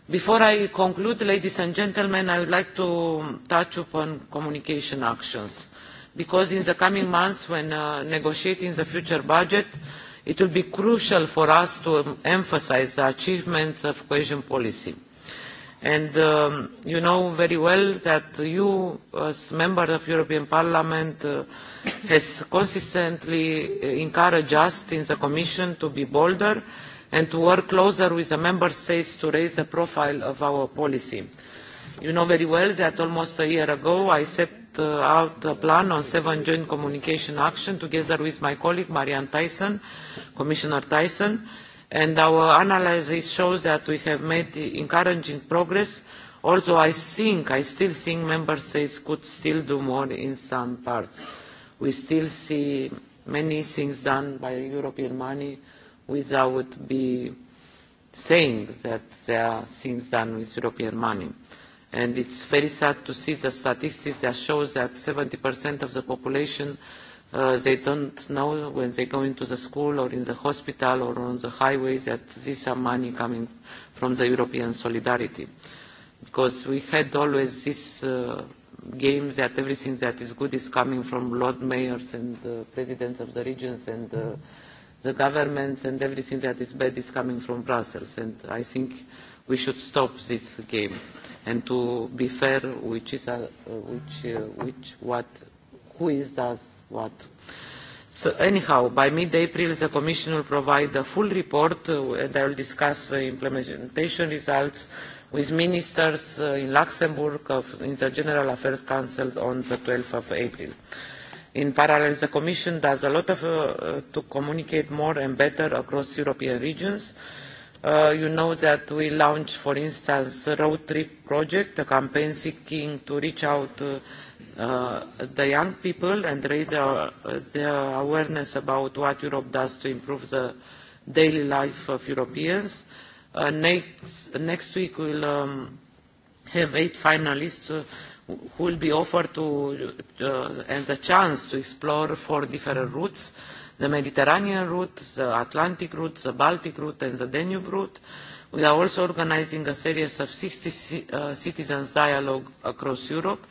Before I conclude, ladies and gentlemen, I would like to touch upon communication actions, because in the coming months when negotiating the future budget, it will be crucial for us to emphasise the achievements of cohesion policy. And you know very well that you, as member of European Parliament, has consistently encouraged us in the Commission to be bolder and to work closer with the member states to raise the profile of our policy. You know very well that almost a year ago I set out a plan on seven joint communication action together with my colleague Marianne Tyson, Commissioner Tyson and our analysis shows that we have made encouraging progress, although I think, I still think member states could still do more in some parts. We still see many things done by European money without be saying that there are things done with European money. And it's very sad to see the statistics that shows that 70% of the population They don't know when they go into the school or in the hospital or on the highway that this are money coming from the European solidarity. Because we had always this game that everything that is good is coming from Lord Mayors and Presidents of the regions and the governments and everything that is bad is coming from Brussels. And I think we should stop this game. And to be fair, which is which which what who is does what. So anyhow, by mid-April, the Commission will provide a full report, and I will discuss the implementation results with ministers in Luxembourg in the General Affairs Council on the 12th of April. In parallel, the Commission does a lot of to communicate more and better across European regions. You know that we launched, for instance, a road trip project, a campaign seeking to reach out the young people and raise their awareness about what Europe does to improve the daily life of Europeans. Next week we'll have eight finalists who will be offered to and the chance to explore four different routes the Mediterranean route, the Atlantic route, the Baltic route and the Danube route. We are also organizing a series of 60 citizens dialogue across Europe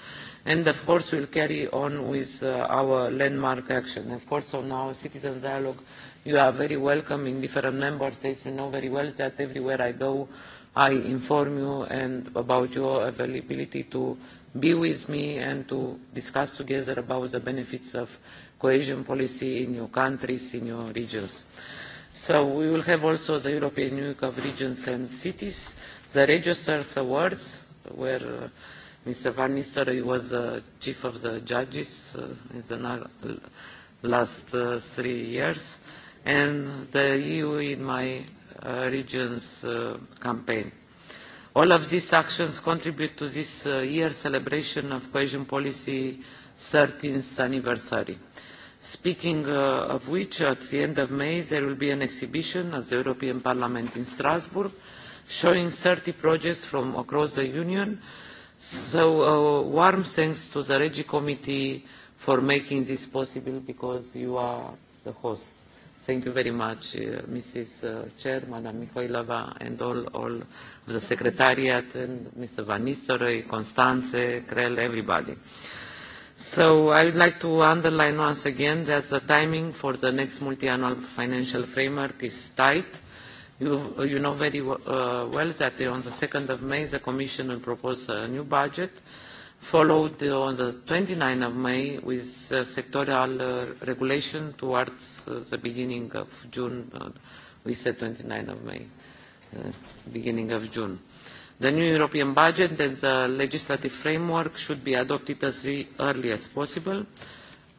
and of course we will carry on with our landmark action. Of course on our citizen dialogue you are very welcome in different member states. You know very well that everywhere I go I inform you and about your availability to be with me and to discuss together about the benefits of cohesion policy in your countries, in your regions. So we will have also the European Union of Regions and Cities, the Registers Awards, where Mr. Van Nistelrooy was the chief of the judges in the last three years and the EU in my region's campaign. All of these actions contribute to this year's celebration of cohesion policy 13th anniversary. Speaking of which, at the end of May there will be an exhibition at the European Parliament in Strasbourg showing 30 projects from across the Union So warm thanks to the Regi Committee for making this possible because you are the host. Thank you very much, Mrs. Chair, Madam Mikhailova, and all, all the Secretariat, and Mr. Van Nistelrooy, Constanze, Krell, everybody. So I would like to underline once again that the timing for the next multi-annual financial framework is tight You know very well that on the 2nd of May the Commission will propose a new budget, followed on the 29th of May with sectoral regulation towards the beginning of June. We said 29th of May, beginning of June. The new European budget and the legislative framework should be adopted as early as possible.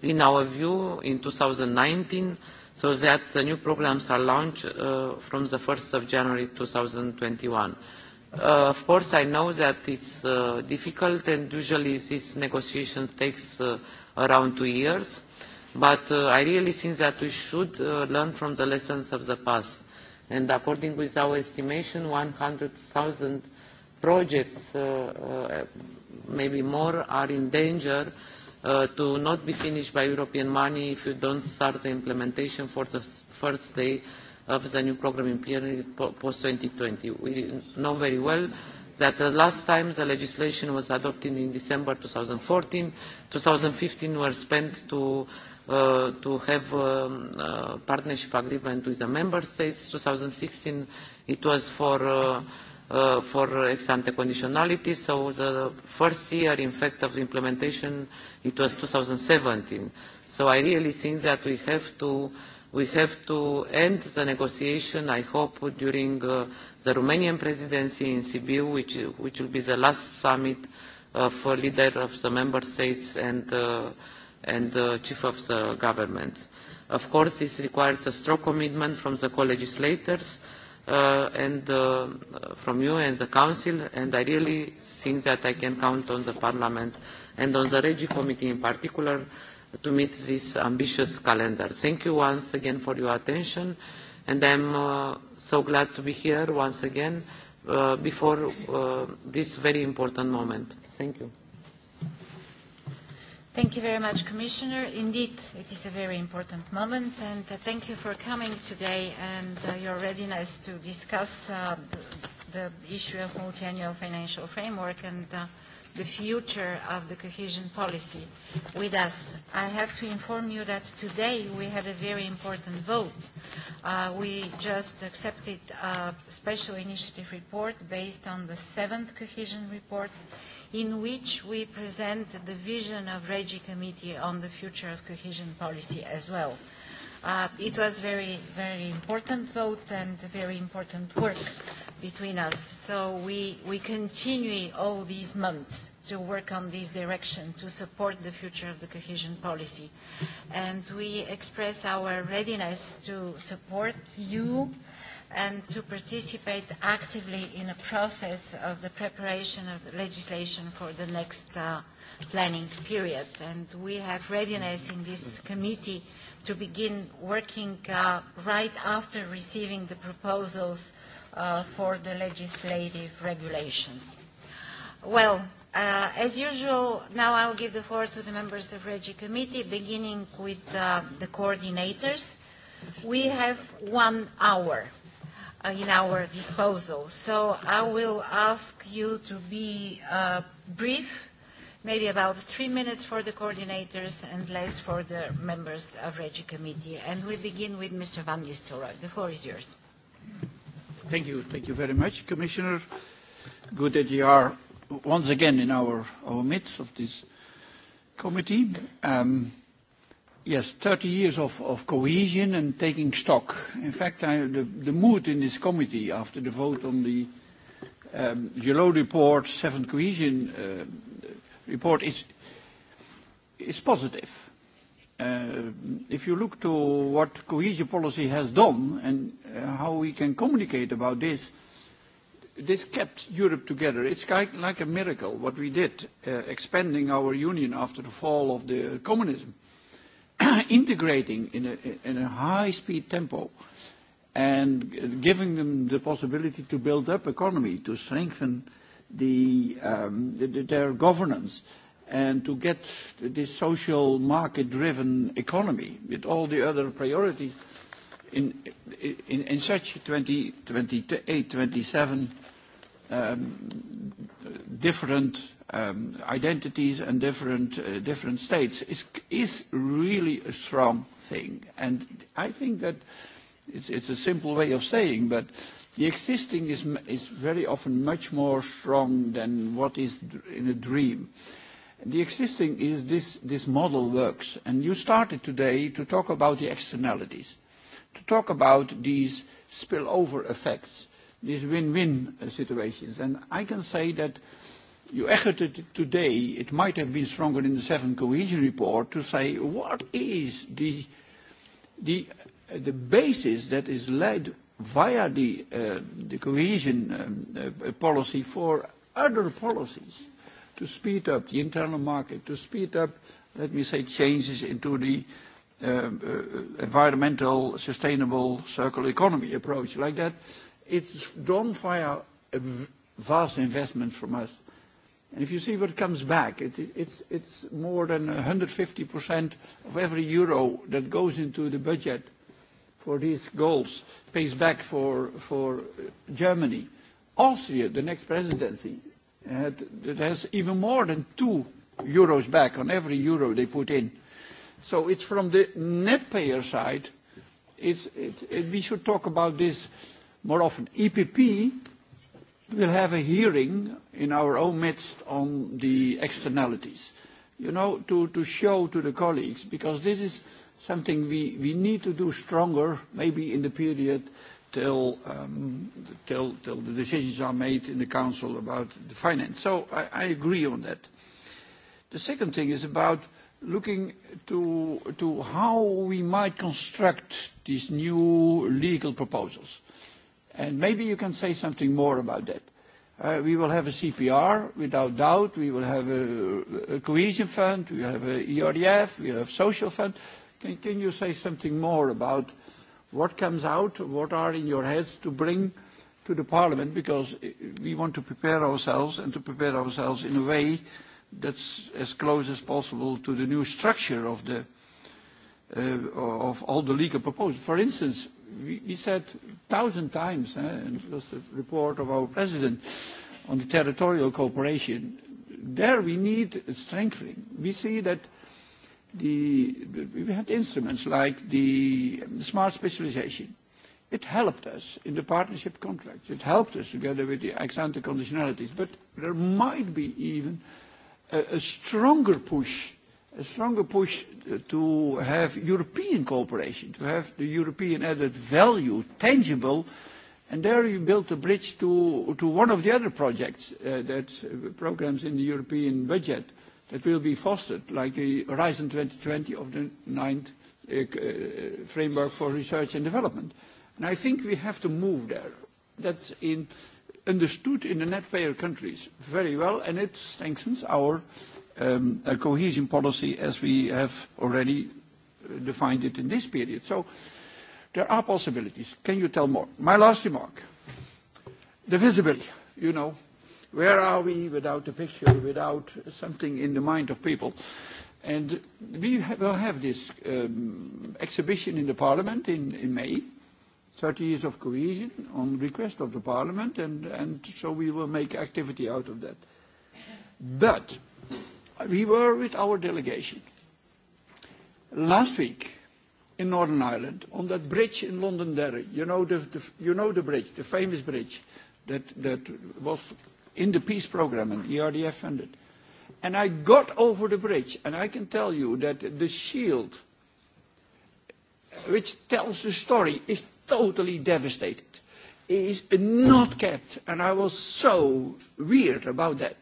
In our view, in 2019 so that the new programs are launched from the 1st of January 2021. Of course, I know that it's difficult and usually this negotiation takes around two years, but I really think that we should learn from the lessons of the past. And according with our estimation, 100,000 projects, maybe more, are in danger to not be finished by European money if you don't start the implementation for the first day of the new programming period post-2020. We know very well that the last time the legislation was adopted in December 2014, 2015 were spent to to have a partnership agreement with the member states. 2016 it was for for ex-ante conditionality. So the first year, in fact, of implementation, it was 2017. So I really think that we have to we have to end the negotiation, I hope, during the Romanian presidency in Sibiu, which which will be the last summit of leader of the member states and and chief of the government. Of course, this requires a strong commitment from the co-legislators and from you and the Council, and I really think that I can count on the Parliament and on the Regi Committee in particular to meet this ambitious calendar. Thank you once again for your attention, and I'm so glad to be here once again before this very important moment. Thank you. Thank you very much, Commissioner. Indeed, it is a very important moment, and thank you for coming today and your readiness to discuss the issue of multi-annual financial framework and the future of the cohesion policy with us. I have to inform you that today we had a very important vote. We just accepted a special initiative report based on the seventh cohesion report, in which we present the vision of REGI Committee on the future of cohesion policy as well. It was very, very important vote and very important work between us. So we, we continue all these months to work on this direction to support the future of the cohesion policy. And we express our readiness to support you and to participate actively in the process of the preparation of legislation for the next planning period. And we have readiness in this committee to begin working right after receiving the proposals for the legislative regulations. Well, as usual, now I will give the floor to the members of REGI Committee, beginning with the coordinators. We have one hour in our disposal. So I will ask you to be brief, maybe about three minutes for the coordinators and less for the members of Regi Committee. And we begin with Mr. Van Nistelrooy. The floor is yours. Thank you. Thank you very much, Commissioner. Good that you are once again in our midst of this committee yes, 30 years of cohesion and taking stock. In fact, the mood in this committee after the vote on the Gillot report, seventh cohesion report, is positive. If you look to what cohesion policy has done and how we can communicate about this, this kept Europe together. It's like a miracle what we did, expanding our union after the fall of the communism integrating in a high-speed tempo and giving them the possibility to build up economy, to strengthen their governance, and to get this social market-driven economy with all the other priorities in such 28, 27 different identities and different different states is is really a strong thing. And I think that it's it's a simple way of saying, but the existing is is very often much more strong than what is in a dream. The existing is this this model works. And you started today to talk about the externalities, to talk about these spillover effects, these win-win situations. And I can say that You echoed it today. It might have been stronger in the seventh cohesion report to say what is the the the basis that is led via the the cohesion policy for other policies to speed up the internal market, to speed up, let me say, changes into the environmental, sustainable, circular economy approach like that. It's done via vast investment from us And if you see what comes back, it it's more than 150% of every euro that goes into the budget for these goals pays back for for Germany. Austria, the next presidency, has even more than two euros back on every euro they put in. So it's from the net payer side, it we should talk about this more often. EPP We will have a hearing in our own midst on the externalities, you know, to show to the colleagues, because this is something we need to do stronger, maybe in the period till the decisions are made in the Council about the finance. So I agree on that. The second thing is about looking to how we might construct these new legal proposals. And maybe you can say something more about that. We will have a CPR, without doubt. We will have a cohesion fund. We have a ERDF. We have social fund. Can you say something more about what comes out, what are in your heads to bring to the Parliament? Because we want to prepare ourselves and to prepare ourselves in a way that's as close as possible to the new structure of all the legal proposals. For instance, We said a thousand times, and it was the report of our president on the territorial cooperation, there we need strengthening. We see that we had instruments like the smart specialization. It helped us in the partnership contracts. It helped us together with the ex ante conditionalities. But there might be even a stronger push a stronger push to have European cooperation, to have the European added value tangible, and there you built a bridge to to one of the other projects that programs in the European budget that will be fostered, like the Horizon 2020 of the ninth framework for research and development. And I think we have to move there. That's in understood in the net payer countries very well, and it strengthens our a cohesion policy as we have already defined it in this period. So there are possibilities. Can you tell more? My last remark. The visibility, you know. Where are we without a picture, without something in the mind of people? And we will have this exhibition in the Parliament in May, 30 years of cohesion, on request of the Parliament, and so we will make activity out of that. But We were with our delegation last week in Northern Ireland on that bridge in Londonderry. You know the bridge, the famous bridge that was in the peace program and ERDF funded. And I got over the bridge and I can tell you that the shield which tells the story is totally devastated. It is not kept and I was so weird about that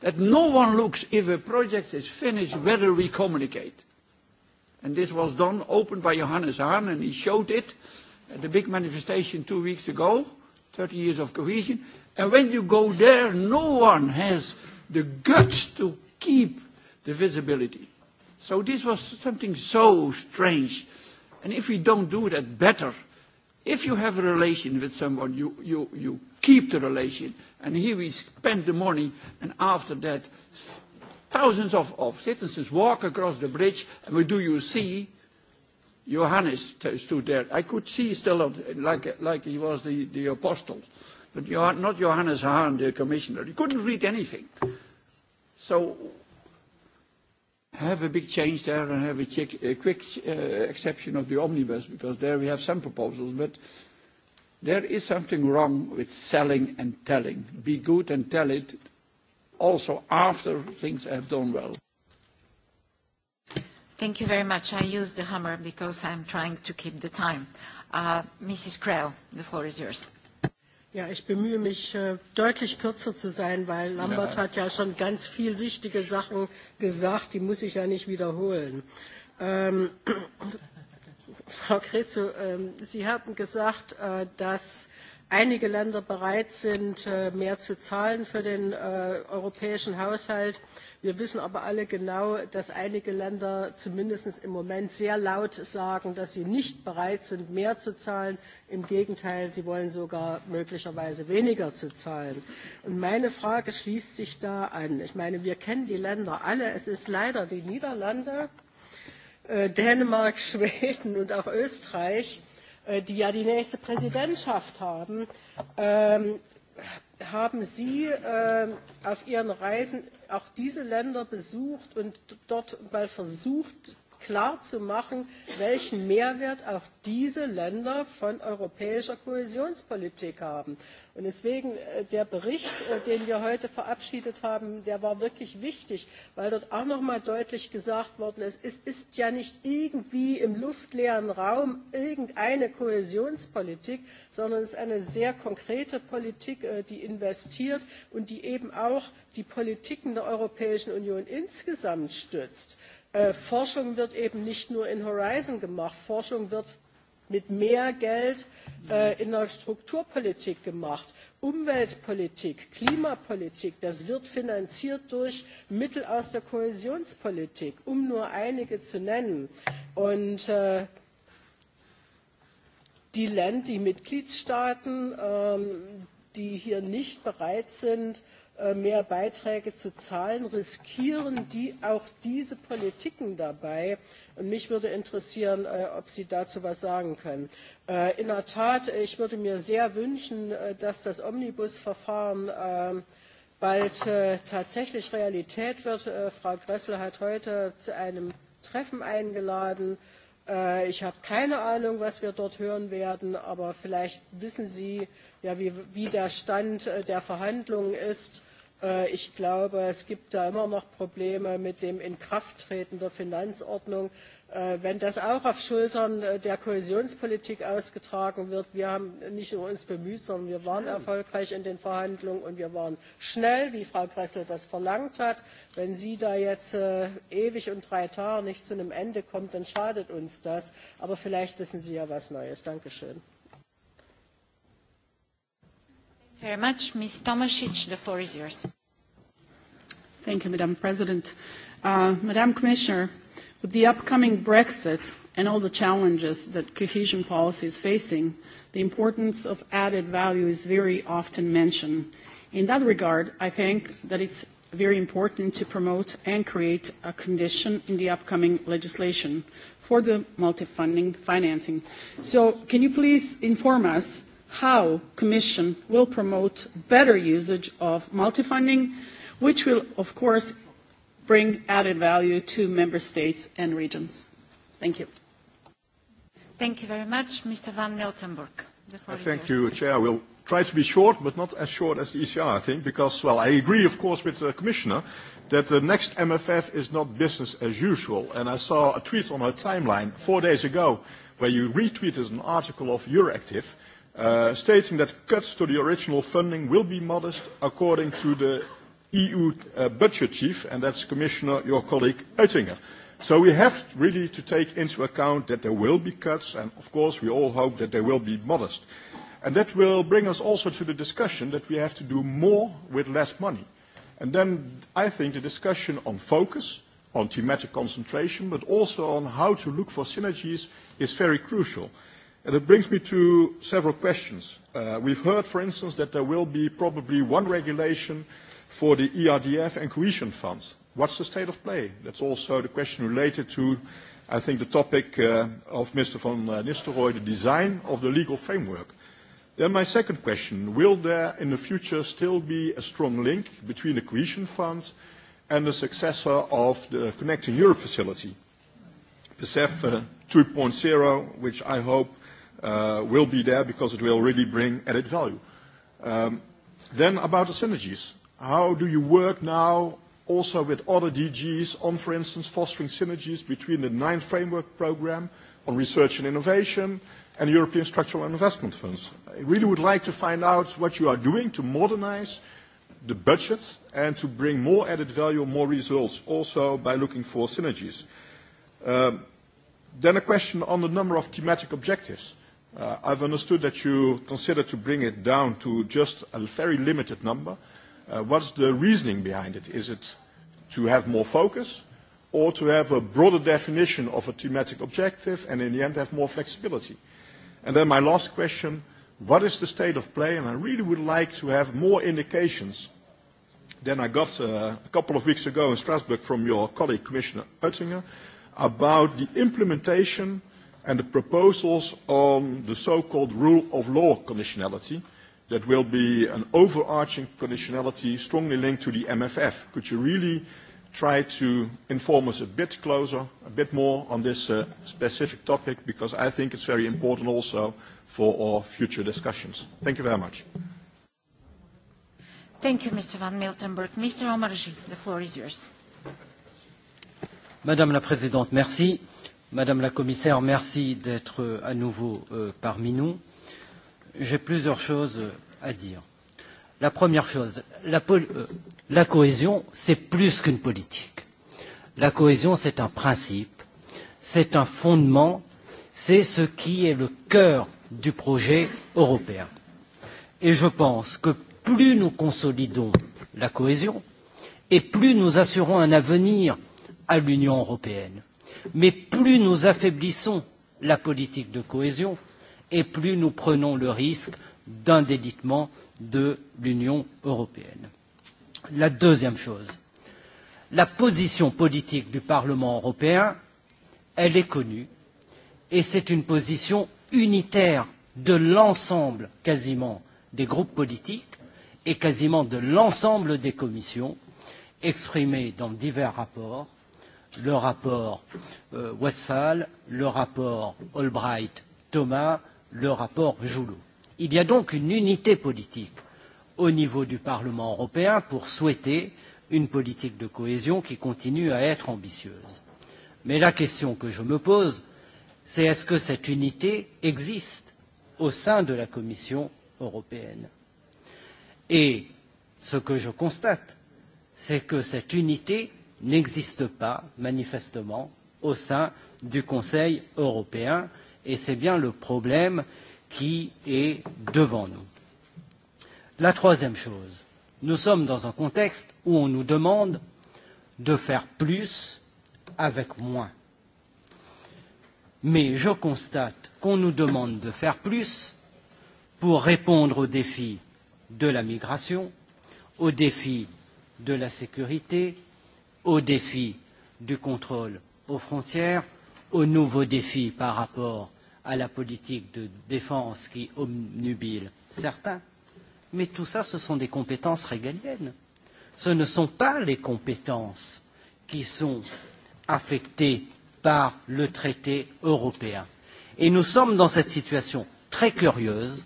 that no one looks if a project is finished whether we communicate. And this was done, opened by Johannes Hahn, and he showed it at the big manifestation two weeks ago, 30 years of cohesion. And when you go there, no one has the guts to keep the visibility. So this was something so strange. And if we don't do that better, If you have a relation with someone, you, you, you keep the relation. And here we spend the money, and after that, thousands of, of citizens walk across the bridge, and we do you see? Johannes stood there. I could see still, like, like he was the, the apostle, but not Johannes Hahn, the commissioner. He couldn't read anything. So have a big change there and have a quick exception of the omnibus, because there we have some proposals. But there is something wrong with selling and telling. Be good and tell it also after things have done well. Thank you very much. I use the hammer because I'm trying to keep the time. Mrs. Krell, the floor is yours. Ja, ich bemühe mich, deutlich kürzer zu sein, weil Lambert hat ja schon ganz viele wichtige Sachen gesagt, die muss ich ja nicht wiederholen. Frau Kretzow, Sie haben gesagt, dass einige Länder bereit sind, mehr zu zahlen für den europäischen Haushalt. Wir wissen aber alle genau, dass einige Länder zumindest im Moment sehr laut sagen, dass sie nicht bereit sind, mehr zu zahlen. Im Gegenteil, sie wollen sogar möglicherweise weniger zu zahlen. Und meine Frage schließt sich da an. Ich meine, wir kennen die Länder alle. Es ist leider die Niederlande, Dänemark, Schweden und auch Österreich, die ja die nächste Präsidentschaft haben, haben Sie auf Ihren Reisen auch diese Länder besucht und dort mal versucht, klarzumachen, welchen Mehrwert auch diese Länder von europäischer Kohäsionspolitik haben. Und deswegen der Bericht, den wir heute verabschiedet haben, der war wirklich wichtig, weil dort auch noch mal deutlich gesagt worden ist, es ist ja nicht irgendwie im luftleeren Raum irgendeine Kohäsionspolitik, sondern es ist eine sehr konkrete Politik, die investiert und die eben auch die Politiken der Europäischen Union insgesamt stützt. Forschung wird eben nicht nur in Horizon gemacht. Forschung wird mit mehr Geld in der Strukturpolitik gemacht. Umweltpolitik, Klimapolitik, das wird finanziert durch Mittel aus der Kohäsionspolitik, um nur einige zu nennen. Und die Mitgliedstaaten, die hier nicht bereit sind, mehr Beiträge zu zahlen, riskieren die auch diese Politiken dabei? Und mich würde interessieren, ob Sie dazu was sagen können. In der Tat, ich würde mir sehr wünschen, dass das Omnibus Verfahren bald tatsächlich Realität wird. Frau Gressel hat heute zu einem Treffen eingeladen. Ich habe keine Ahnung, was wir dort hören werden, aber vielleicht wissen Sie ja, wie der Stand der Verhandlungen ist Ich glaube, es gibt da immer noch Probleme mit dem Inkrafttreten der Finanzordnung. Wenn das auch auf Schultern der Kohäsionspolitik ausgetragen wird, wir haben nicht nur uns bemüht, sondern wir waren erfolgreich in den Verhandlungen und wir waren schnell, wie Frau Gressel das verlangt hat. Wenn sie da jetzt ewig und drei Tage nicht zu einem Ende kommt, dann schadet uns das. Aber vielleicht wissen Sie ja was Neues. Dankeschön. Very much. Ms. the floor is Thank Madam President. Madam Commissioner, with the upcoming Brexit and all the challenges that cohesion policy is facing, the importance of added value is very often mentioned. In that regard, I think that it's very important to promote and create a condition in the upcoming legislation for the multi-funding financing. So can you please inform us how Commission will promote better usage of multi-funding, which will, of course, bring added value to Member States and regions. Thank you. Thank you very much. Mr. Van Miltenburg. Thank you, Chair. will try to be short, but not as short as the ECR, I think, because, well, I agree, of course, with the Commissioner that the next MFF is not business as usual. And I saw a tweet on her timeline four days ago where you retweeted an article of Euroactive stating that cuts to the original funding will be modest according to the EU budget chief, and that's Commissioner, your colleague, Oettinger. So we have really to take into account that there will be cuts, and of course we all hope that they will be modest. And that will bring us also to the discussion that we have to do more with less money. And then I think the discussion on focus, on thematic concentration, but also on how to look for synergies is very crucial. And it brings me to several questions. We've heard, for instance, that there will be probably one regulation for the ERDF and cohesion funds. What's the state of play? That's also the question related to, I think, the topic of Mr. von Nistelrooy, the design of the legal framework. Then my second question, will there in the future still be a strong link between the cohesion funds and the successor of the Connecting Europe facility, PSEF 2.0, which I hope will be there because it will really bring added value. Then about the synergies. How do you work now also with other DGs on, for instance, fostering synergies between the Nine Framework Programme on research and innovation and European Structural Investment Funds? I really would like to find out what you are doing to modernize the budget and to bring more added value, more results, also by looking for synergies. Then a question on the number of thematic objectives. I've understood that you consider to bring it down to just a very limited number. What's the reasoning behind it? Is it to have more focus or to have a broader definition of a thematic objective and in the end have more flexibility? And then my last question, what is the state of play? And I really would like to have more indications than I got a couple of weeks ago in Strasbourg from your colleague, Commissioner Oettinger, about the implementation and the proposals on the so-called rule of law conditionality that will be an overarching conditionality strongly linked to the MFF. Could you really try to inform us a bit closer, a bit more on this specific topic, because I think it's very important also for our future discussions. Thank you very much. Thank you, Mr. Van Miltenburg. Mr. Omarjee, the floor is yours. Madame la Présidente, merci. Madame la Commissaire, merci d'être à nouveau parmi nous. J'ai plusieurs choses à dire. La première chose, la cohésion, c'est plus qu'une politique. La cohésion, c'est un principe, c'est un fondement, c'est ce qui est le cœur du projet européen. Et je pense que plus nous consolidons la cohésion, et plus nous assurons un avenir à l'Union européenne, mais plus nous affaiblissons la politique de cohésion et plus nous prenons le risque d'un délitement de l'Union européenne. La deuxième chose, la position politique du Parlement européen, est connue et c'est une position unitaire de l'ensemble quasiment des groupes politiques et quasiment de l'ensemble des commissions exprimée dans divers rapports le rapport Westphal, le rapport Albright Thomas, le rapport Joulot. Il y a donc une unité politique au niveau du Parlement européen pour souhaiter une politique de cohésion qui continue à être ambitieuse. Mais la question que je me pose, c'est est-ce que cette unité existe au sein de la Commission européenne Et ce que je constate, c'est que cette unité n'existe pas, manifestement, au sein du Conseil européen, et c'est bien le problème qui est devant nous. La troisième chose, nous sommes dans un contexte où on nous demande de faire plus avec moins. Mais je constate qu'on nous demande de faire plus pour répondre aux défis de la migration, aux défis de la sécurité, aux défis du contrôle aux frontières, aux nouveaux défis par rapport à la politique de défense qui omnubile certains. Mais tout ça, ce sont des compétences régaliennes. Ce ne sont pas les compétences qui sont affectées par le traité européen. Et nous sommes dans cette situation très curieuse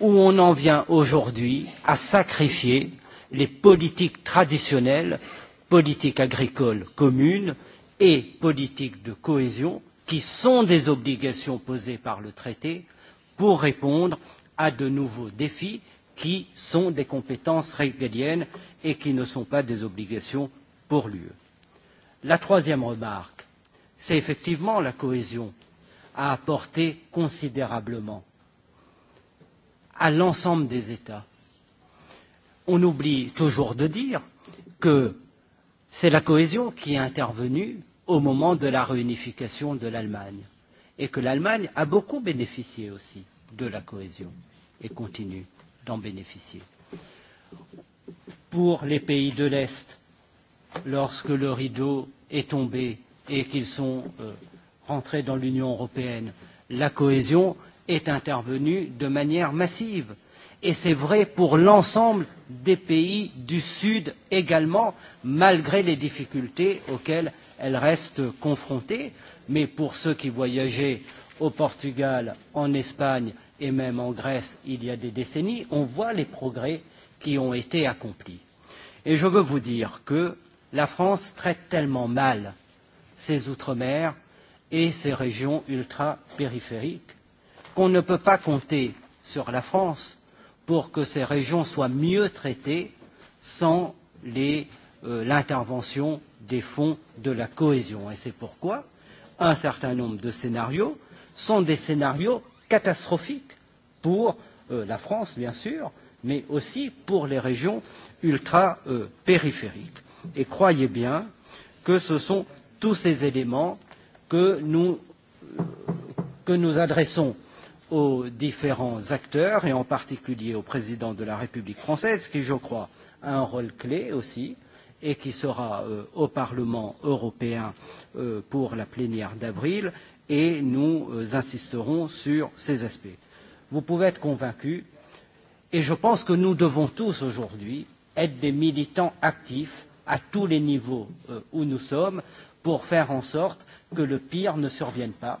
où on en vient aujourd'hui à sacrifier les politiques traditionnelles politique agricole commune et politique de cohésion, qui sont des obligations posées par le traité pour répondre à de nouveaux défis qui sont des compétences régaliennes et qui ne sont pas des obligations pour l'UE. La troisième remarque, c'est effectivement la cohésion a apporter considérablement à l'ensemble des États. On oublie toujours de dire que C'est la cohésion qui est intervenue au moment de la réunification de l'Allemagne et que l'Allemagne a beaucoup bénéficié aussi de la cohésion et continue d'en bénéficier. Pour les pays de l'Est, lorsque le rideau est tombé et qu'ils sont rentrés dans l'Union européenne, la cohésion est intervenue de manière massive et c'est vrai pour l'ensemble des pays du Sud également, malgré les difficultés auxquelles elles restent confrontées. Mais pour ceux qui voyageaient au Portugal, en Espagne et même en Grèce il y a des décennies, on voit les progrès qui ont été accomplis. Et je veux vous dire que la France traite tellement mal ses outre-mer et ses régions ultra-périphériques qu'on ne peut pas compter sur la France pour que ces régions soient mieux traitées sans l'intervention des fonds de la cohésion. Et c'est pourquoi un certain nombre de scénarios sont des scénarios catastrophiques pour la France, bien sûr, mais aussi pour les régions ultra ultrapériphériques. Et croyez bien que ce sont tous ces éléments que que nous adressons aux différents acteurs et en particulier au président de la République française, qui, je crois, a un rôle clé aussi et qui sera au Parlement européen pour la plénière d'avril, et nous insisterons sur ces aspects. Vous pouvez être convaincus, et je pense que nous devons tous aujourd'hui être des militants actifs à tous les niveaux où nous sommes pour faire en sorte que le pire ne survienne pas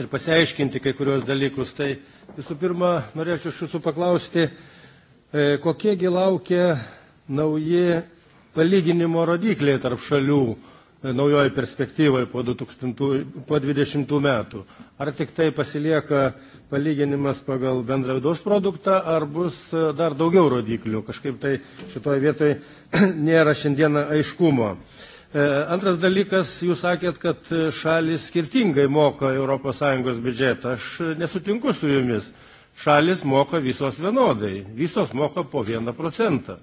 ir pasiaiškinti kai kurios dalykus. Tai visų pirma, norėčiau iš jūsų paklausti, kokiegi laukia nauji palyginimo rodikliai tarp šalių naujoje perspektyvoje po 2020 metų. Ar tik tai pasilieka palyginimas pagal bendrą vidaus produktą, ar bus dar daugiau rodiklių. Kažkaip tai šitoje vietoje nėra šiandieną aiškumo. Antras dalykas, jūs sakėt, kad šalis skirtingai moka ES biudžetą. Aš nesutinku su jumis. Šalis moka visos vienodai. Visos moka po vieną procentą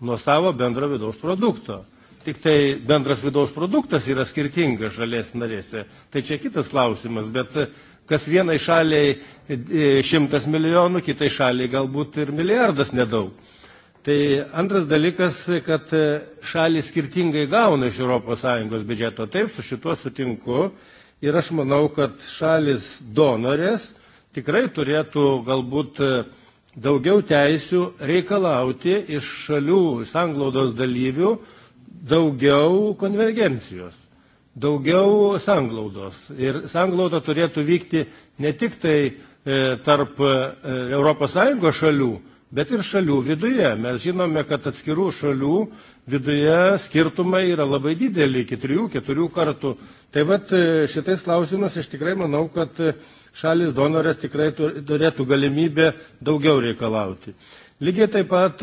nuo savo bendro vidaus produkto. Tik tai bendras vidaus produktas yra skirtingas šalies narėse. Tai čia kitas klausimas, bet kas vienai šaliai šimtas milijonų, kitai šaliai galbūt ir milijardas nedaug. Tai antras dalykas, kad šalis skirtingai gauna iš ES biudžeto. Taip, su šituo sutinku. Ir aš manau, kad šalis donorės tikrai turėtų galbūt daugiau teisių reikalauti iš šalių sanglaudos dalyvių daugiau konvergencijos, daugiau sanglaudos. Ir sanglauda turėtų vykti ne tik tai tarp ES šalių, bet ir šalių viduje. Mes žinome, kad atskirų šalių viduje skirtumai yra labai dideli, iki trijų, keturių kartų. Tai vat šitais klausimas aš tikrai manau, kad šalis donorės tikrai turėtų galimybę daugiau reikalauti. Lygiai taip pat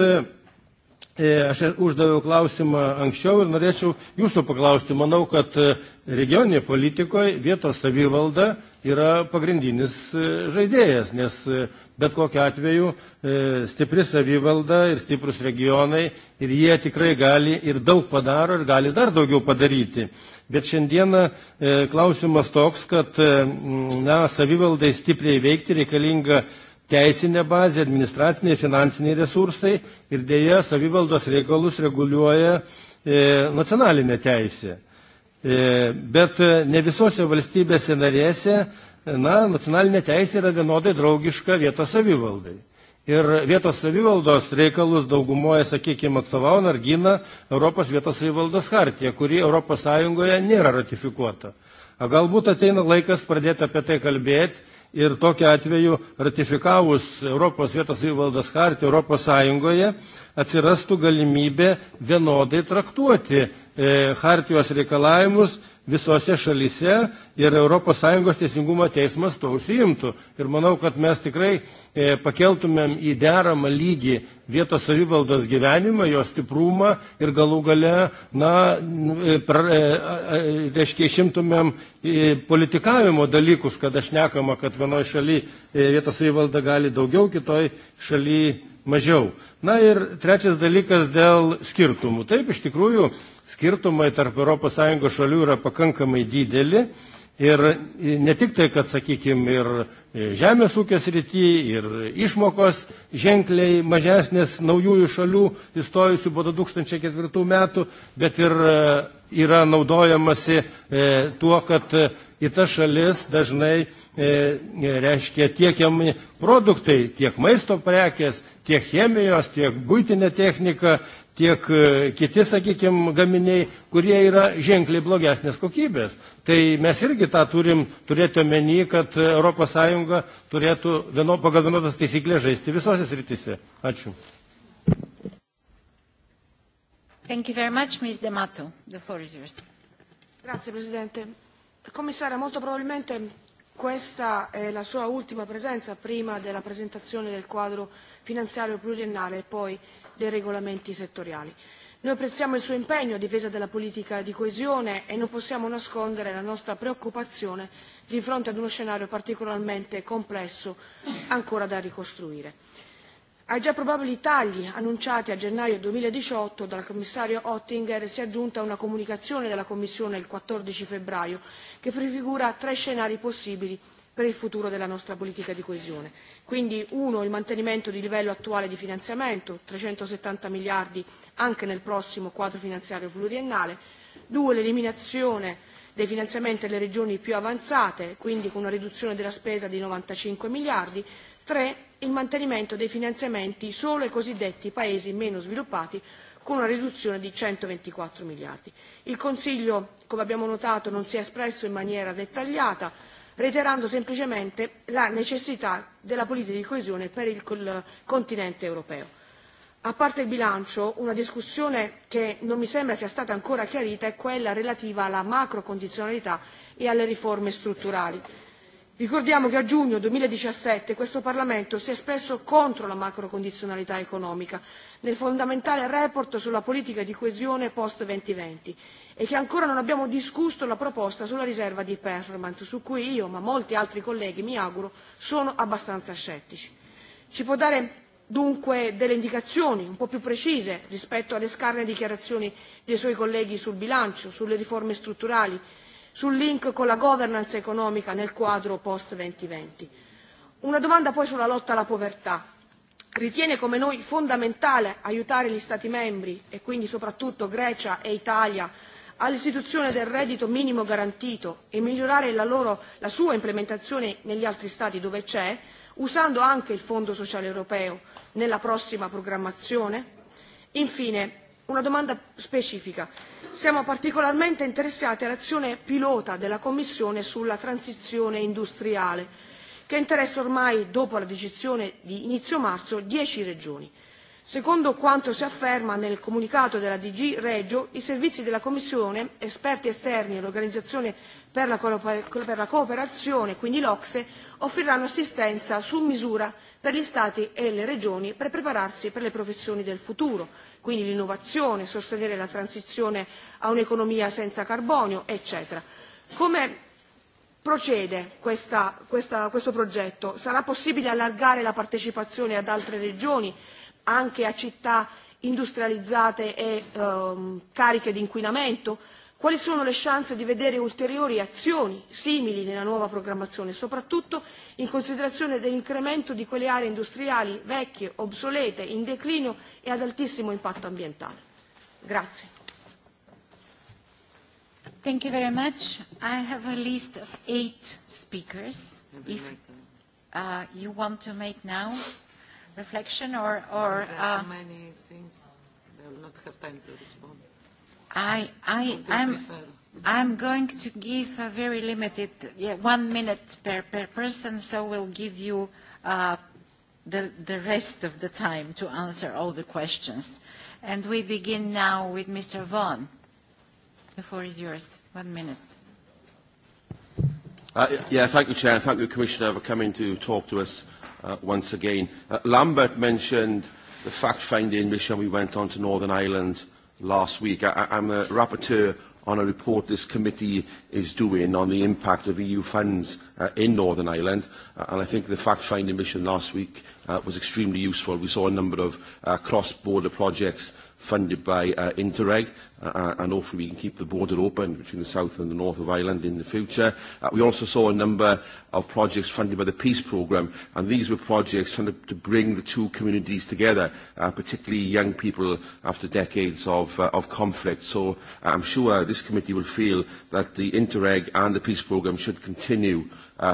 Aš uždaviau klausimą anksčiau ir norėčiau jūsų paklausti. Manau, kad regioninė politikoje vietos savivalda yra pagrindinis žaidėjas, nes bet kokiu atveju stipri savivalda ir stiprus regionai ir jie tikrai gali ir daug padaro ir gali dar daugiau padaryti. Bet šiandieną klausimas toks, kad na, savivaldai stipriai veikti reikalinga teisinė bazė, administraciniai, finansiniai resursai ir dėja savivaldos reikalus reguliuoja nacionalinė teisė. Bet ne visose valstybėse narėse na, nacionalinė teisė yra vienodai draugiška vietos savivaldai. Ir vietos savivaldos reikalus daugumoje, sakykime, atstovauna ar gina Europos vietos savivaldos hartija, kuri Europos Sąjungoje nėra ratifikuota. Galbūt ateina laikas pradėti apie tai kalbėti ir tokiu atveju ratifikavus Europos vietos įvaldas kartį Europos Sąjungoje atsirastų galimybė vienodai traktuoti hartijos reikalavimus visose šalyse ir ES teisingumo teismas to užsiimtų. Ir manau, kad mes tikrai pakeltumėm į deramą lygį vietos savivaldos gyvenimą, jos stiprumą ir galų gale, na, reiškia, išimtumėm politikavimo dalykus, kad aš nekama, kad vienoje šalyje vietos savivalda gali daugiau, kitoje šalyje mažiau. Na ir trečias dalykas dėl skirtumų. Taip, iš tikrųjų, skirtumai tarp ES šalių yra pakankamai dideli. Ir ne tik tai, kad, sakykime, ir žemės ūkės rytį, ir išmokos ženkliai mažesnės naujųjų šalių įstojusių po 2004 metų, bet ir yra naudojamasi tuo, kad į tas šalis dažnai reiškia tiekiami produktai, tiek maisto prekės, tiek chemijos, tiek būtinė technika, tiek kiti, sakykime, gaminiai, kurie yra ženkliai blogesnės kokybės. Tai mes irgi tą turim turėti omeny, kad ES turėtų vieno, pagal vienodas taisyklės žaisti visose sritise. Ačiū. Thank you very much, Ms. The Grazie, Presidente Commissario, molto probabilmente questa è la sua ultima presenza prima della presentazione del quadro finanziario pluriennale e poi dei regolamenti settoriali. Noi apprezziamo il suo impegno a difesa della politica di coesione e non possiamo nascondere la nostra preoccupazione di fronte ad uno scenario particolarmente complesso ancora da ricostruire. Ai già probabili tagli annunciati a gennaio 2018 dal commissario Oettinger si è aggiunta una comunicazione della Commissione il 14 febbraio che prefigura tre scenari possibili per il futuro della nostra politica di coesione. Quindi uno, il mantenimento di livello attuale di finanziamento, 370 miliardi anche nel prossimo quadro finanziario pluriennale. Due, l'eliminazione dei finanziamenti alle regioni più avanzate, quindi con una riduzione della spesa di 95 miliardi. Tre, il mantenimento dei finanziamenti solo ai cosiddetti paesi meno sviluppati con una riduzione di 124 miliardi. Il Consiglio, come abbiamo notato, non si è espresso in maniera dettagliata, reiterando semplicemente la necessità della politica di coesione per il continente europeo. A parte il bilancio, una discussione che non mi sembra sia stata ancora chiarita è quella relativa alla macrocondizionalità e alle riforme strutturali. Ricordiamo che a giugno 2017 questo Parlamento si è espresso contro la macrocondizionalità economica nel fondamentale report sulla politica di coesione post 2020 e che ancora non abbiamo discusso la proposta sulla riserva di performance su cui io ma molti altri colleghi mi auguro sono abbastanza scettici. Ci può dare dunque delle indicazioni un po' più precise rispetto alle scarne dichiarazioni dei suoi colleghi sul bilancio, sulle riforme strutturali sul link con la governance economica nel quadro post 2020. Una domanda poi sulla lotta alla povertà. Ritiene come noi fondamentale aiutare gli Stati membri e quindi soprattutto Grecia e Italia all'istituzione del reddito minimo garantito e migliorare la sua implementazione negli altri Stati dove c'è, usando anche il Fondo sociale europeo nella prossima programmazione? Infine, una domanda specifica siamo particolarmente interessati all'azione pilota della Commissione sulla transizione industriale, che interessa ormai, dopo la decisione di inizio marzo, dieci regioni. Secondo quanto si afferma nel comunicato della DG Regio, i servizi della Commissione, esperti esterni e l'Organizzazione per la cooperazione, quindi l'Ocse, offriranno assistenza su misura per gli Stati e le regioni per prepararsi per le professioni del futuro, quindi l'innovazione, sostenere la transizione a un'economia senza carbonio, eccetera. Come procede questo progetto? Sarà possibile allargare la partecipazione ad altre regioni? anche a città industrializzate e cariche di inquinamento? Quali sono le chance di vedere ulteriori azioni simili nella nuova programmazione, soprattutto in considerazione dell'incremento di quelle aree industriali vecchie, obsolete, in declino e ad altissimo impatto ambientale? Grazie. Thank you very much. I have a list of speakers. If you want to make now, reflection or... or uh, many things. They will not have time to respond. I, I, I'm, I'm going to give a very limited, yeah, one minute per, per person, so we'll give you uh, the, the rest of the time to answer all the questions. And we begin now with Mr. Vaughan. The floor is yours. One minute. Uh, yeah, thank you, Chair. Thank you, Commissioner, for coming to talk to us once again. Lambert mentioned the fact-finding mission we went on to Northern Ireland last week. I am a rapporteur on a report this committee is doing on the impact of EU funds in Northern Ireland, and I think the fact-finding mission last week was extremely useful. We saw a number of cross-border projects funded by Interreg, and hopefully we can keep the border open between the south and the north of Ireland in the future. We also saw a number of projects funded by the Peace Programme, and these were projects trying to bring the two communities together, particularly young people after decades of conflict. So I'm sure this committee will feel that the Interreg and the Peace Programme should continue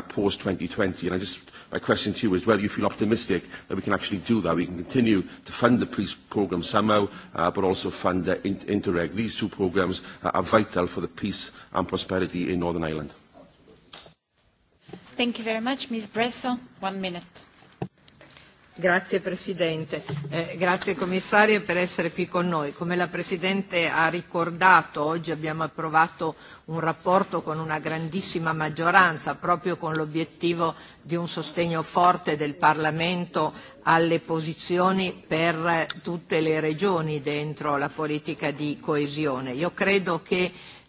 post-2020. And I just My question to you is whether you feel optimistic that we can actually do that. We can continue to fund the peace programme somehow, but also fund Interreg. These two programmes are vital for the peace and prosperity in Northern Ireland. Thank you very much. Ms. Bresso, one minute. Grazie Presidente, grazie Commissario per essere qui con noi. Come la Presidente ha ricordato, oggi abbiamo approvato un rapporto con una grandissima maggioranza, proprio con l'obiettivo di un sostegno forte del Parlamento alle posizioni per tutte le regioni dentro la politica di coesione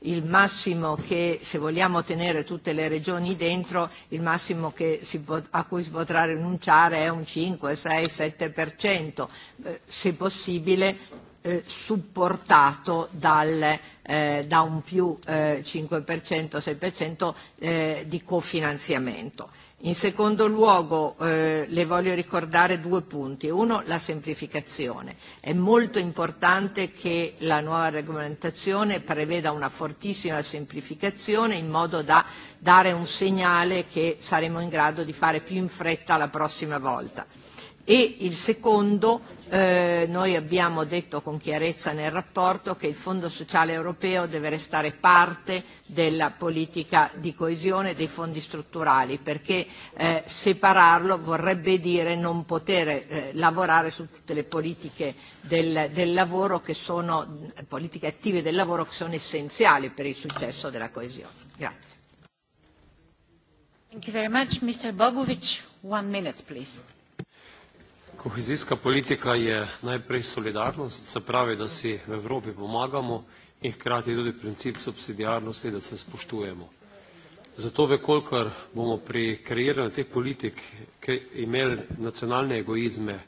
il massimo che se vogliamo tenere tutte le regioni dentro il massimo che si a cui si potrà rinunciare è un 5 6 7% se possibile supportato dal da un più 5% 6% di cofinanziamento In secondo luogo le voglio ricordare due punti. Uno, la semplificazione. È molto importante che la nuova regolamentazione preveda una fortissima semplificazione in modo da dare un segnale che saremo in grado di fare più in fretta la prossima volta. E il secondo, noi abbiamo detto con chiarezza nel rapporto che il Fondo sociale europeo deve restare parte della politica di coesione dei fondi strutturali, perché separarlo vorrebbe dire non poter lavorare su tutte le politiche del lavoro che sono politiche attive del lavoro che sono essenziali per il successo della coesione. Grazie. Thank you very much. Mr. Bogovic, one minute, please. Kohezijska politika je najprej solidarnost, se pravi, da si v Evropi pomagamo in hkrati tudi princip subsidijarnosti, da se spoštujemo. Zato, vekolikor bomo pri kreiranju teh politik imeli nacionalne egoizme,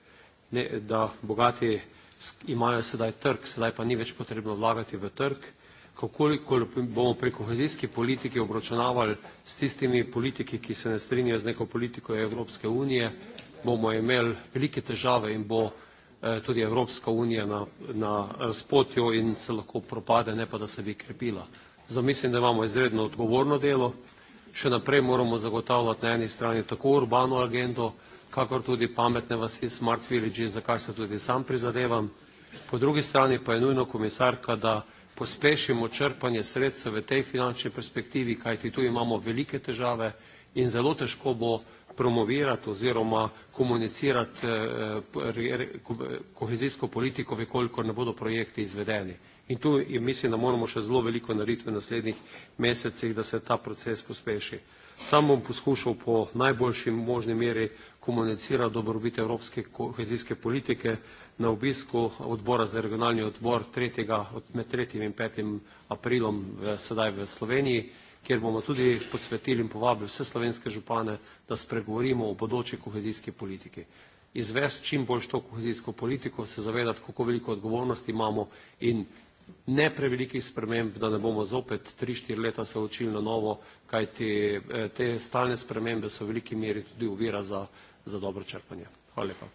ne, da bogati imajo sedaj trg, sedaj pa ni več potrebno vlagati v trg, kakoliko bomo pri kohezijski politiki obračunavali s tistimi politiki, ki se ne strinjajo z neko politiko Evropske unije, bomo imeli velike težave in bo tudi Evropska unija na, na razpotju in se lahko propade, ne pa da se bi krepila. Zato mislim, da imamo izredno odgovorno delo. Še naprej moramo zagotavljati na eni strani tako urbano agendo, kakor tudi pametne vasi, smart villages, za kar se tudi sam prizadevam. Po drugi strani pa je nujno, komisarka, da pospešimo črpanje sredstev v tej finančni perspektivi, kajti tu imamo velike težave in zelo težko bo promovirati oziroma komunicirati kohezijsko politiko, vekoliko ne bodo projekti izvedeni. In tu mislim, da moramo še zelo veliko narediti v naslednjih mesecih, da se ta proces pospeši. Sam bom poskušal po najboljši možni meri komunicirati dobrobit evropske kohezijske politike na obisku odbora za regionalni odbor 3. med 3. in 5. aprilom sedaj v Sloveniji kjer bomo tudi posvetili in povabili vse slovenske župane, da spregovorimo o bodoči kohezijske politike. Izvesti čim bolj to kohezijsko politiko, se zavedati, kako veliko odgovornosti imamo in ne prevelikih sprememb, da ne bomo zopet tri, štiri leta se učili na novo, kaj te stalne spremembe so v veliki meri tudi uvira za, za dobro črpanje. Hvala lepa.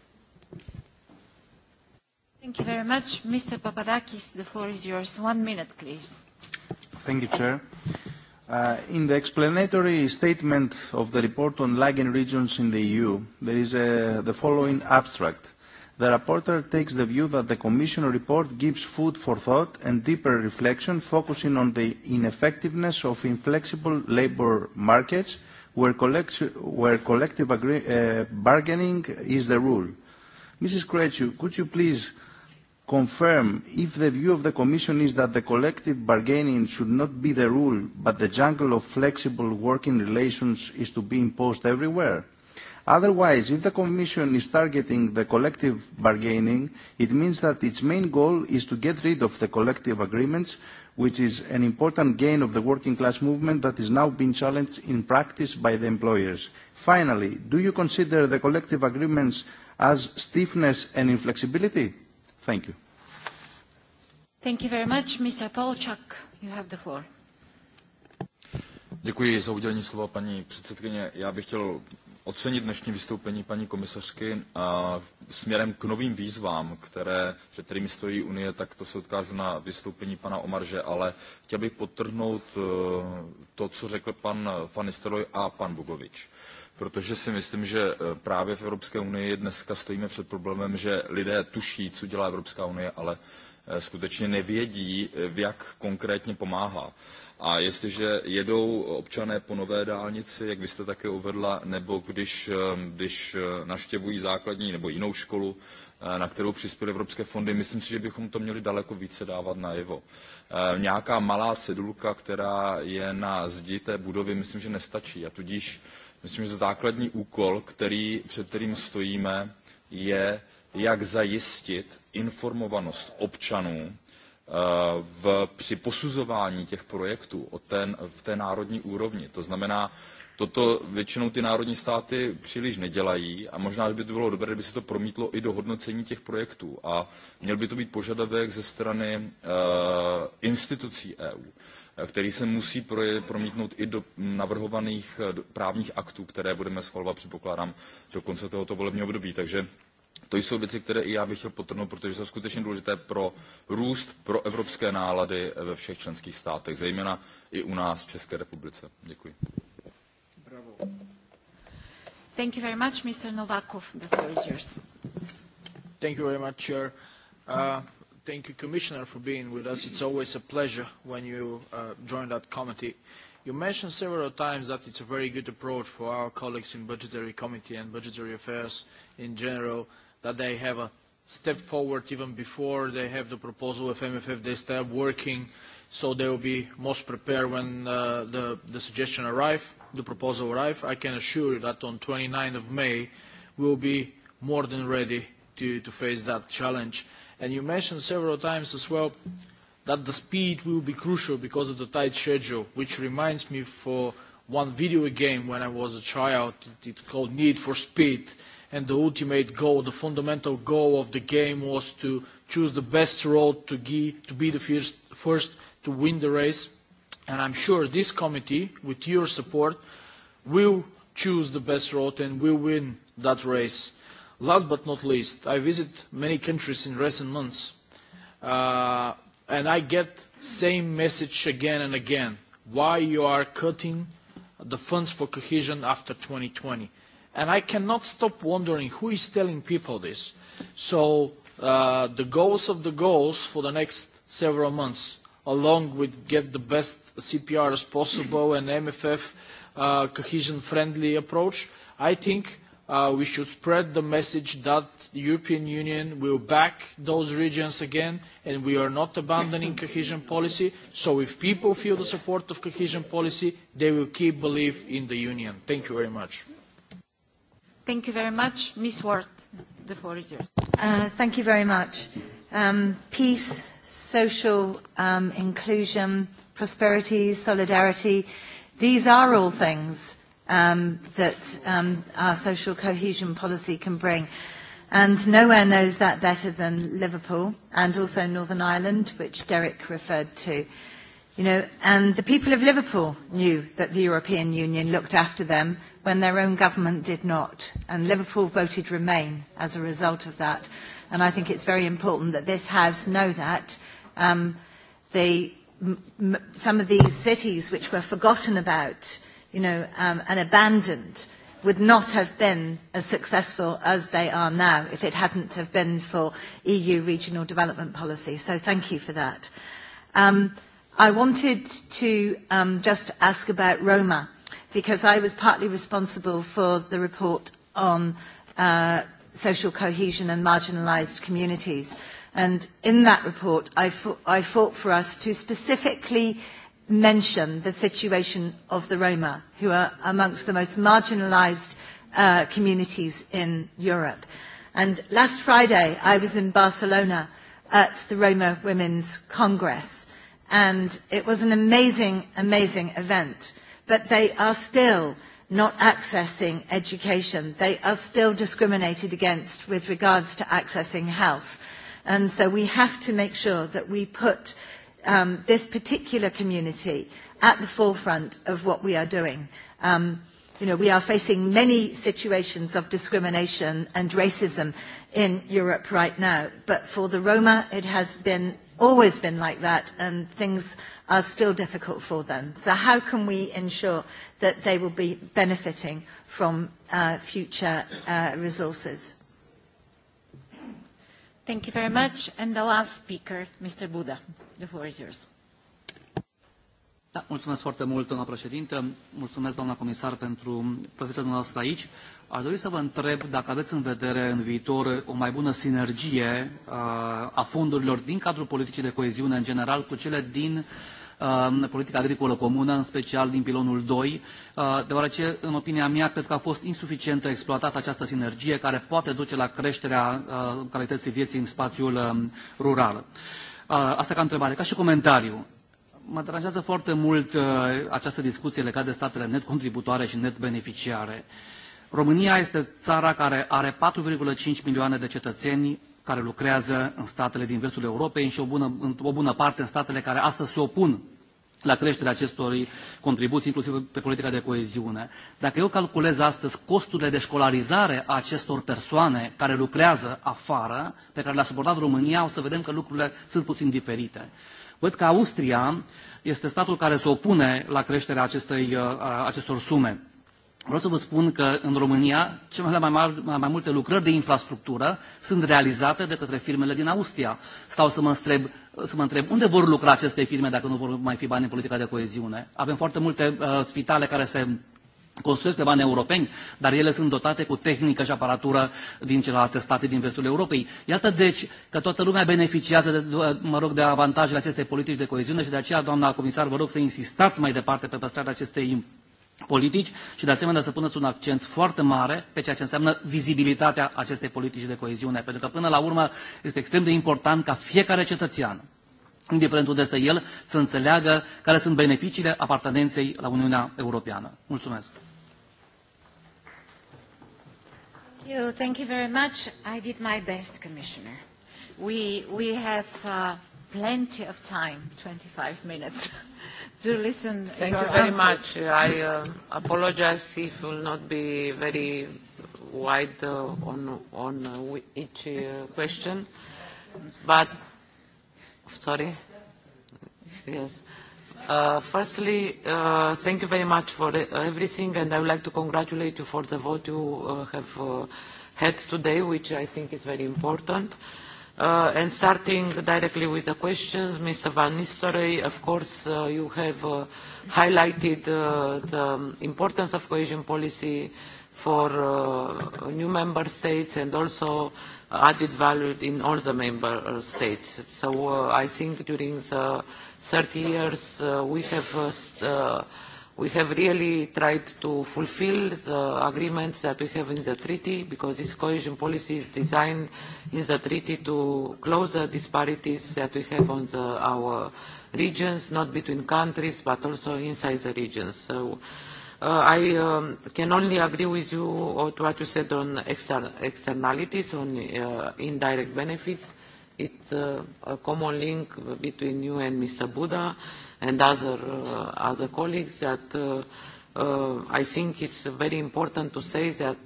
Thank you very much. Mr. Papadakis, the floor is yours. One minute, please. Thank you, Chair. In the explanatory statement of the report on lagging regions in the EU, there is the following abstract. The rapporteur takes the view that the Commission report gives food for thought and deeper reflection, focusing on the ineffectiveness of inflexible labour markets where collective bargaining is the rule. Mrs. Crețu, could you please confirm if the view of the Commission is that the collective bargaining should not be the rule, but the jungle of flexible working relations is to be imposed everywhere? Otherwise, if the Commission is targeting the collective bargaining, it means that its main goal is to get rid of the collective agreements, which is an important gain of the working class movement that is now being challenged in practice by the employers. Finally, do you consider the collective agreements as stiffness and inflexibility? Thank you. Thank you very much. Mr. you have the floor. Děkuji za udělení slova, paní předsedkyně. Já bych chtěl ocenit dnešní vystoupení paní komisařky a směrem k novým výzvám, které, před kterými stojí Unie, tak to se odkážu na vystoupení pana Omarže, ale chtěl bych podtrhnout to, co řekl pan Fanisteroj a pan Bugovič. protože si myslím, že právě v Evropské unii dneska stojíme před problémem, že lidé tuší, co dělá Evropská unie, ale skutečně nevědí, jak konkrétně pomáhá. A jestliže jedou občané po nové dálnici, jak vy jste také uvedla, nebo když, když naštěvují základní nebo jinou školu, na kterou přispěly evropské fondy, myslím si, že bychom to měli daleko více dávat najevo. Nějaká malá cedulka, která je na zdi té budovy, myslím, že nestačí. A tudíž myslím, že základní úkol, který, před kterým stojíme, je jak zajistit informovanost občanů při posuzování těch projektů v té národní úrovni. To znamená, toto většinou ty národní státy příliš nedělají a možná by to bylo dobré, kdyby se to promítlo i do hodnocení těch projektů a měl by to být požadavek ze strany institucí EU, který se musí promítnout i do navrhovaných právních aktů, které budeme schvalovat, předpokládám, do konce tohoto volebního období. Takže To jsou věci, které i já bych chtěl potrhnout, protože jsou skutečně důležité pro růst, pro evropské nálady ve všech členských státech, zejména i u nás v České republice. Děkuji. Bravo. Thank you very much, Mr. Novakov. The floor is yours. Thank you very much, Chair. Uh, thank you, Commissioner, for being with us. It's always a pleasure when you uh, join that committee. You mentioned several times that it's a very good approach for our colleagues in Budgetary Committee and Budgetary Affairs in general that they have a step forward even before they have the proposal of MFF. They start working, so they will be most prepared when the the suggestion arrives, the proposal arrives. I can assure you that on 29th of May, we will be more than ready to face that challenge. And you mentioned several times as well that the speed will be crucial because of the tight schedule, which reminds me for one video game when I was a child. It's called Need for Speed and the ultimate goal, the fundamental goal of the game was to choose the best road to be the first to win the race. And I'm sure this committee, with your support, will choose the best road and will win that race. Last but not least, I visit many countries in recent months, and I get same message again and again, why you are cutting the funds for cohesion after 2020. And I cannot stop wondering who is telling people this. So the goals of the goals for the next several months, along with get the best CPR as possible and MFF cohesion-friendly approach, I think we should spread the message that the European Union will back those regions again and we are not abandoning cohesion policy. So if people feel the support of cohesion policy, they will keep belief in the Union. Thank you very much. Thank you very much. Ms. Worth, the floor is yours. Thank you very much. Peace, social inclusion, prosperity, solidarity, these are all things that our social cohesion policy can bring. And nowhere knows that better than Liverpool and also Northern Ireland, which Derek referred to. You know, and the people of Liverpool knew that the European Union looked after them when their own government did not. And Liverpool voted Remain as a result of that. And I think it's very important that this House know that. Some of these cities which were forgotten about and abandoned would not have been as successful as they are now if it hadn't have been for EU regional development policy. So thank you for that. I wanted to just ask about Roma because I was partly responsible for the report on social cohesion and marginalised communities. And in that report, I fought for us to specifically mention the situation of the Roma, who are amongst the most marginalised communities in Europe. And last Friday, I was in Barcelona at the Roma Women's Congress, and it was an amazing, amazing event but they are still not accessing education. They are still discriminated against with regards to accessing health. And so we have to make sure that we put this particular community at the forefront of what we are doing. You know, we are facing many situations of discrimination and racism in Europe right now, but for the Roma it has been always been like that, and things are still difficult for them. So how can we ensure that they will be benefiting from future resources? Thank you very much. And the last speaker, Mr. Buda. The floor is yours. Da, mulțumesc foarte mult, doamna președintă. Mulțumesc, doamna comisar, pentru prezența noastră aici. Aș dori să vă întreb dacă aveți în vedere în viitor o mai bună sinergie a fondurilor din cadrul politicii de coeziune în general cu cele din politica agricolă comună, în special din pilonul 2, deoarece, în opinia mea, cred că a fost insuficientă exploatată această sinergie care poate duce la creșterea calității vieții în spațiul rural. Asta ca întrebare. Ca și comentariu, mă deranjează foarte mult această discuție legată de statele net contributoare și net beneficiare. România este țara care are 4,5 milioane de cetățeni care lucrează în statele din vestul Europei și o bună, parte în statele care astăzi se opun la creșterea acestor contribuții, inclusiv pe politica de coeziune. Dacă eu calculez astăzi costurile de școlarizare a acestor persoane care lucrează afară, pe care le-a suportat România, o să vedem că lucrurile sunt puțin diferite. Văd că Austria este statul care se opune la creșterea acestei, acestor sume Vreau să vă spun că în România cele mai, mai multe lucrări de infrastructură sunt realizate de către firmele din Austria. Stau să mă, întreb, să mă întreb unde vor lucra aceste firme dacă nu vor mai fi bani în politica de coeziune. Avem foarte multe uh, spitale care se construiesc pe bani europeni, dar ele sunt dotate cu tehnică și aparatură din celelalte state din vestul Europei. Iată deci că toată lumea beneficiază de, mă rog, de avantajele acestei politici de coeziune și de aceea, doamna comisar, vă rog să insistați mai departe pe păstrarea acestei politici și de asemenea să puneți un accent foarte mare pe ceea ce înseamnă vizibilitatea acestei politici de coeziune. Pentru că până la urmă este extrem de important ca fiecare cetățean, indiferent unde este el, să înțeleagă care sunt beneficiile apartenenței la Uniunea Europeană. Mulțumesc! Thank you very much. I did my best, Commissioner. We, we have plenty of time, 25 minutes listen. Thank you very much. I apologize if will not be very wide on on each question, but sorry. Yes. Firstly, thank you very much for everything, and I would like to congratulate you for the vote you have had today, which I think is very important. And starting directly with the questions, Mr. Van Nistelrooy, of course, you have highlighted the importance of cohesion policy for new member states and also added value in all the member states. So I think during the 30 years we have We have really tried to fulfill the agreements that we have in the treaty because this cohesion policy is designed in the treaty to close the disparities that we have on our regions, not between countries but also inside the regions. So I can only agree with you on what you said on externalities, on indirect benefits. It's a common link between you and Mr. Buda and other other colleagues that I think it's very important to say that,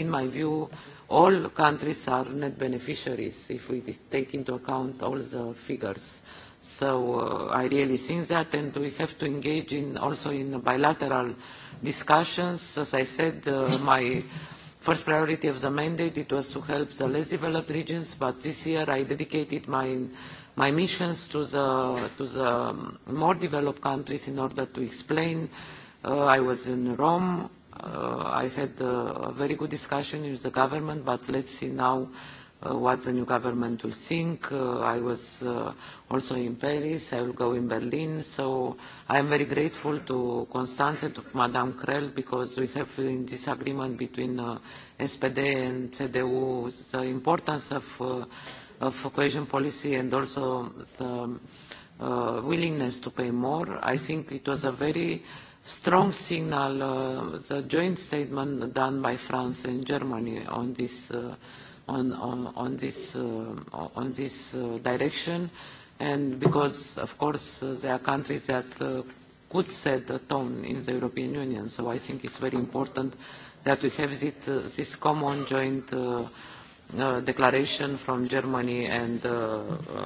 in my view, all countries are net beneficiaries if we take into account all the figures. So I really think that, and we have to engage in also in bilateral discussions. As I said, my first priority of the mandate it was to help the less developed regions, but this year I dedicated my my missions to the to the more developed countries in order to explain. I was in Rome. I had a very good discussion with the government, but let's see now what the new government will think. I was also in Paris. I will go in Berlin. So I am very grateful to Constanze, to Madame Krell, because we have in this agreement between SPD and CDU the importance of of cohesion policy and also the willingness to pay more. I think it was a very strong signal, the joint statement done by France and Germany on this on this on this direction, and because of course there are countries that could set a tone in the European Union. So I think it's very important that we have this common joint declaration from Germany and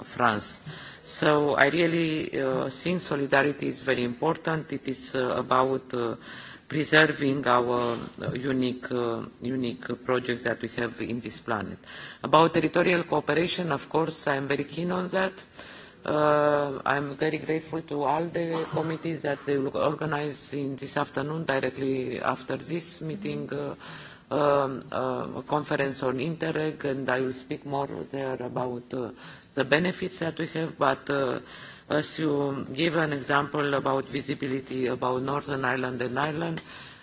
France. So I really think solidarity is very important. It is about preserving our unique unique projects that we have in this planet. About territorial cooperation, of course, I am very keen on that. I am very grateful to all the committees that they will organize in this afternoon, directly after this meeting conference on Interreg, and I will speak more there about the benefits that we have. But as you gave an example about visibility about Northern Ireland and Ireland,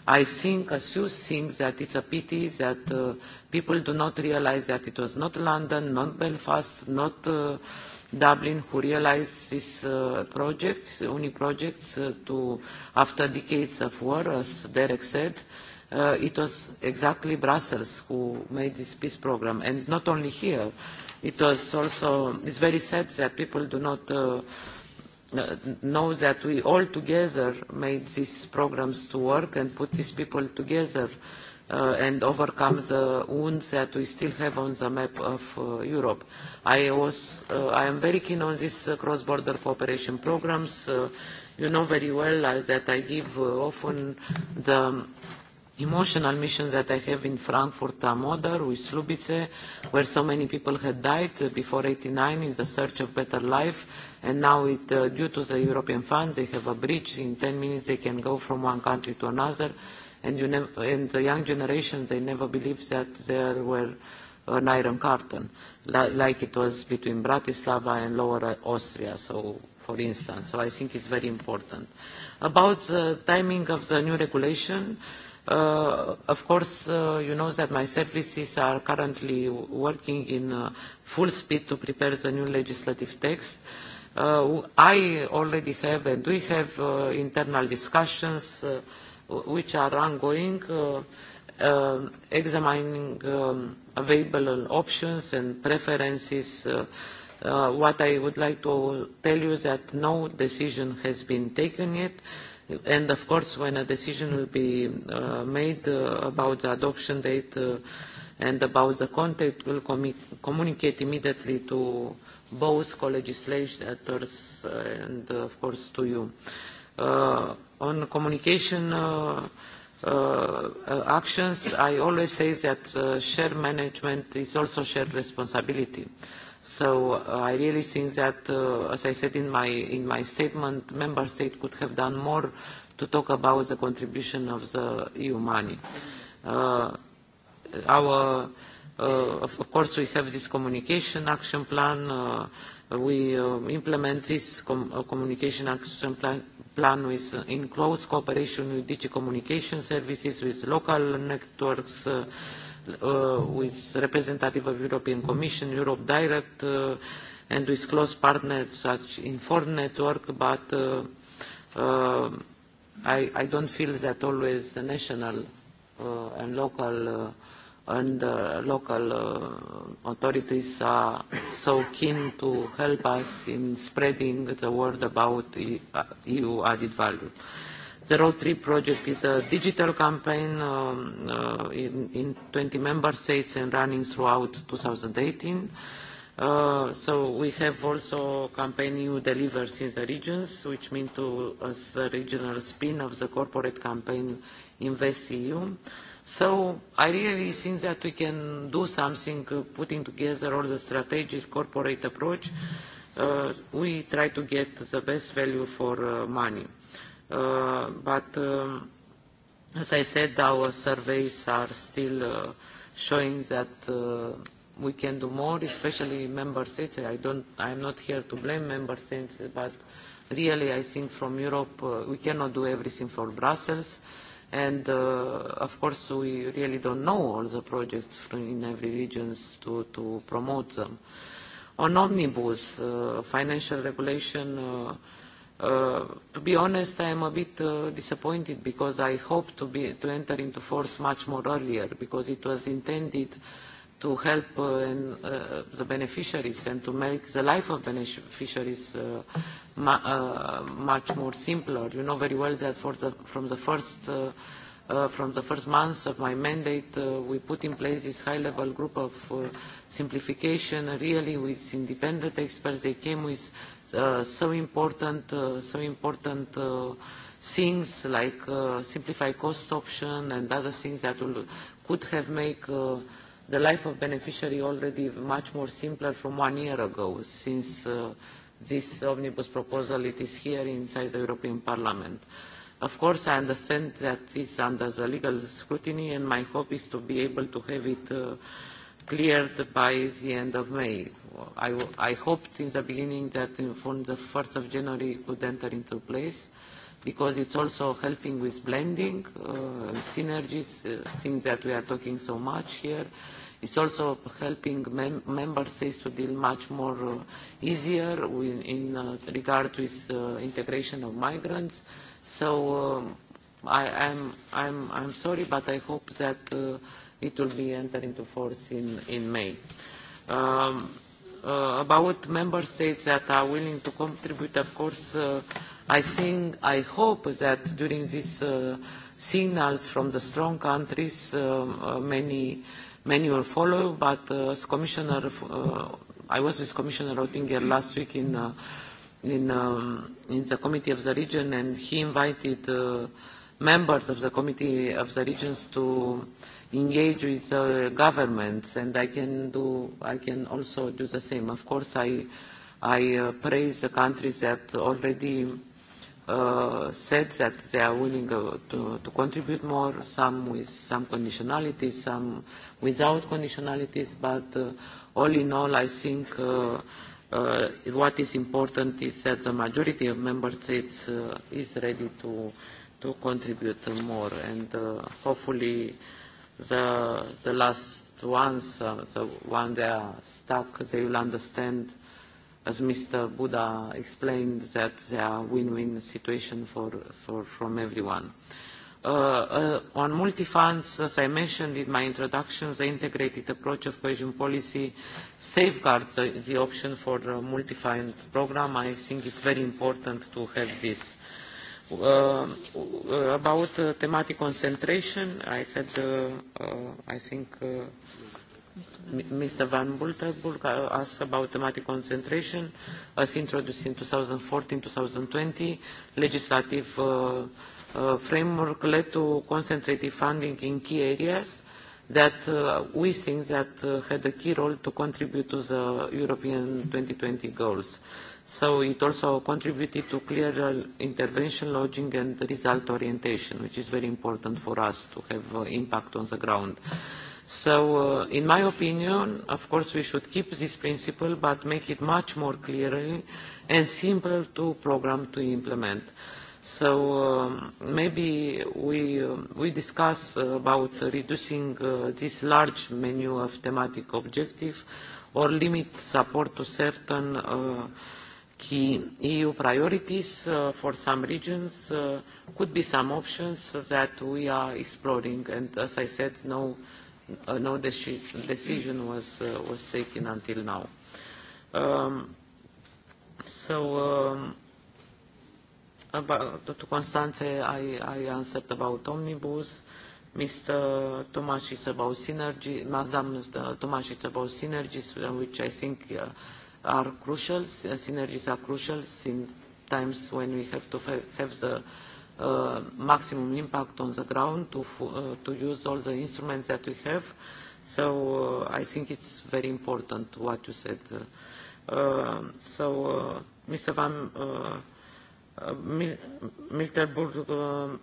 I think, as you think, that it's a pity that people do not realize that it was not London, not Belfast, not Dublin who realized these projects, only projects to after decades of war, as Derek said it was exactly Brussels who made this peace program, and not only here. It was also, it's very sad that people do not know that we all together made these programs to work and put these people together and overcome the wounds that we still have on the map of Europe. I was, I am very keen on these cross-border cooperation programs. You know very well that I give often the emotional mission that I have in Frankfurt am Oder with Slubice, where so many people had died before 89 in the search of better life, and now it, due to the European fund they have a bridge. In 10 minutes they can go from one country to another, and, you and the young generation, they never believed that there were an iron curtain, like it was between Bratislava and Lower Austria, so for instance. So I think it's very important. About the timing of the new regulation, Of course, you know that my services are currently working in full speed to prepare the new legislative text. I already have and we have internal discussions which are ongoing, examining available options and preferences. What I would like to tell you is that no decision has been taken yet and of course when a decision will be made about the adoption date and about the content will communicate immediately to both co-legislators and of course to you. On communication actions, I always say that shared management is also shared responsibility. So I really think that, as I said in my in my statement, member states could have done more to talk about the contribution of the EU money. Our, of course, we have this communication action plan. We implement this communication action plan with in close cooperation with digital communication services, with local networks with representative of European Commission, Europe Direct, and with close partners such foreign Network, but I don't feel that always the national and local and local authorities are so keen to help us in spreading the word about EU added value. The Road Trip project is a digital campaign in 20 member states and running throughout 2018. So we have also campaign EU deliver in the regions, which means to us a regional spin of the corporate campaign Invest EU. So I really think that we can do something, putting together all the strategic corporate approach. We try to get the best value for money but as I said, our surveys are still showing that we can do more, especially member states. I don't, I'm not here to blame member states, but really I think from Europe we cannot do everything for Brussels. And of course we really don't know all the projects in every region to promote them. On omnibus, financial regulation, To be honest, I am a bit disappointed because I hoped to enter into force much more earlier because it was intended to help the beneficiaries and to make the life of beneficiaries much more simpler. You know very well that from the first from the first months of my mandate, we put in place this high-level group of simplification, really with independent experts. They came with so important so important things like simplified cost option and other things that could have made the life of beneficiary already much more simpler from one year ago since this omnibus proposal it is here inside the European Parliament. Of course I understand that it's under the legal scrutiny and my hope is to be able to have it cleared by the end of May. I hoped in the beginning that from the 1st of January it could enter into place because it's also helping with blending, synergies, things that we are talking so much here. It's also helping member states to deal much more easier in regard with integration of migrants. So I I'm sorry, but I hope that it will be entered into force in May. Um about member states that are willing to contribute. Of course, I think, I hope that during these signals from the strong countries, many many will follow. But as Commissioner, I was with Commissioner Oettinger last week in in in the Committee of the Region, and he invited members of the Committee of the Regions to engage with governments and I can do I can also do the same. Of course I I praise the countries that already said that they are willing to to contribute more, some with some conditionalities, some without conditionalities, but all in all I think what is important is that the majority of member states is ready to to contribute more and hopefully the the last ones, the one they are stuck, they will understand, as Mr. Buddha explained, that they are win-win situation for for from everyone. On multi-funds, as I mentioned in my introduction, the integrated approach of cohesion policy safeguards the option for a multi-fund program. I think it's very important to have this. About thematic concentration, I had, I think, Mr. Van Bultenburg asked about thematic concentration, as introduced in 2014-2020, legislative framework led to concentrated funding in key areas that we think that had a key role to contribute to the European 2020 goals. So it also contributed to clear intervention lodging and result orientation, which is very important for us to have impact on the ground. So in my opinion, of course, we should keep this principle, but make it much more clear and simple to program to implement. So maybe we we discuss about reducing this large menu of thematic objective or limit support to certain key EU priorities for some regions could be some options that we are exploring. And as I said, no decision was taken until now. So to Constanze I answered about omnibus. Mr. Tomášič it's about synergy. Madam Tomášič about synergies, which I think are crucial, synergies are crucial in times when we have to have the maximum impact on the ground to use all the instruments that we have. So I think it's very important what you said. So Mr. Van Milterburg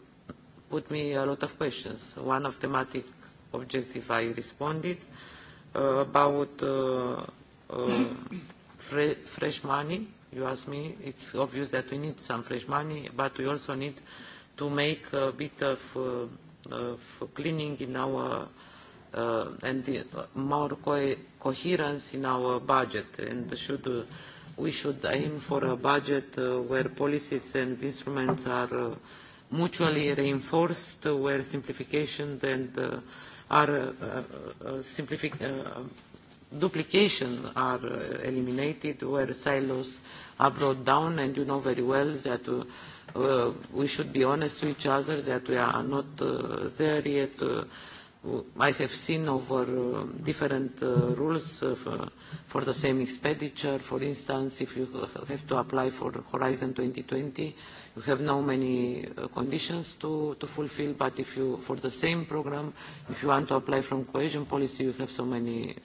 put me a lot of questions. One of thematic objective I responded about fresh money. You ask me, it's obvious that we need some fresh money, but we also need to make a bit of cleaning in our and more coherence in our budget. And should we should aim for a budget where policies and instruments are mutually reinforced, where simplification and are duplication are eliminated, where silos are brought down, and you know very well that we should be honest to each other that we are not there yet. I have seen over different rules for the same expenditure. For instance, if you have to apply for Horizon 2020, you have no many conditions to to fulfill but if you for the same program if you want to apply from cohesion policy you have so many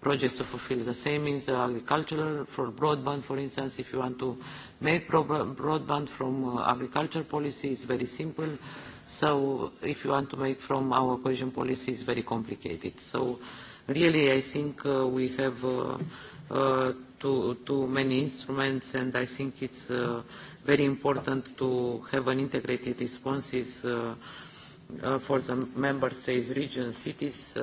projects to fulfill the same means agricultural for broadband for instance if you want to make broadband from agriculture policy it's very simple so if you want to make from our cohesion policy it's very complicated so really i think we have to many instruments, and I think it's very important to have an integrated responses for the member states, regions, cities.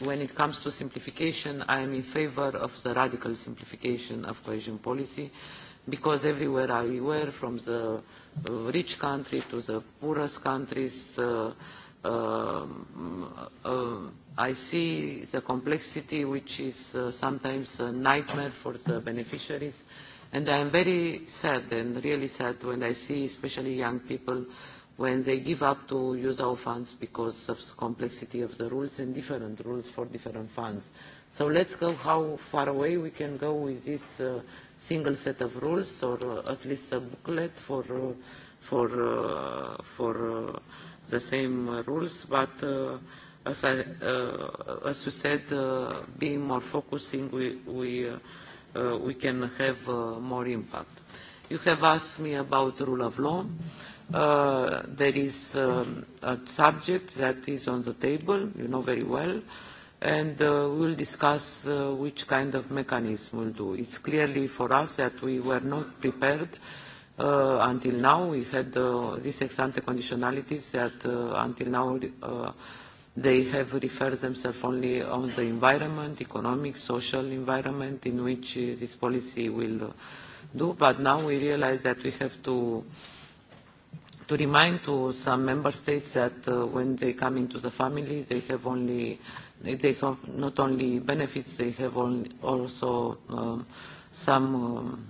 When it comes to simplification, I am in favor of the radical simplification of cohesion policy, because everywhere I were, from the rich country to the poorest countries, I see the complexity which is sometimes a nightmare for the beneficiaries and I am very sad and really sad when I see especially young people when they give up to use our funds because of the complexity of the rules and different rules for different funds. So let's go how far away we can go with this single set of rules or at least a booklet for for for the same rules but as you said, being more focusing, we we can have more impact. You have asked me about rule of law. There is a subject that is on the table, you know very well, and we will discuss which kind of mechanism we'll do. It's clearly for us that we were not prepared until now. We had these ex-ante conditionalities that until now They have referred themselves only on the environment, economic, social environment in which this policy will do. But now we realize that we have to to remind to some member states that when they come into the family, they have only they have not only benefits, they have also some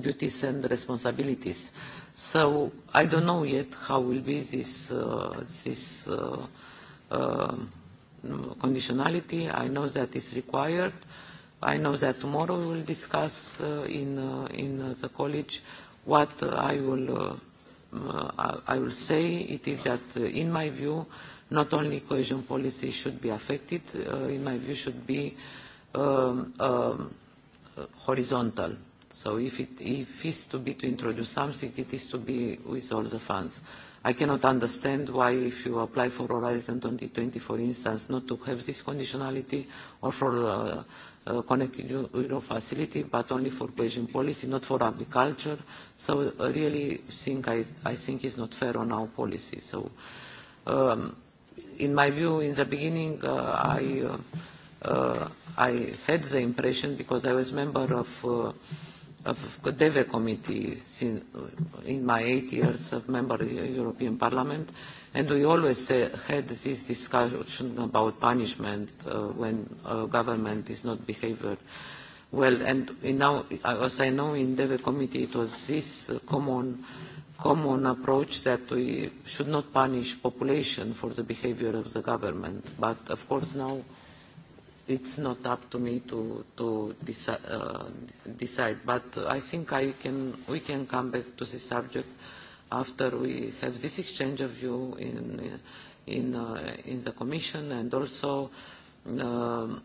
duties and responsibilities. So I don't know yet how will be this this conditionality. I know that is required. I know that tomorrow we will discuss in in the college what I will I will say. It is that in my view, not only cohesion policy should be affected. In my view, should be horizontal So if it is to be to introduce something, it is to be with all the funds. I cannot understand why if you apply for Horizon 2020, for instance, not to have this conditionality or for connected Euro facility, but only for cohesion policy, not for agriculture. So really think I, think it's not fair on our policy. So in my view, in the beginning, I, I had the impression, because I was member of of the DEVE committee in my eight years of member of the European Parliament, and we always had this discussion about punishment when government is not behaving well. And now, as I know, in DEVE committee it was this common common approach that we should not punish population for the behavior of the government. But of course now it's not up to me to to decide. But I think I can we can come back to this subject after we have this exchange of view in in in the Commission and also the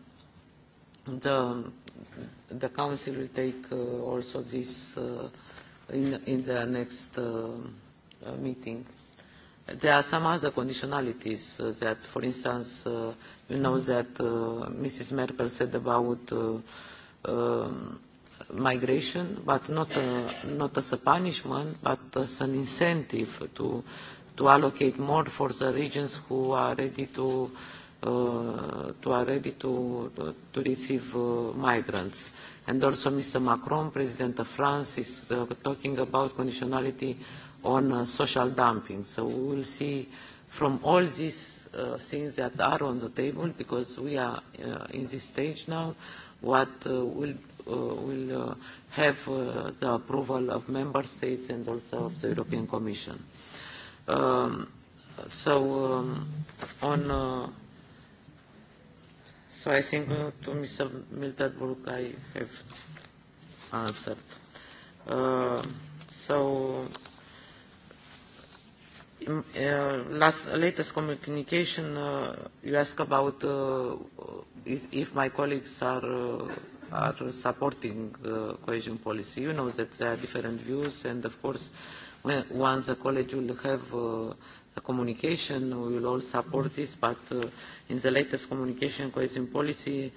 the Council will take also this in in the next meeting. There are some other conditionalities that, for instance, know that Mrs. Merkel said about migration, but not not as a punishment, but as an incentive to to allocate more for the regions who are ready to to are ready to to receive migrants. And also Mr. Macron, President of France, is talking about conditionality on social dumping. So we will see from all this things that are on the table because we are in this stage now what will will have the approval of member states and also of the European Commission. So on so I think to Mr. Miltenburg I have answered. So In last latest communication you ask about if my colleagues are are supporting cohesion policy. You know that there are different views and of course once the college will have a communication we will all support this but in the latest communication cohesion policy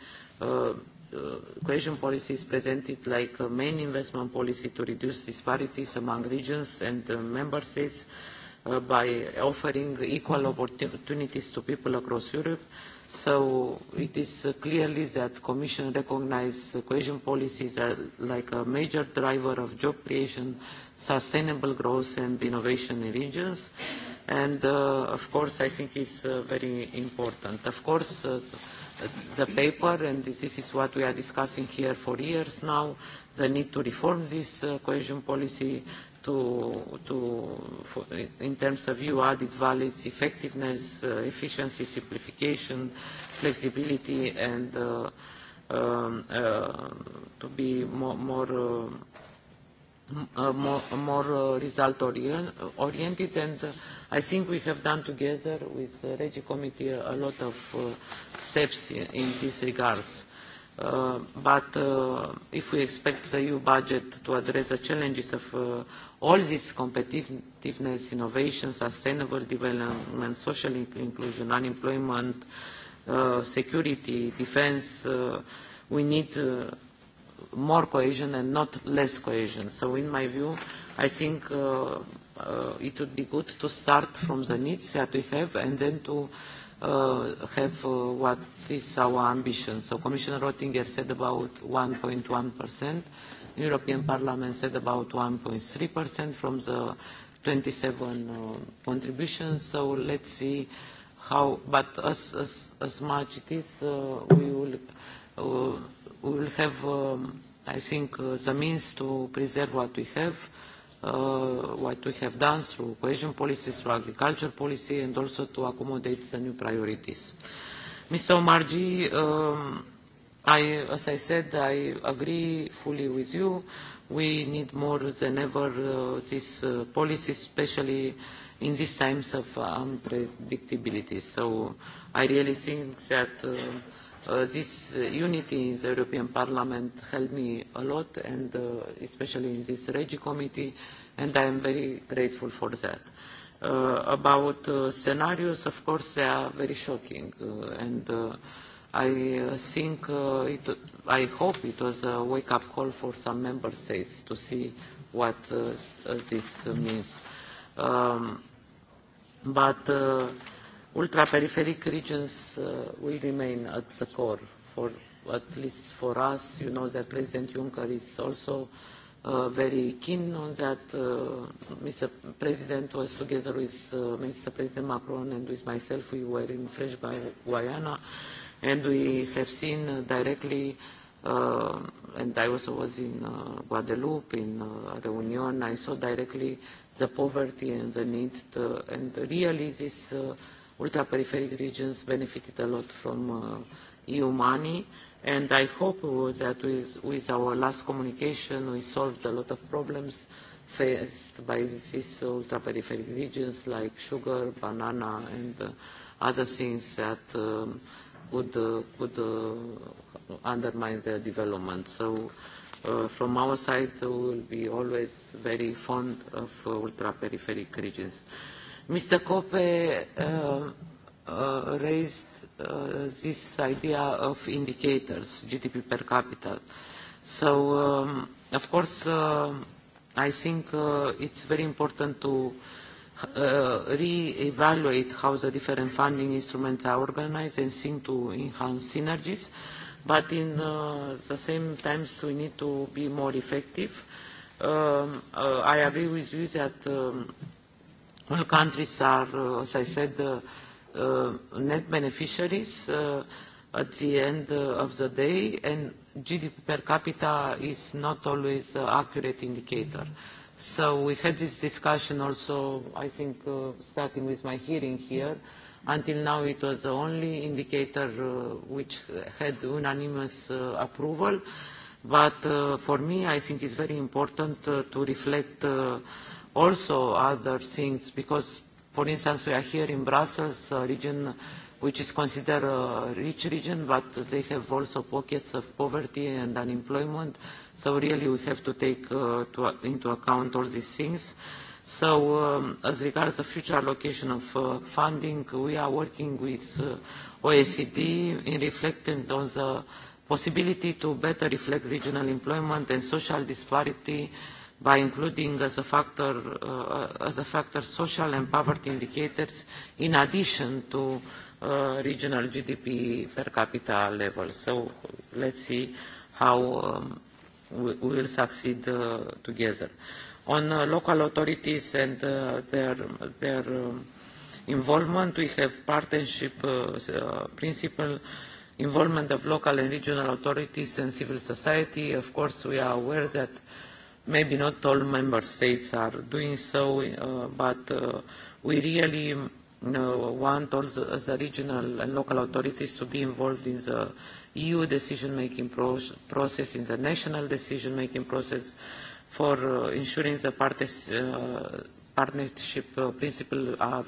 cohesion policy is presented like a main investment policy to reduce disparities among regions and member states by offering equal opportunities to people across Europe. So it is clearly that Commission recognizes cohesion policies are like a major driver of job creation, sustainable growth and innovation in regions. And of course, I think it's very important. Of course, the paper, and this is what we are discussing here for years now, the need to reform this cohesion policy to in terms of EU added values, effectiveness, efficiency, simplification, flexibility, and to be more more more result oriented. And I think we have done together with the Regi Committee a lot of steps in these regards. But if we expect the EU budget to address the challenges of all this competitiveness, innovation, sustainable development, social inclusion, unemployment, security, defense, we need more cohesion and not less cohesion. So in my view, I think it would be good to start from the needs that we have and then to have what is our ambition. So Commissioner Rottinger said about 1.1%, European Parliament said about 1.3% from the 27 contributions. So let's see how, but as, as, as much it is, we will, we will have, I think, the means to preserve what we have what we have done through cohesion policy, through agriculture policy, and also to accommodate the new priorities. Mr. um, I, as I said, I agree fully with you. We need more than ever this policy, especially in these times of unpredictability. So I really think that This unity in the European Parliament helped me a lot, and especially in this REGI committee, and I am very grateful for that. About scenarios, of course, they are very shocking, and I think, it, I hope it was a wake-up call for some member states to see what this means. But ultra-peripheric regions will remain at the core, for at least for us. You know that President Juncker is also very keen on that. Mr. President was together with Mr. President Macron and with myself. We were in French Guiana, and we have seen directly, and I also was in Guadeloupe, in Reunion. I saw directly the poverty and the need, to and really this ultra-peripheral regions benefited a lot from EU money, and I hope that with our last communication we solved a lot of problems faced by these ultra-peripheral regions like sugar, banana, and other things that could could undermine their development. So from our side we will be always very fond of ultra-peripheral regions. Mr. Koppe raised this idea of indicators, GDP per capita. So, of course, I think it's very important to re-evaluate how the different funding instruments are organized and seem to enhance synergies. But in the same time, we need to be more effective. I agree with you that all countries are, as I said, net beneficiaries at the end of the day, and GDP per capita is not always an accurate indicator. So we had this discussion also, I think, starting with my hearing here. Until now, it was the only indicator which had unanimous approval. But for me, I think it's very important to reflect also other things, because, for instance, we are here in Brussels, a region which is considered a rich region, but they have also pockets of poverty and unemployment. So really we have to take into account all these things. So as regards the future allocation of funding, we are working with OECD in reflecting on the possibility to better reflect regional employment and social disparity by including as a factor social and poverty indicators in addition to regional GDP per capita level. So let's see how we will succeed together. On local authorities and their their involvement, we have partnership principle involvement of local and regional authorities and civil society. Of course, we are aware that Maybe not all member states are doing so, but we really want all the regional and local authorities to be involved in the EU decision-making process, in the national decision-making process, for ensuring the partnership principle are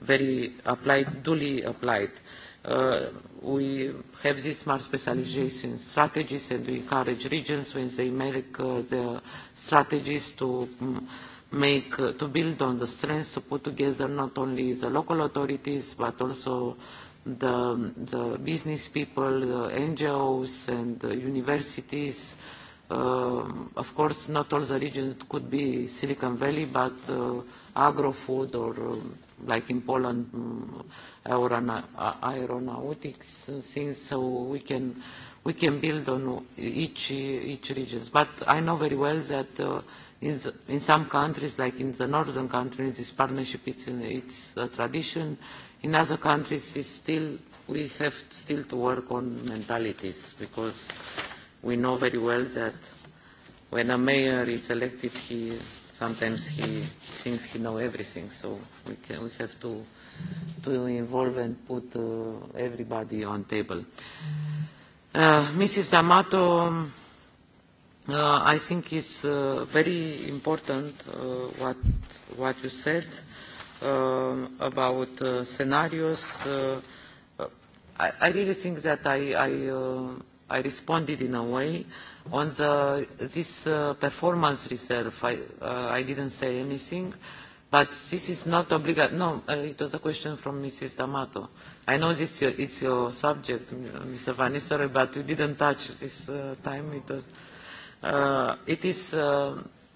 very applied, duly applied. We have these smart specialization strategies and we encourage regions when they make the strategies to make to build on the strengths to put together not only the local authorities but also the the business people, the NGOs and universities. Of course not all the regions could be Silicon Valley but agro food or like in Poland aeronautics things, so we can we can build on each each regions. But I know very well that in in some countries, like in the northern countries, this partnership it's it's a tradition. In other countries, it's still we have still to work on mentalities because we know very well that when a mayor is elected, he sometimes he thinks he knows everything. So we can we have to to involve and put everybody on table. Mrs. D'Amato, I think it's very important what what you said about scenarios. I really think that I I responded in a way. On the this performance reserve, I didn't say anything But this is not obligatory. No, it was a question from Mrs. D'Amato. I know this it's your subject, Mr. Van Nistelrooy, but you didn't touch this time. It is.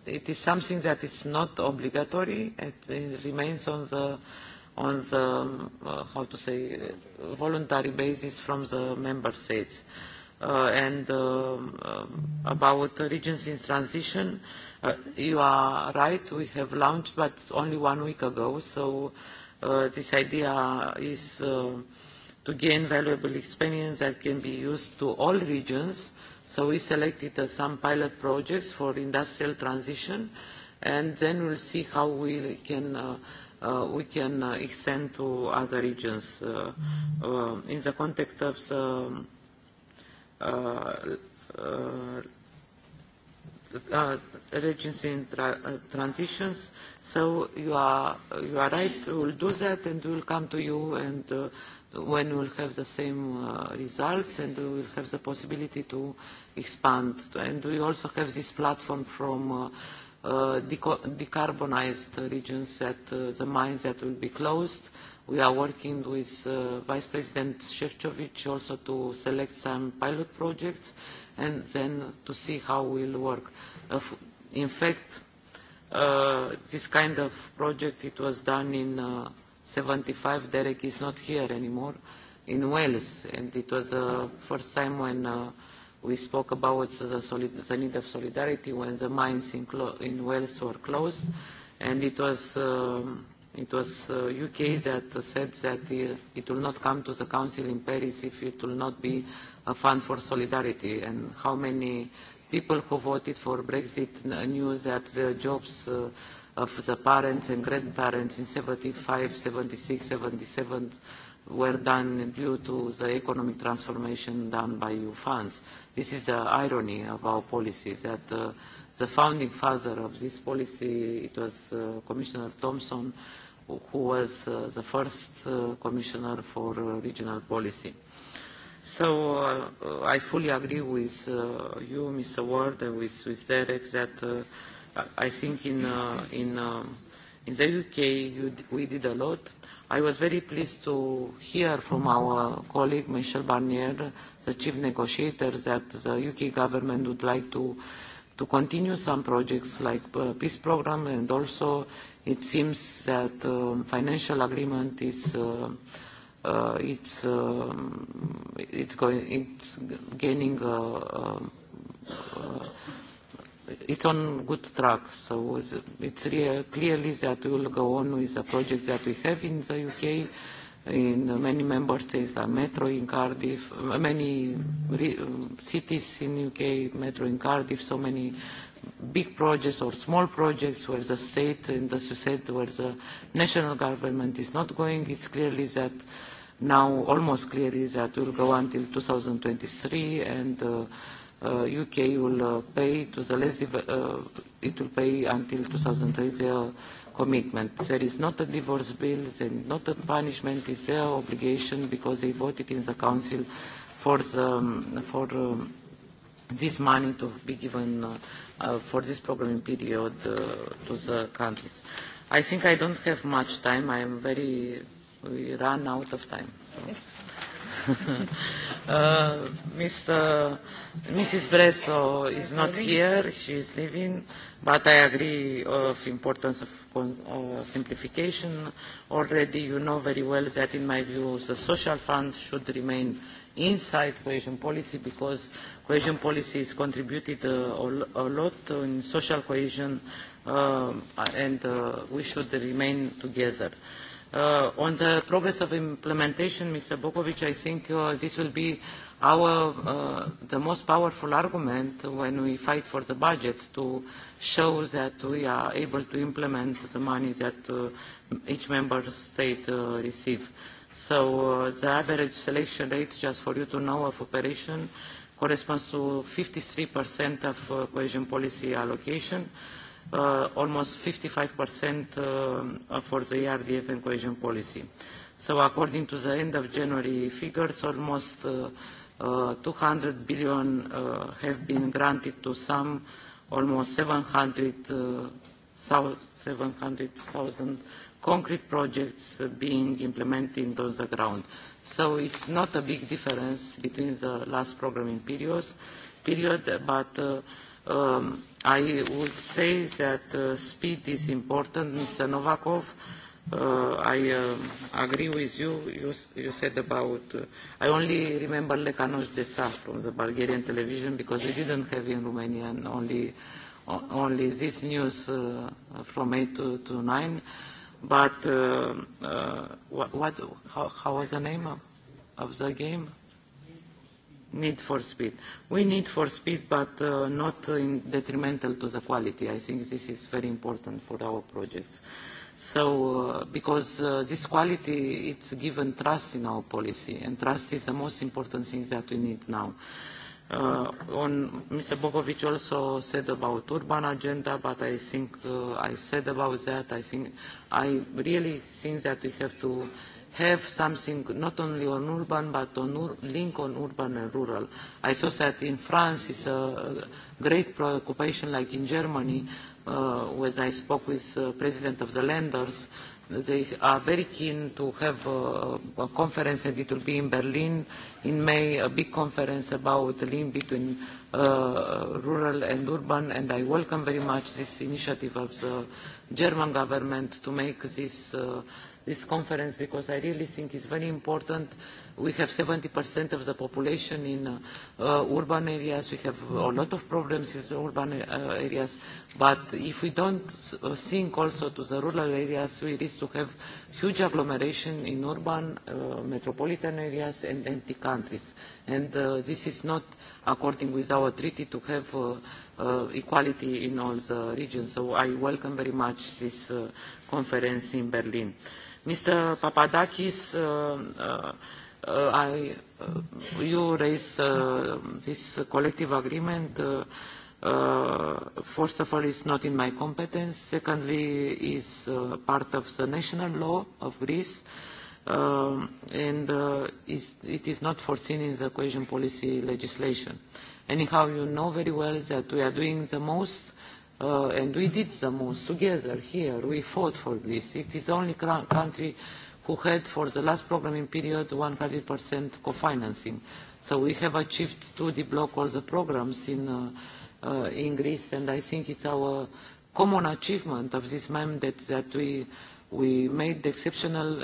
It is something that is not obligatory. It remains on the, on the, how to say, voluntary basis from the member states and about regions in transition. You are right, we have launched, but only one week ago, so this idea is to gain valuable experience that can be used to all regions. So we selected some pilot projects for industrial transition, and then we'll see how we can we can extend to other regions. In the context of the regions in transitions. So you are you are right. We will do that, and we will come to you and when we will have the same results and we will have the possibility to expand. And we also have this platform from decarbonized regions that the mines that will be closed We are working with Vice President Shevchovich also to select some pilot projects and then to see how will work. In fact, this kind of project, it was done in 75. Derek is not here anymore, in Wales. And it was the first time when we spoke about the need of solidarity when the mines in Wales were closed. And it was It was UK that said that it will not come to the Council in Paris if it will not be a fund for solidarity. And how many people who voted for Brexit knew that the jobs of the parents and grandparents in 75, 76, 77 were done due to the economic transformation done by EU funds. This is the irony of our policy that the founding father of this policy, it was Commissioner Thompson, who was the first Commissioner for Regional Policy. So I fully agree with you, Mr. Ward, and with Derek that I think in in the UK we did a lot. I was very pleased to hear from our colleague Michel Barnier, the chief negotiator, that the UK government would like to continue some projects like peace program and also It seems that the financial agreement is it's it's going it's gaining it's on good track. So it's clearly that we will go on with the projects that we have in the UK, in many member states, like Metro in Cardiff, many cities in UK, Metro in Cardiff, so many big projects or small projects where the state and as you said where the national government is not going it's clearly that now almost clearly that will go until 2023 and UK will pay to the less it will pay until 2030 commitment. There is not a divorce bill, there is not a punishment, it's their obligation because they voted in the council for for this money to be given for this programming period to the countries. I think I don't have much time. I am very we run out of time. Mr. Mrs. Bresso is not here. She is leaving. But I agree of importance of simplification. Already you know very well that in my view the social fund should remain inside cohesion policy because cohesion policies contributed a lot in social cohesion and we should remain together. On the progress of implementation, Mr. Bokovic, I think this will be our the most powerful argument when we fight for the budget to show that we are able to implement the money that each member state receives. So the average selection rate, just for you to know, of operation corresponds to 53% of cohesion policy allocation, almost 55% for the ERDF and cohesion policy. So according to the end of January figures, almost 200 billion have been granted to some almost 700,000 concrete projects being implemented on the ground. So it's not a big difference between the last programming periods, period, but I would say that speed is important. Mr. Novakov, I agree with you. You said about... I only remember Lecanoș de from the Bulgarian television because we didn't have in Romanian only only this news from 8 to 9 But what, what how, how was the name of, the game? Need for speed. We need for speed, but not in detrimental to the quality. I think this is very important for our projects. So, because this quality, it's given trust in our policy, and trust is the most important thing that we need now on Mr. Bogovic also said about urban agenda, but I think I said about that. I think I really think that we have to have something not only on urban but on link on urban and rural. I saw that in France is a great preoccupation, like in Germany, when I spoke with the president of the lenders They are very keen to have a conference, and it will be in Berlin in May, a big conference about the link between rural and urban, and I welcome very much this initiative of the German government to make this this conference because I really think it's very important we have 70% of the population in urban areas. We have a lot of problems in the urban areas. But if we don't think also to the rural areas, we risk to have huge agglomeration in urban metropolitan areas and empty countries. And this is not according with our treaty to have equality in all the regions. So I welcome very much this conference in Berlin. Mr. Papadakis I you raised this collective agreement. First of all, it's not in my competence. Secondly, is part of the national law of Greece, and it is not foreseen in the cohesion policy legislation. Anyhow, you know very well that we are doing the most, and we did the most together here. We fought for Greece. It is the only country who had for the last programming period 100% co-financing. So we have achieved to deblock all the programs in in Greece, and I think it's our common achievement of this that, that we We made exceptional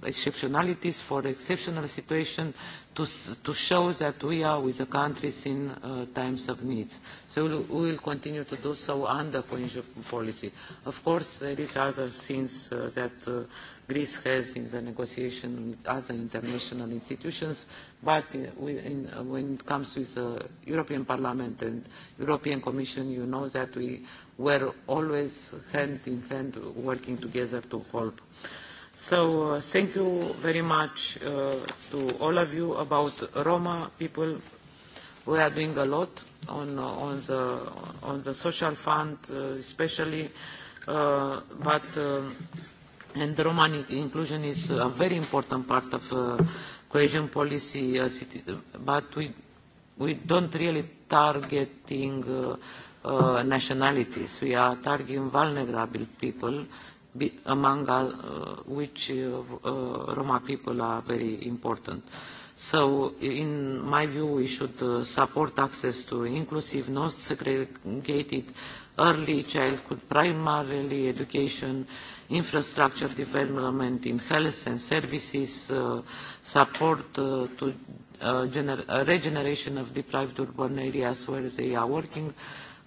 exceptionalities for exceptional situation to show that we are with the countries in times of needs. So we will continue to do so under cohesion policy. Of course, there is other things that Greece has in the negotiation with other international institutions, but when it comes with the European Parliament and European Commission, you know that we were always hand in hand working together to help. So thank you very much to all of you about Roma people. We are doing a lot on on the on the social fund especially, but and Roma inclusion is a very important part of cohesion policy, but we we don't really targeting nationalities. We are targeting vulnerable people, among which Roma people are very important. So, in my view, we should support access to inclusive, not segregated, early childhood, primarily education, infrastructure development in health and services, support to regeneration of deprived urban areas where they are working,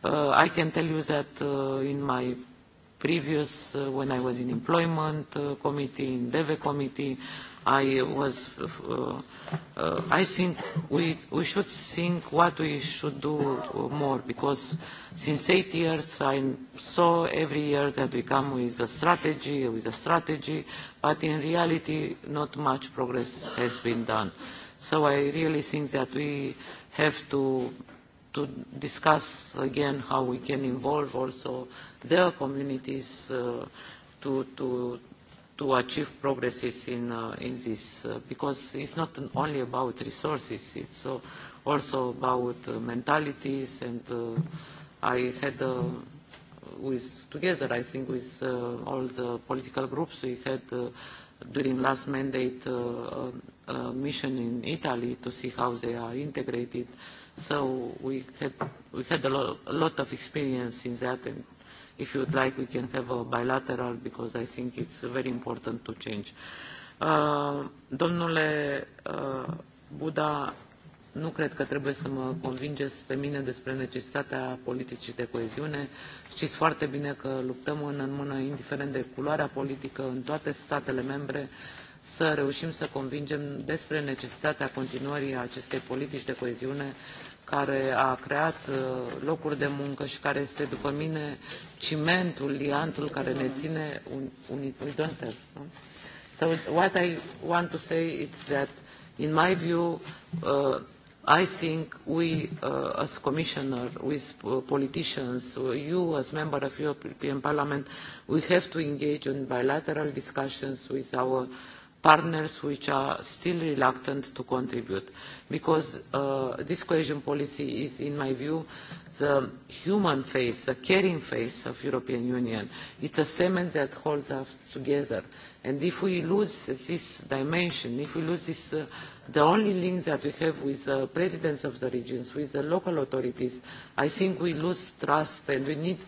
I can tell you that in my previous, when I was in employment committee, in DEVE committee, I was, I think we we should think what we should do more because since eight years I saw every year that we come with a strategy, with a strategy, but in reality not much progress has been done. So I really think that we have to to discuss again how we can involve also their communities to to to achieve progresses in in this because it's not only about resources it's also about mentalities and I had with together I think with all the political groups we had during last mandate a mission in Italy to see how they are integrated So we had we had a lot of experience in that, and if you would like, we can have a bilateral because I think it's very important to change. Domnule Buda, nu cred că trebuie să mă convingeți pe mine despre necesitatea politicii de coeziune. Știți foarte bine că luptăm mână în mână, indiferent de culoarea politică, în toate statele membre, să reușim să convingem despre necesitatea continuării acestei politici de coeziune care a creat locuri de muncă și care este, după mine, cimentul, liantul care ne ține unit. We don't have. No? So what I want to say is that, in my view, uh, I think we, uh, as commissioner, with politicians, you as member of European Parliament, we have to engage in bilateral discussions with our partners which are still reluctant to contribute. Because this cohesion policy is, in my view, the human face, the caring face of European Union. It's a cement that holds us together. And if we lose this dimension, if we lose this, the only link that we have with the presidents of the regions, with the local authorities, I think we lose trust and we need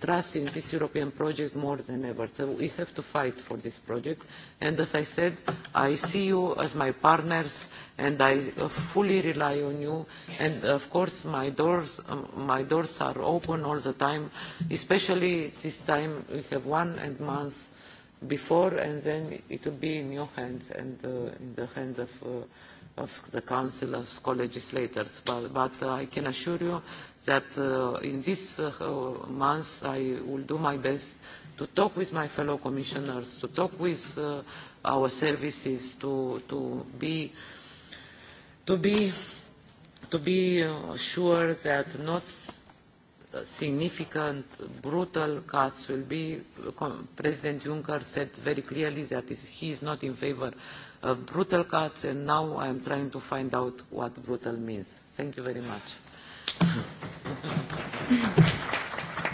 trust in this European project more than ever. So we have to fight for this project. And as I said, I see you as my partners and I fully rely on you. And of course, my doors, my doors are open all the time, especially this time we have one and month before and then it will be in your hands and in the hands of of the Council of Co-Legislators. But I can assure you that in these months I will do my best to talk with my fellow commissioners, to talk with our services, to to be to be to be sure that not significant, brutal cuts will be. President Juncker said very clearly that he is not in favor of brutal cuts, and now I am trying to find out what brutal means. Thank you very much.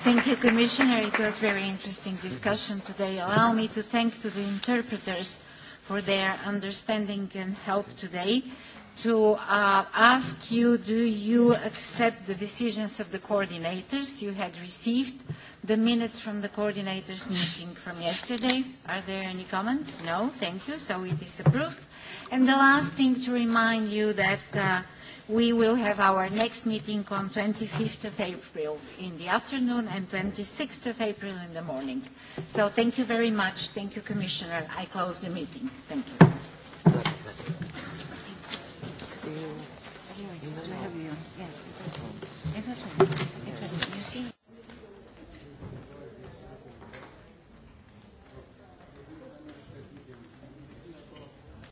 Thank you, Commissioner. It was a very interesting discussion today. Allow me to thank to the interpreters for their understanding and help today to ask you, do you accept the decisions of the coordinators? You had received the minutes from the coordinators meeting from yesterday. Are there any comments? No, thank you. So it is approved. And the last thing to remind you that we will have our next meeting on 25th of April in the afternoon and 26th of April in the morning. So thank you very much. Thank you, Commissioner. I close the meeting. Thank you. Yes. It was It was, you see.